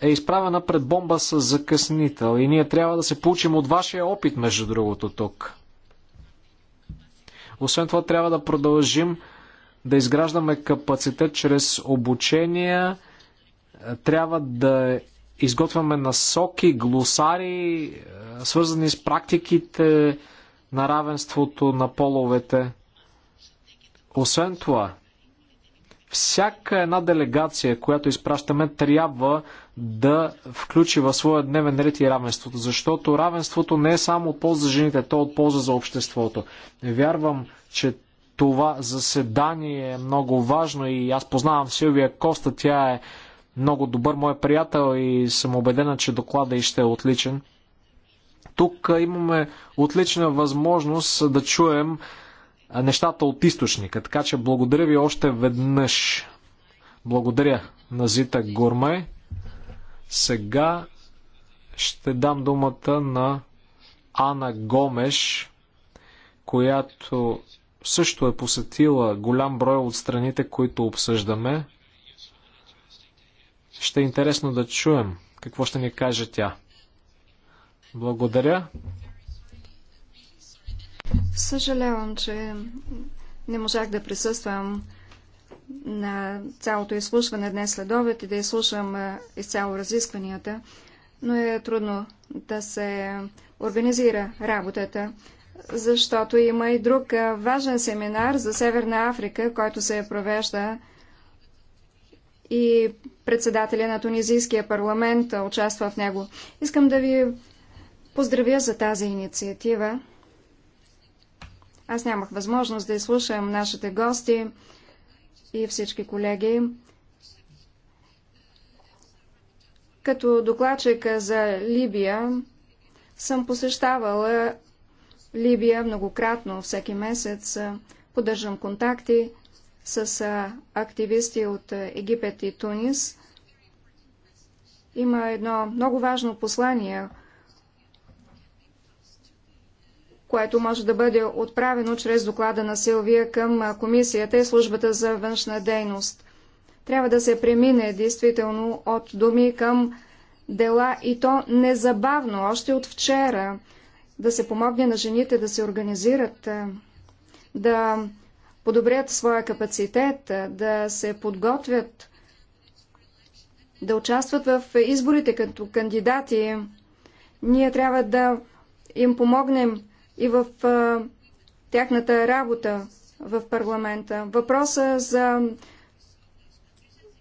е изправена пред бомба с закъснител и ние трябва да се получим от вашия опит, между другото, тук. Освен това, трябва да продължим да изграждаме капацитет чрез обучения, трябва да изготвяме насоки, глосари, е, свързани с практиките на равенството на половете. Освен това, всяка една делегация, която изпращаме, трябва да включи в своя дневен ред и равенството, защото равенството не е само от полза за жените, то е от полза за обществото. Вярвам, че това заседание е много важно и аз познавам Силвия Коста, тя е много добър мой приятел и съм убедена, че доклада и ще е отличен. Тук имаме отлична възможност да чуем нещата от източника, така че благодаря ви още веднъж. Благодаря на Зита Гурмай. Сега ще дам думата на Ана Гомеш, която също е посетила голям брой от страните, които обсъждаме. Ще е интересно да чуем какво ще ни каже тя. Благодаря. Съжалявам, че не можах да присъствам на цялото изслушване днес след обед и да изслушам изцяло разискванията, но е трудно да се организира работата, защото има и друг важен семинар за Северна Африка, който се провежда и председателя на Тунизийския парламент участва в него. Искам да ви поздравя за тази инициатива. Аз нямах възможност да изслушам нашите гости, и всички колеги. Като докладчика за Либия съм посещавала Либия многократно всеки месец. Поддържам контакти с активисти от Египет и Тунис. Има едно много важно послание, което може да бъде отправено чрез доклада на Силвия към Комисията и Службата за външна дейност. Трябва да се премине действително от думи към дела и то незабавно, още от вчера, да се помогне на жените да се организират, да подобрят своя капацитет, да се подготвят, да участват в изборите като кандидати. Ние трябва да им помогнем и в тяхната работа в парламента. Въпроса за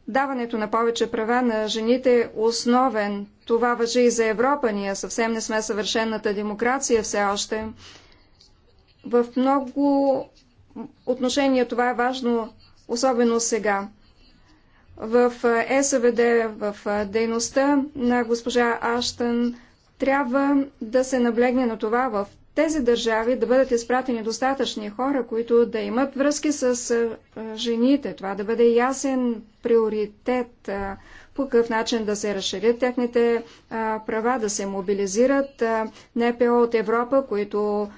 даването на повече права на жените е основен. Това въжи и за Европа. Ние съвсем не сме съвършената демокрация все още. В много отношения това е важно, особено сега. В СВД, в дейността на госпожа Аштън, трябва да се наблегне на това в тези държави да бъдат изпратени достатъчни хора, които да имат връзки с жените. Това да бъде ясен приоритет, по какъв начин да се разширят техните права, да се мобилизират НПО от Европа, които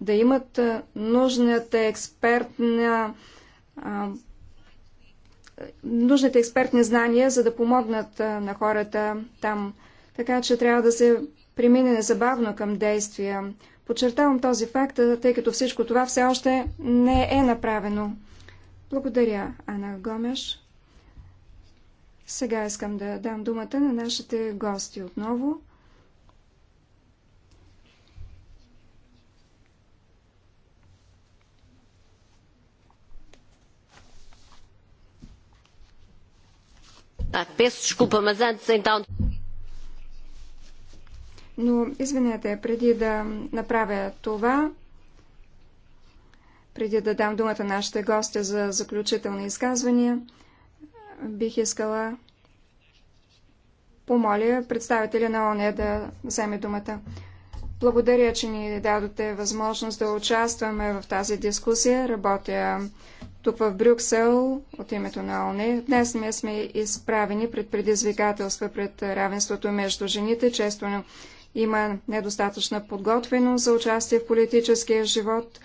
да имат нужната експертна нужните експертни знания, за да помогнат на хората там. Така че трябва да се премине незабавно към действия. Подчертавам този факт, тъй като всичко това все още не е направено. Благодаря, Ана Гомеш. Сега искам да дам думата на нашите гости отново. Так, desculpa, mas antes но, извинете, преди да направя това, преди да дам думата на нашите гости за заключителни изказвания, бих искала помоля представителя на ОНЕ да вземе думата. Благодаря, че ни дадоте възможност да участваме в тази дискусия. Работя тук в Брюксел от името на ОНЕ. Днес ние сме изправени пред предизвикателства пред равенството между жените. Често има недостатъчна подготвеност за участие в политическия живот.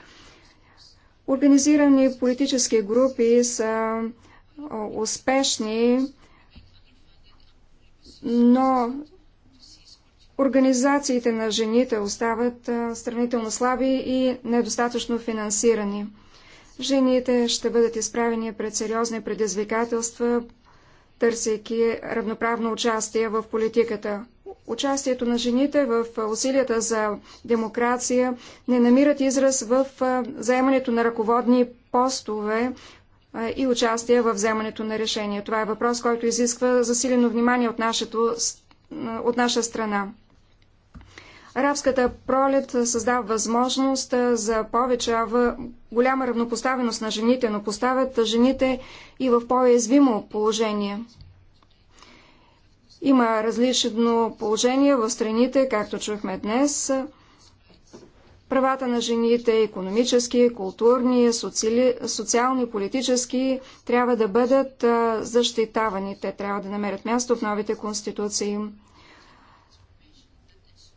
Организирани политически групи са успешни, но организациите на жените остават сравнително слаби и недостатъчно финансирани. Жените ще бъдат изправени пред сериозни предизвикателства, търсейки равноправно участие в политиката участието на жените в усилията за демокрация не намират израз в заемането на ръководни постове и участие в вземането на решения. Това е въпрос, който изисква засилено внимание от, нашето, от наша страна. Арабската пролет създава възможност за повече голяма равнопоставеност на жените, но поставят жените и в по-язвимо положение. Има различно положение в страните, както чухме днес. Правата на жените, економически, културни, социали, социални, политически, трябва да бъдат защитавани. Те трябва да намерят място в новите конституции.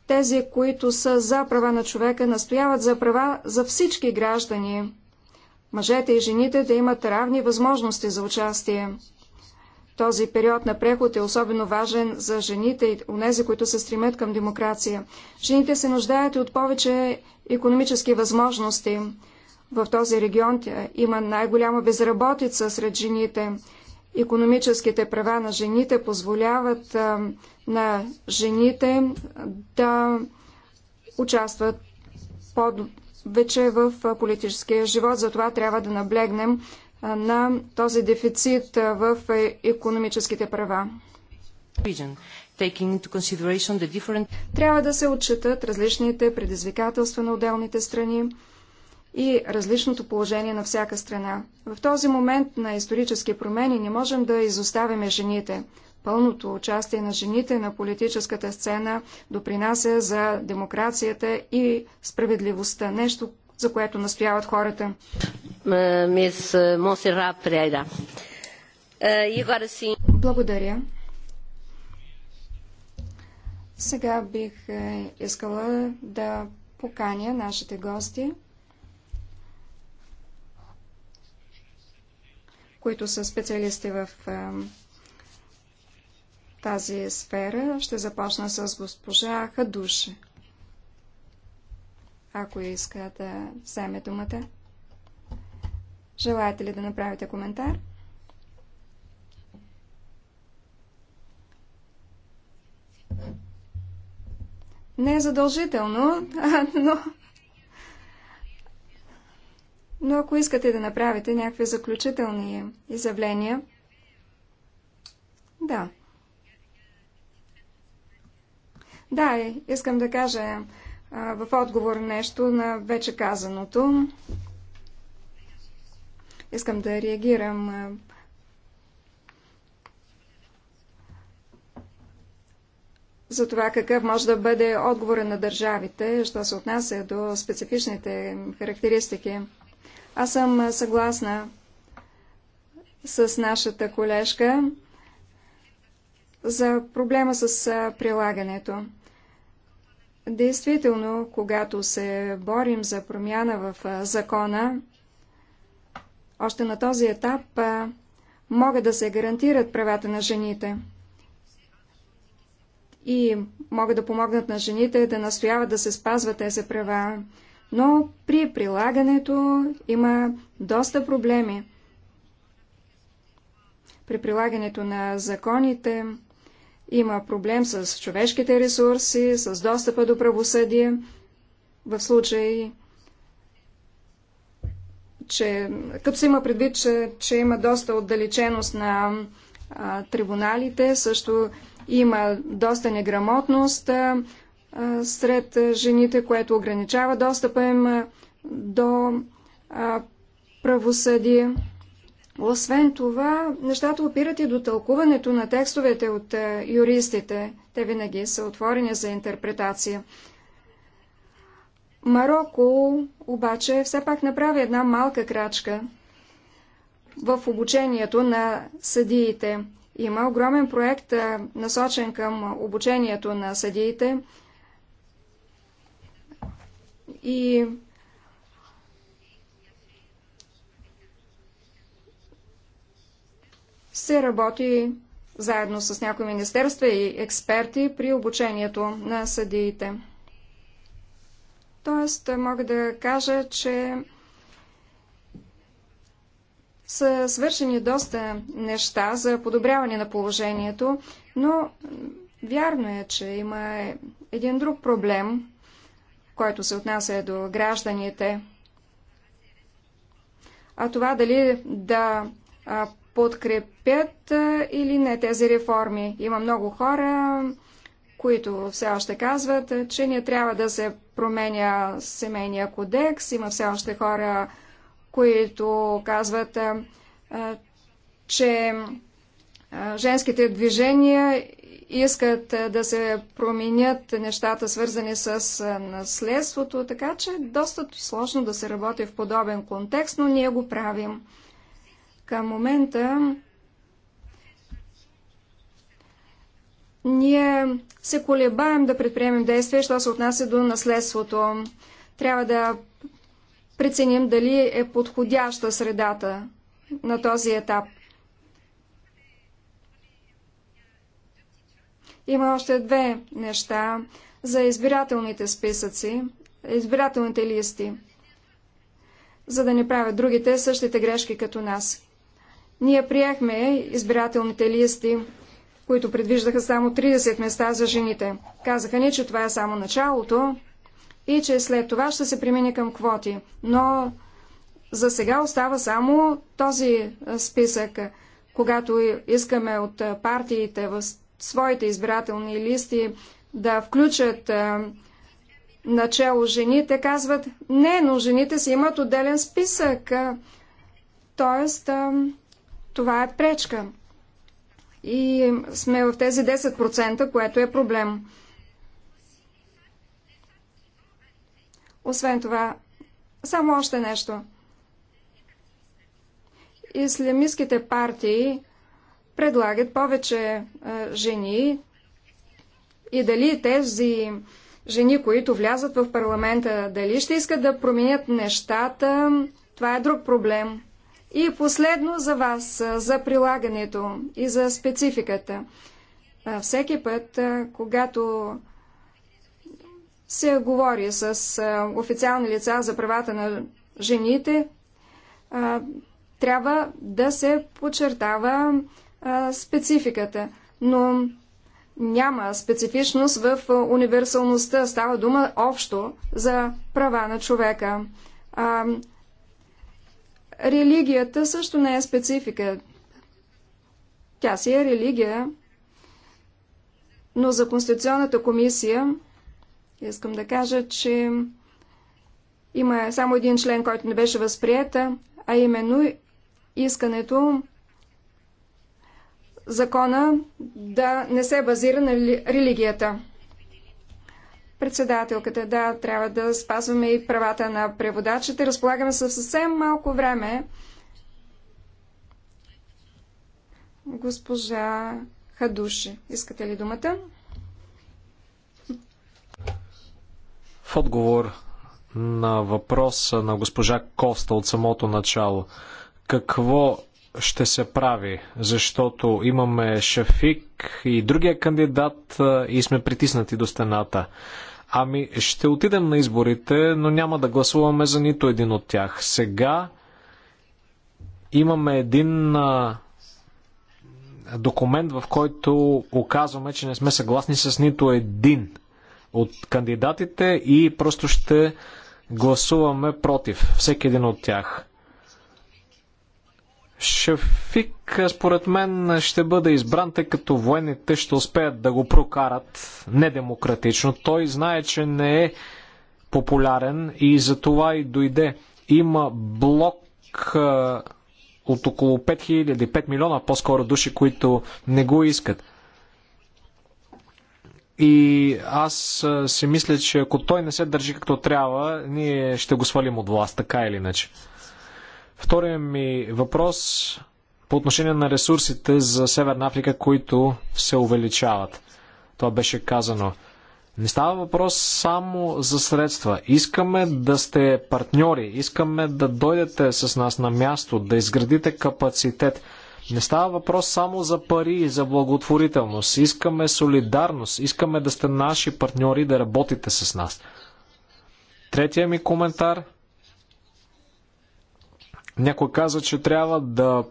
Тези, които са за права на човека, настояват за права за всички граждани. Мъжете и жените да имат равни възможности за участие. Този период на преход е особено важен за жените и унези, които се стремят към демокрация. Жените се нуждаят и от повече економически възможности. В този регион има най-голяма безработица сред жените. Економическите права на жените позволяват на жените да участват по-вече в политическия живот. Затова трябва да наблегнем на този дефицит в економическите права. Трябва да се отчитат различните предизвикателства на отделните страни и различното положение на всяка страна. В този момент на исторически промени не можем да изоставяме жените. Пълното участие на жените на политическата сцена допринася за демокрацията и справедливостта, нещо, за което настояват хората. Мис е, е, Благодаря. Сега бих е, искала да поканя нашите гости, които са специалисти в тази сфера. Ще започна с госпожа Хадуши ако иска да вземе думата. Желаете ли да направите коментар? Не е задължително, но... Но ако искате да направите някакви заключителни изявления, да. Да, искам да кажа в отговор нещо на вече казаното. Искам да реагирам за това какъв може да бъде отговора на държавите, що се отнася до специфичните характеристики. Аз съм съгласна с нашата колежка за проблема с прилагането. Действително, когато се борим за промяна в закона, още на този етап могат да се гарантират правата на жените и могат да помогнат на жените да настояват да се спазват тези права. Но при прилагането има доста проблеми. При прилагането на законите, има проблем с човешките ресурси, с достъпа до правосъдие. В случай, че като се има предвид, че, че има доста отдалеченост на а, трибуналите, също има доста неграмотност а, а, сред жените, което ограничава достъпа им до правосъдие. Освен това, нещата опират и до тълкуването на текстовете от е, юристите. Те винаги са отворени за интерпретация. Марокко обаче все пак направи една малка крачка в обучението на съдиите. Има огромен проект, е, насочен към обучението на съдиите. И се работи заедно с някои министерства и експерти при обучението на съдиите. Тоест, мога да кажа, че са свършени доста неща за подобряване на положението, но вярно е, че има един друг проблем, който се отнася до гражданите. А това дали да подкрепят или не тези реформи. Има много хора, които все още казват, че не трябва да се променя семейния кодекс. Има все още хора, които казват, че женските движения искат да се променят нещата, свързани с наследството, така че е доста сложно да се работи в подобен контекст, но ние го правим. Към момента ние се колебаем да предприемем действия, що се отнася до наследството. Трябва да преценим дали е подходяща средата на този етап. Има още две неща за избирателните списъци, избирателните листи, за да не правят другите същите грешки като нас. Ние приехме избирателните листи, които предвиждаха само 30 места за жените. Казаха ни, че това е само началото и че след това ще се премине към квоти. Но за сега остава само този списък. Когато искаме от партиите в своите избирателни листи да включат начало жените, те казват, не, но жените си имат отделен списък. Тоест, това е пречка. И сме в тези 10%, което е проблем. Освен това, само още нещо. Ислямистските партии предлагат повече а, е, жени и дали тези жени, които влязат в парламента, дали ще искат да променят нещата, това е друг проблем. И последно за вас, за прилагането и за спецификата. Всеки път, когато се говори с официални лица за правата на жените, трябва да се подчертава спецификата. Но няма специфичност в универсалността. Става дума общо за права на човека. Религията също не е специфика. Тя си е религия, но за Конституционната комисия искам да кажа, че има само един член, който не беше възприета, а именно искането закона да не се базира на религията. Председателката, да, трябва да спазваме и правата на преводачите. Разполагаме със съвсем малко време. Госпожа Хадуши, искате ли думата? В отговор на въпроса на госпожа Коста от самото начало, какво ще се прави, защото имаме Шафик и другия кандидат и сме притиснати до стената. Ами, ще отидем на изборите, но няма да гласуваме за нито един от тях. Сега имаме един а, документ, в който оказваме, че не сме съгласни с нито един от кандидатите и просто ще гласуваме против всеки един от тях. Шафик, според мен, ще бъде избран, тъй като военните ще успеят да го прокарат недемократично. Той знае, че не е популярен и за това и дойде. Има блок от около 5000, 5 милиона по-скоро души, които не го искат. И аз си мисля, че ако той не се държи както трябва, ние ще го свалим от власт, така или иначе. Вторият ми въпрос по отношение на ресурсите за Северна Африка, които се увеличават. Това беше казано. Не става въпрос само за средства. Искаме да сте партньори, искаме да дойдете с нас на място, да изградите капацитет. Не става въпрос само за пари и за благотворителност. Искаме солидарност, искаме да сте наши партньори, да работите с нас. Третия ми коментар – някой каза, че трябва да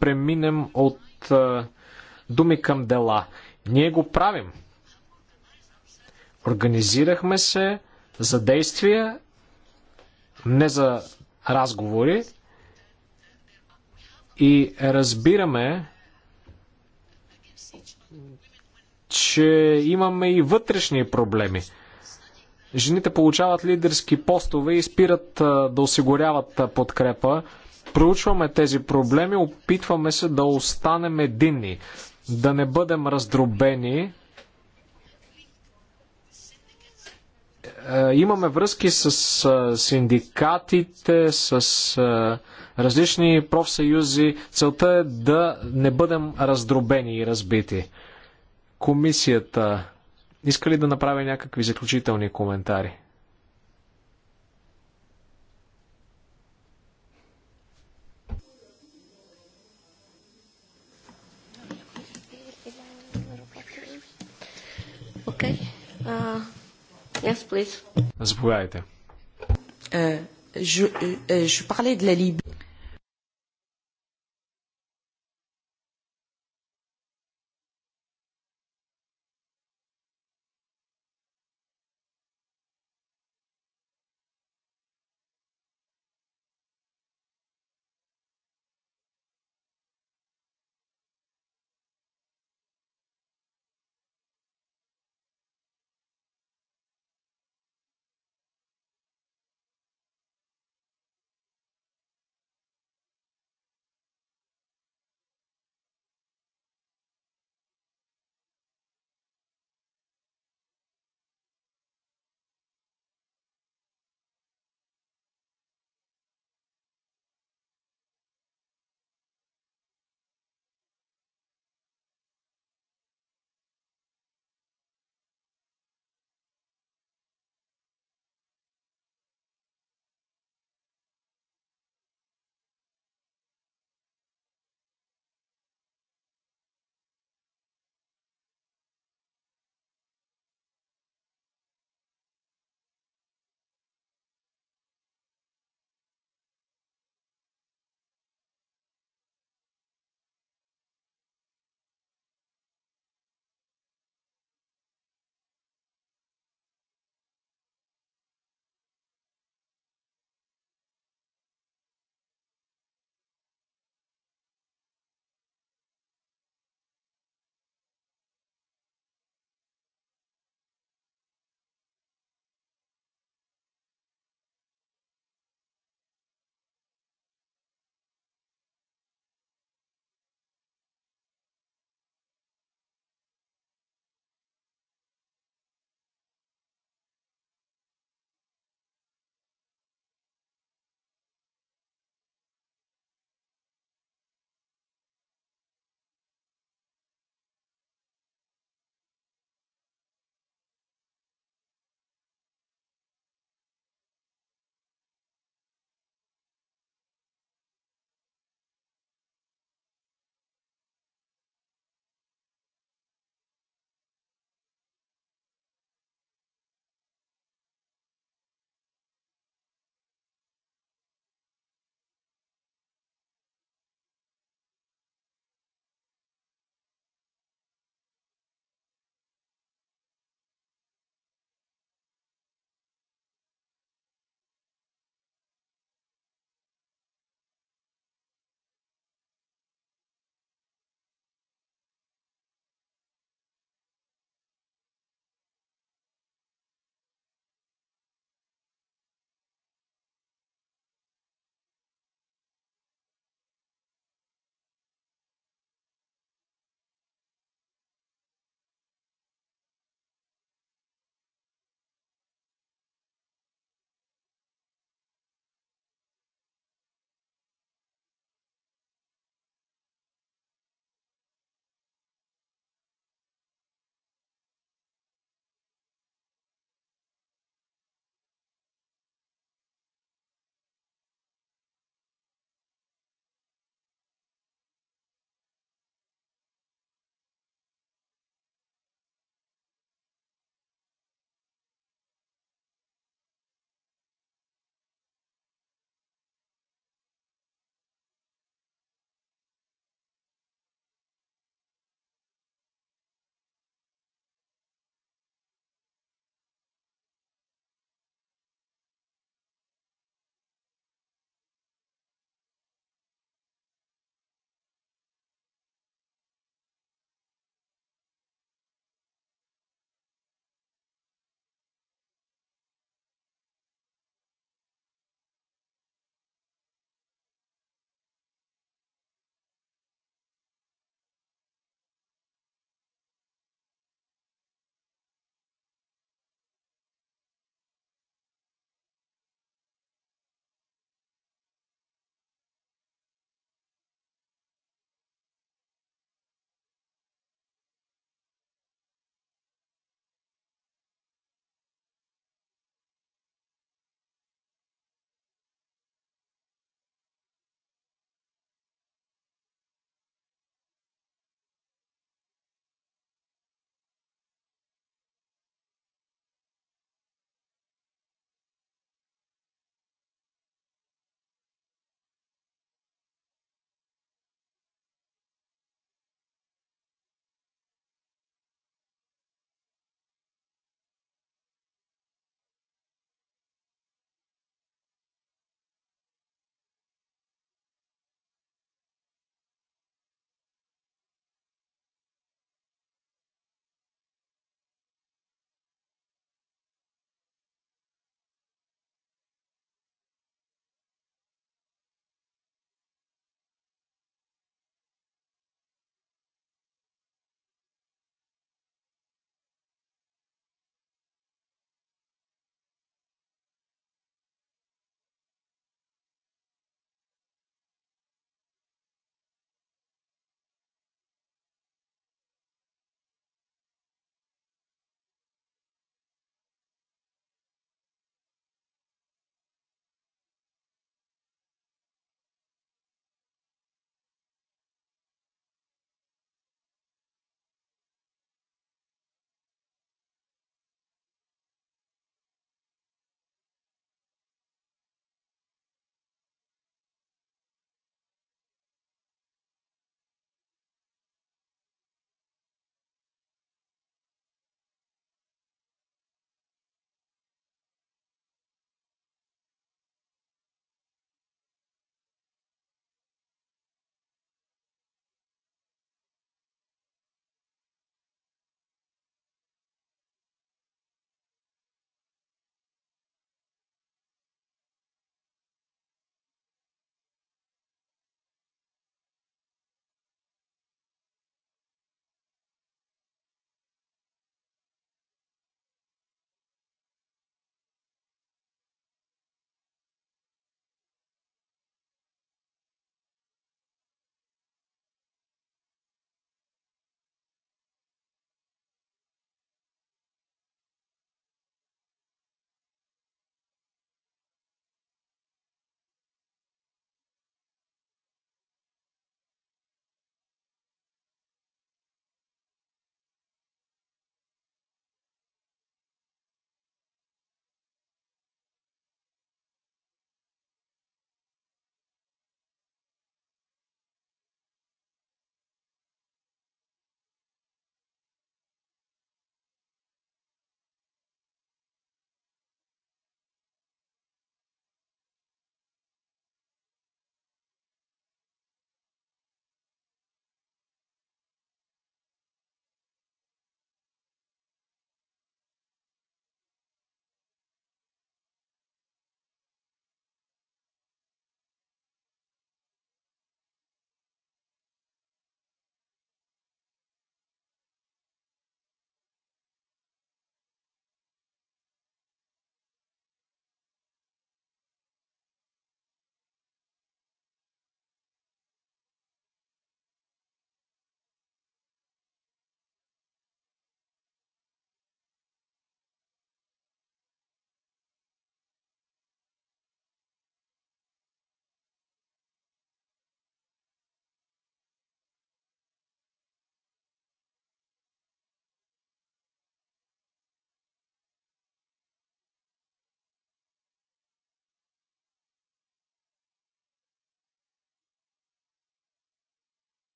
преминем от е, думи към дела. Ние го правим. Организирахме се за действия, не за разговори и разбираме, че имаме и вътрешни проблеми. Жените получават лидерски постове и спират да осигуряват подкрепа. Проучваме тези проблеми, опитваме се да останем единни, да не бъдем раздробени. Е, имаме връзки с синдикатите, с различни профсъюзи. Целта е да не бъдем раздробени и разбити. Комисията иска ли да направя някакви заключителни коментари? Okay. Uh, yes, Заповядайте. Uh, je, uh, je